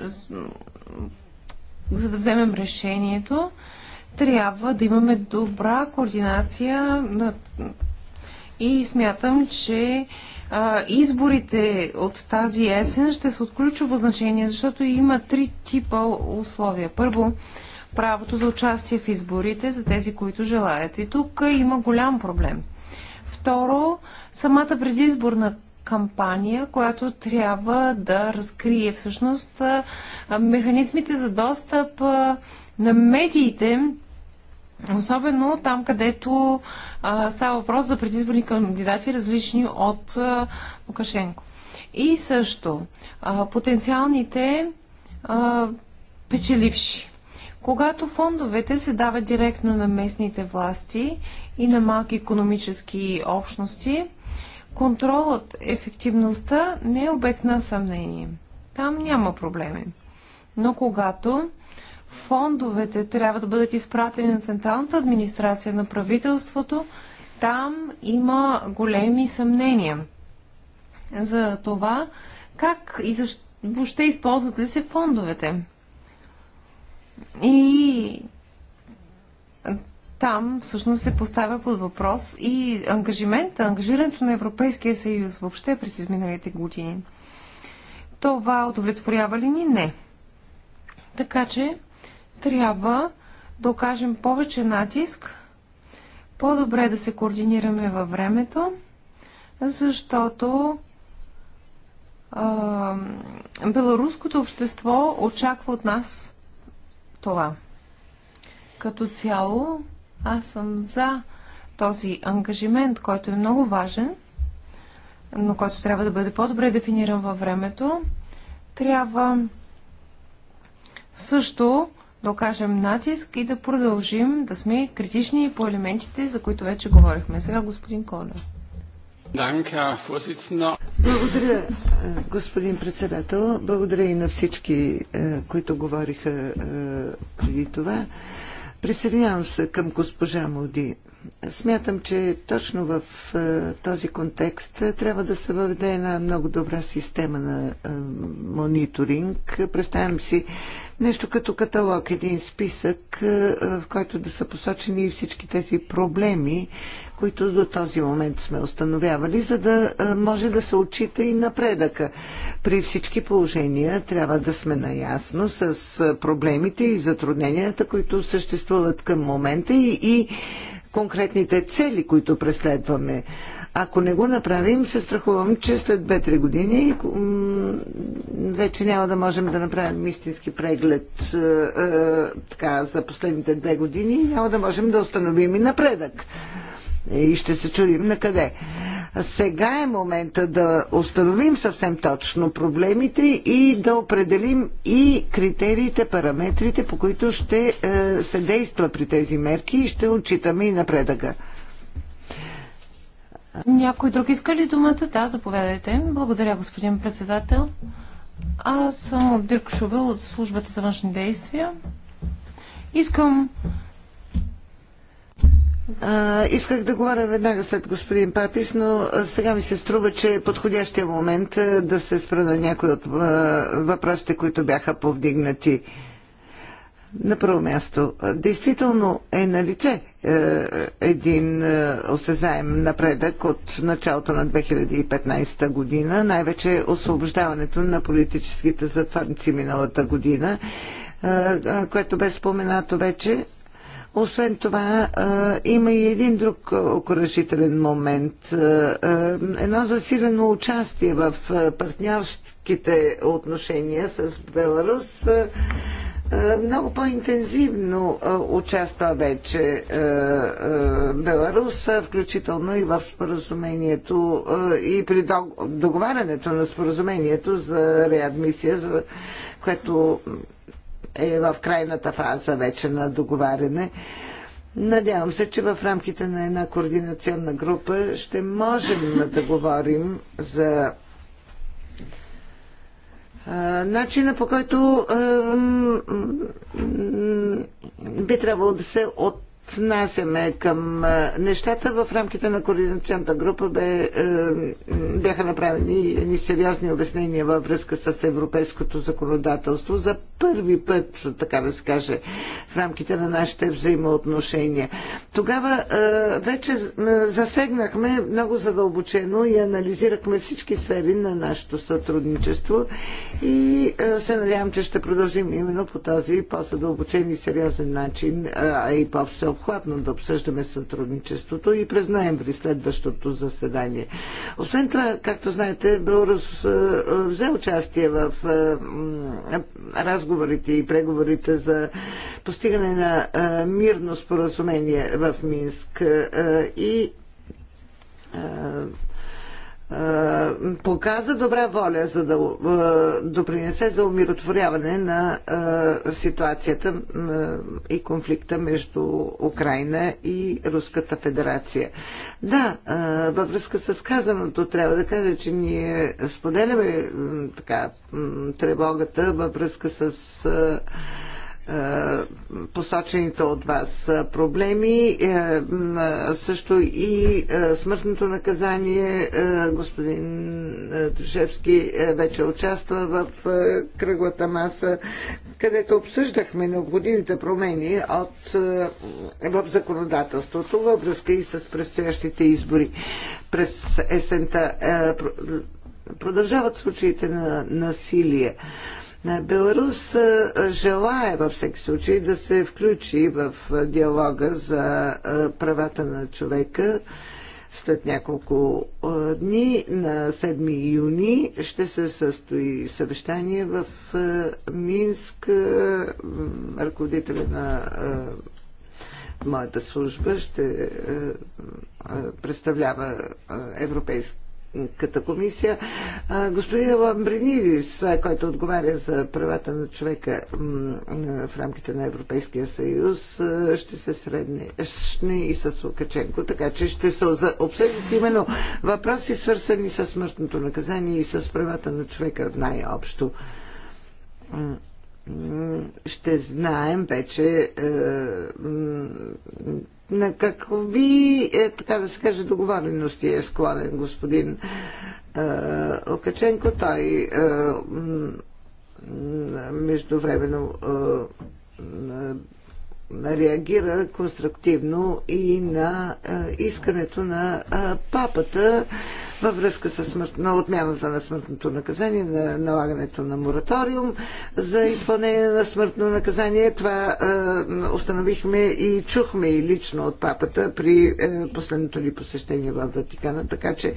За да вземем решението, трябва да имаме добра координация и смятам, че а, изборите от тази есен ще са от ключово значение, защото има три типа условия. Първо, правото за участие в изборите за тези, които желаят. И тук има голям проблем. Второ, самата предизборна кампания, която трябва да разкрие всъщност механизмите за достъп на медиите, особено там, където става въпрос за предизборни кандидати, различни от Лукашенко. И също потенциалните печеливши. Когато фондовете се дават директно на местните власти и на малки економически общности, контролът, ефективността не е обект на съмнение. Там няма проблеми. Но когато фондовете трябва да бъдат изпратени на Централната администрация на правителството, там има големи съмнения за това как и защо въобще използват ли се фондовете. И там всъщност се поставя под въпрос и ангажимента, ангажирането на Европейския съюз въобще през изминалите години. Това удовлетворява ли ни? Не. Така че трябва да окажем повече натиск, по-добре да се координираме във времето, защото а, беларуското общество очаква от нас това. Като цяло, аз съм за този ангажимент, който е много важен, но който трябва да бъде по-добре дефиниран във времето. Трябва също да окажем натиск и да продължим да сме критични по елементите, за които вече говорихме. Сега господин Коля. Благодаря, е, господин председател. Благодаря и на всички, е, които говориха е, преди това. Присъединявам се към госпожа Моди. Смятам, че точно в този контекст трябва да се въведе една много добра система на мониторинг. Представям си нещо като каталог, един списък, е, е, в който да са посочени всички тези проблеми, които до този момент сме установявали, за да е, може да се отчита и напредъка. При всички положения трябва да сме наясно с проблемите и затрудненията, които съществуват към момента и, и конкретните цели, които преследваме. Ако не го направим, се страхувам, че след 2-3 години вече няма да можем да направим истински преглед е, е, така, за последните две години и няма да можем да установим и напредък и ще се чудим на къде. Сега е момента да установим съвсем точно проблемите и да определим и критериите, параметрите, по които ще е, се действа при тези мерки и ще отчитаме и напредъка. Някой друг иска ли думата? Да, заповядайте. Благодаря, господин председател. Аз съм от Дирк Шувел от службата за външни действия. Искам а, исках да говоря веднага след господин Папис, но сега ми се струва, че е подходящия момент да се спра на някои от въпросите, които бяха повдигнати. На първо място, действително е на лице е, един е, осезаем напредък от началото на 2015 година, най-вече освобождаването на политическите затворници миналата година, е, което бе споменато вече освен това, има и един друг окоръжителен момент. Едно засилено участие в партньорските отношения с Беларус много по-интензивно участва вече Беларус, включително и в споразумението и при договарянето на споразумението за реадмисия, за което е в крайната фаза вече на договаряне. Надявам се, че в рамките на една координационна група ще можем да говорим за начина по който би трябвало да се от отнасяме към нещата в рамките на координационната група бе, е, бяха направени едни сериозни обяснения във връзка с европейското законодателство за първи път, така да се каже, в рамките на нашите взаимоотношения. Тогава е, вече е, засегнахме много задълбочено и анализирахме всички сфери на нашето сътрудничество и се надявам, че ще продължим именно по този по-задълбочен и сериозен начин, а и по-всеобхватен по-обхватно да обсъждаме сътрудничеството и през ноември следващото заседание. Освен това, както знаете, Беларус е, е, взе участие в е, разговорите и преговорите за постигане на мирно споразумение в Минск и е, показа добра воля, за да е, допринесе за умиротворяване на е, ситуацията и конфликта между Украина и Руската федерация. Да, във връзка с казаното трябва да кажа, че ние споделяме така тревогата във връзка с е, посочените от вас проблеми, е, също и е, смъртното наказание. Господин Душевски вече участва в кръглата маса, където обсъждахме необходимите промени от, в законодателството във връзка и с предстоящите избори през есента. Продължават случаите на насилие. Беларус желая във всеки случай да се включи в диалога за правата на човека след няколко дни, на 7 юни, ще се състои съвещание в Минск. Ръководителя на моята служба ще представлява европейски Европейската комисия. Господин Ламбринидис, който отговаря за правата на човека в рамките на Европейския съюз, ще се средне и с Лукаченко, така че ще се обсъдят именно въпроси, свързани с смъртното наказание и с правата на човека в най-общо. Ще знаем вече е, на какви, е, така да се каже, договорености е склонен господин е, Окаченко? Той е, междувременно е, реагира конструктивно и на е, искането на е, папата във връзка с смърт, на отмяната на смъртното наказание, на налагането на мораториум за изпълнение на смъртно наказание. Това е, установихме и чухме и лично от папата при последното ни посещение в Ватикана, така че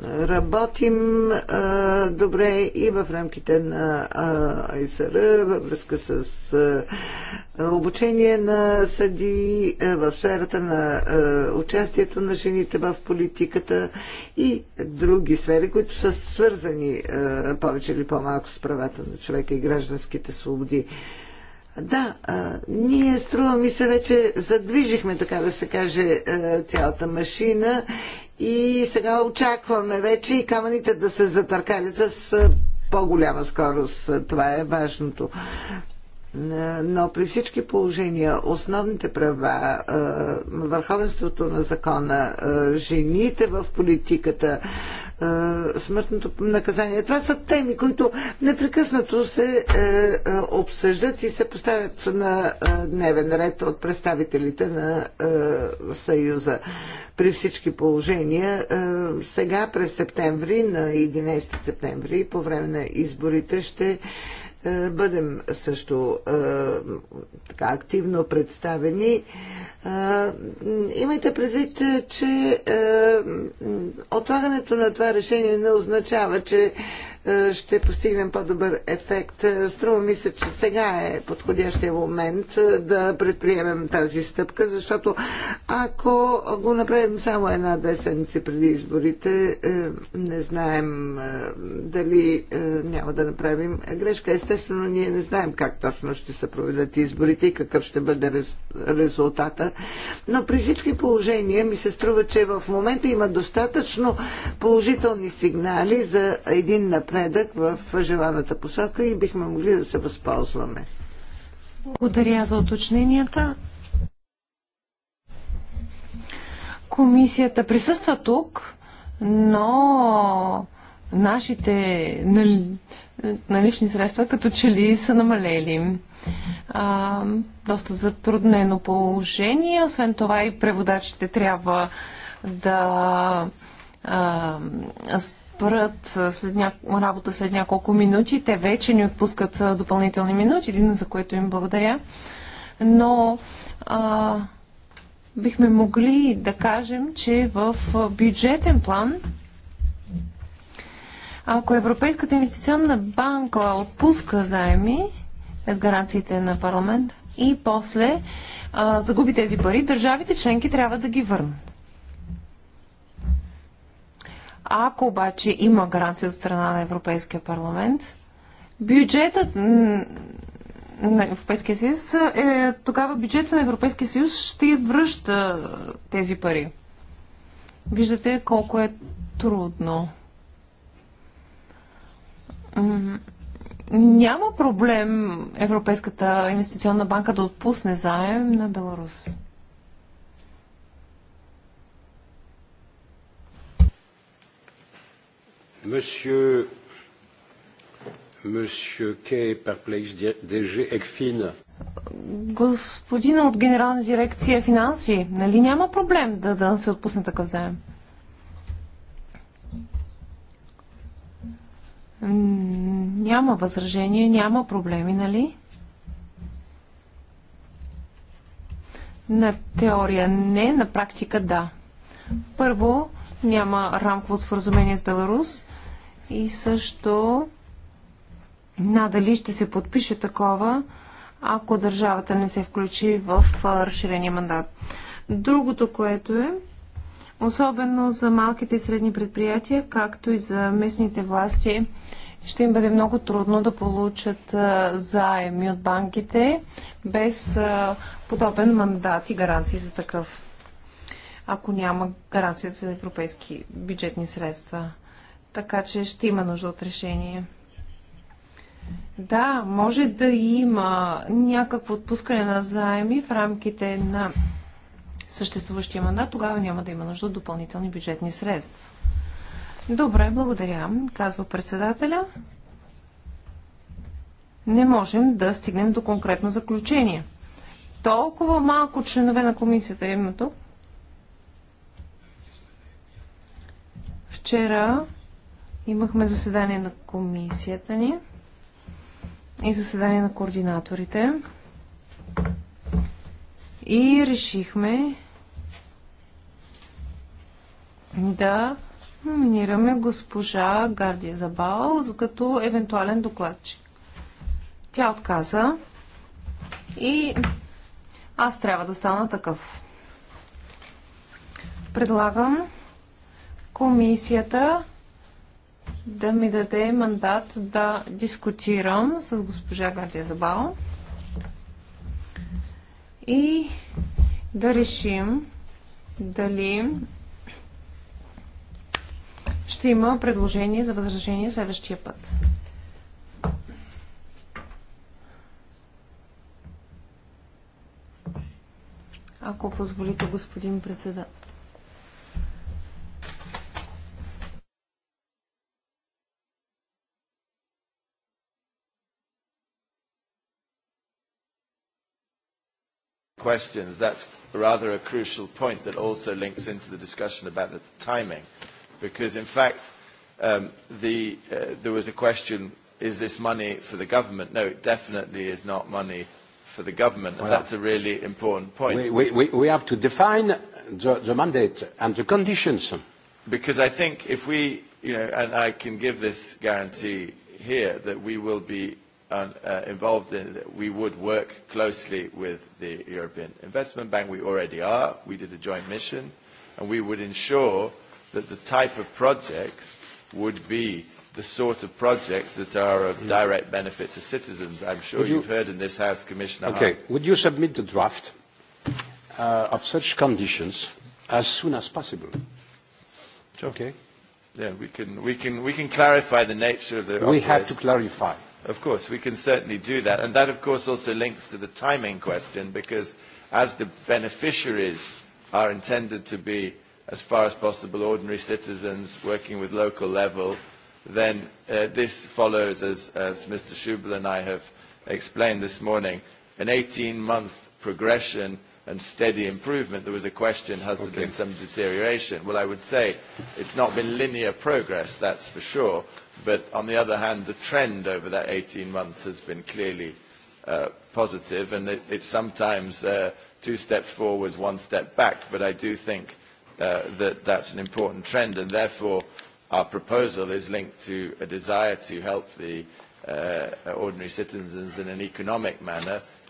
Работим а, добре и в рамките на АСР във връзка с а, обучение на съди а, в сферата на а, участието на жените в политиката и други сфери, които са свързани а, повече или по-малко с правата на човека и гражданските свободи. А, да, а, ние струва ми се вече задвижихме, така да се каже, цялата машина и сега очакваме вече и камъните да се затъркалят с по-голяма скорост. Това е важното. Но при всички положения основните права, върховенството на закона, жените в политиката, смъртното наказание. Това са теми, които непрекъснато се е, е, обсъждат и се поставят на е, дневен ред от представителите на Съюза. При всички положения, сега през септември, на 11 септември, по време на изборите, ще бъдем също така активно представени. Имайте предвид, е, че е, отлагането на това решение не означава, че е, ще постигнем по-добър ефект. Струва ми се, че сега е подходящия момент да предприемем тази стъпка, защото ако го направим само една-две седмици преди изборите, не знаем дали няма да направим грешка. Естествено, ние не знаем как точно ще се проведат изборите и какъв ще бъде резултата. Но при всички положения ми се струва, че в момента има достатъчно положителни сигнали за един напредък в желаната посока и бихме могли да се възползваме. Благодаря за уточненията. Комисията присъства тук, но нашите нали, налични средства като че ли са намалели. А, доста затруднено положение. Освен това и преводачите трябва да а, спрат след ня... работа след няколко минути. Те вече ни отпускат допълнителни минути, един за което им благодаря. Но а, бихме могли да кажем, че в бюджетен план ако Европейската инвестиционна банка отпуска заеми без гаранциите на парламент и после а, загуби тези пари, държавите членки трябва да ги върнат. Ако обаче има гаранция от страна на Европейския парламент, бюджетът на Европейския съюз, е, тогава бюджета на Европейския съюз ще връща тези пари. Виждате колко е трудно няма проблем Европейската инвестиционна банка да отпусне заем на Беларус. Monsieur, Monsieur Господина от Генерална дирекция финанси, нали няма проблем да, да се отпусне такъв заем? Няма възражение, няма проблеми, нали? На теория не, на практика да. Първо, няма рамково споразумение с Беларус и също надали ще се подпише такова, ако държавата не се включи в разширения мандат. Другото, което е, особено за малките и средни предприятия, както и за местните власти. Ще им бъде много трудно да получат заеми от банките без подобен мандат и гаранции за такъв, ако няма гаранция за европейски бюджетни средства. Така че ще има нужда от решение. Да, може да има някакво отпускане на заеми в рамките на съществуващия мандат, тогава няма да има нужда от допълнителни бюджетни средства. Добре, благодаря, казва председателя. Не можем да стигнем до конкретно заключение. Толкова малко членове на комисията има тук. Вчера имахме заседание на комисията ни и заседание на координаторите. И решихме да номинираме госпожа Гардия Забал като евентуален докладчик. Тя отказа и аз трябва да стана такъв. Предлагам комисията да ми даде мандат да дискутирам с госпожа Гардия Забал и да решим дали ще има предложение за възражение следващия път. Ако позволите, господин председател. questions, that's rather a crucial point that also links into the discussion about the timing. Because in fact, um, the, uh, there was a question, is this money for the government? No, it definitely is not money for the government, and that's a really important point. We, we, we, we have to define the, the mandate and the conditions. Because I think if we, you know, and I can give this guarantee here that we will be uh, involved in that we would work closely with the European Investment Bank. We already are. We did a joint mission, and we would ensure that the type of projects would be the sort of projects that are of direct benefit to citizens. I'm sure would you, you've heard in this House, Commissioner. Okay. Hart. Would you submit the draft uh, of such conditions as soon as possible? Sure. Okay. Yeah, we can, we, can, we can clarify the nature of the. We have to clarify Of course, we can certainly do that. And that, of course, also links to the timing question, because as the beneficiaries are intended to be, as far as possible, ordinary citizens working with local level, then uh, this follows, as uh, Mr. Schubel and I have explained this morning, an 18-month progression and steady improvement. There was a question, has there been some deterioration? Well, I would say it's not been linear progress, that's for sure, But on the other hand, the trend over that 18 months has been clearly positive, and it, it's sometimes two steps forwards, one step back. But I do think that that that's an important trend, and therefore our proposal is linked to a desire to help the ordinary citizens in an economic manner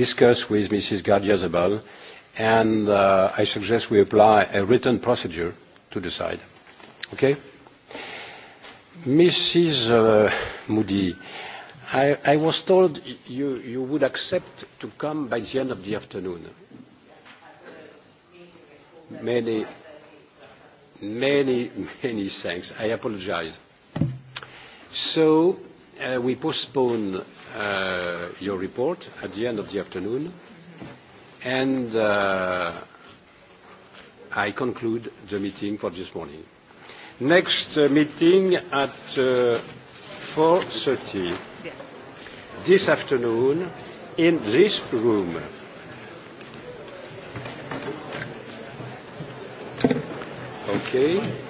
discuss with Mrs. Gardia Zabal, and uh, I suggest we apply a written procedure to decide. Okay? Mrs. Uh, Moody, I, I was told you, you would accept to come by the end of the afternoon. Many, many, many thanks. I apologize. So, we postpone your report at the end of the afternoon, and I conclude the meeting for this morning. Next meeting at 4:30 this afternoon in this room. Okay.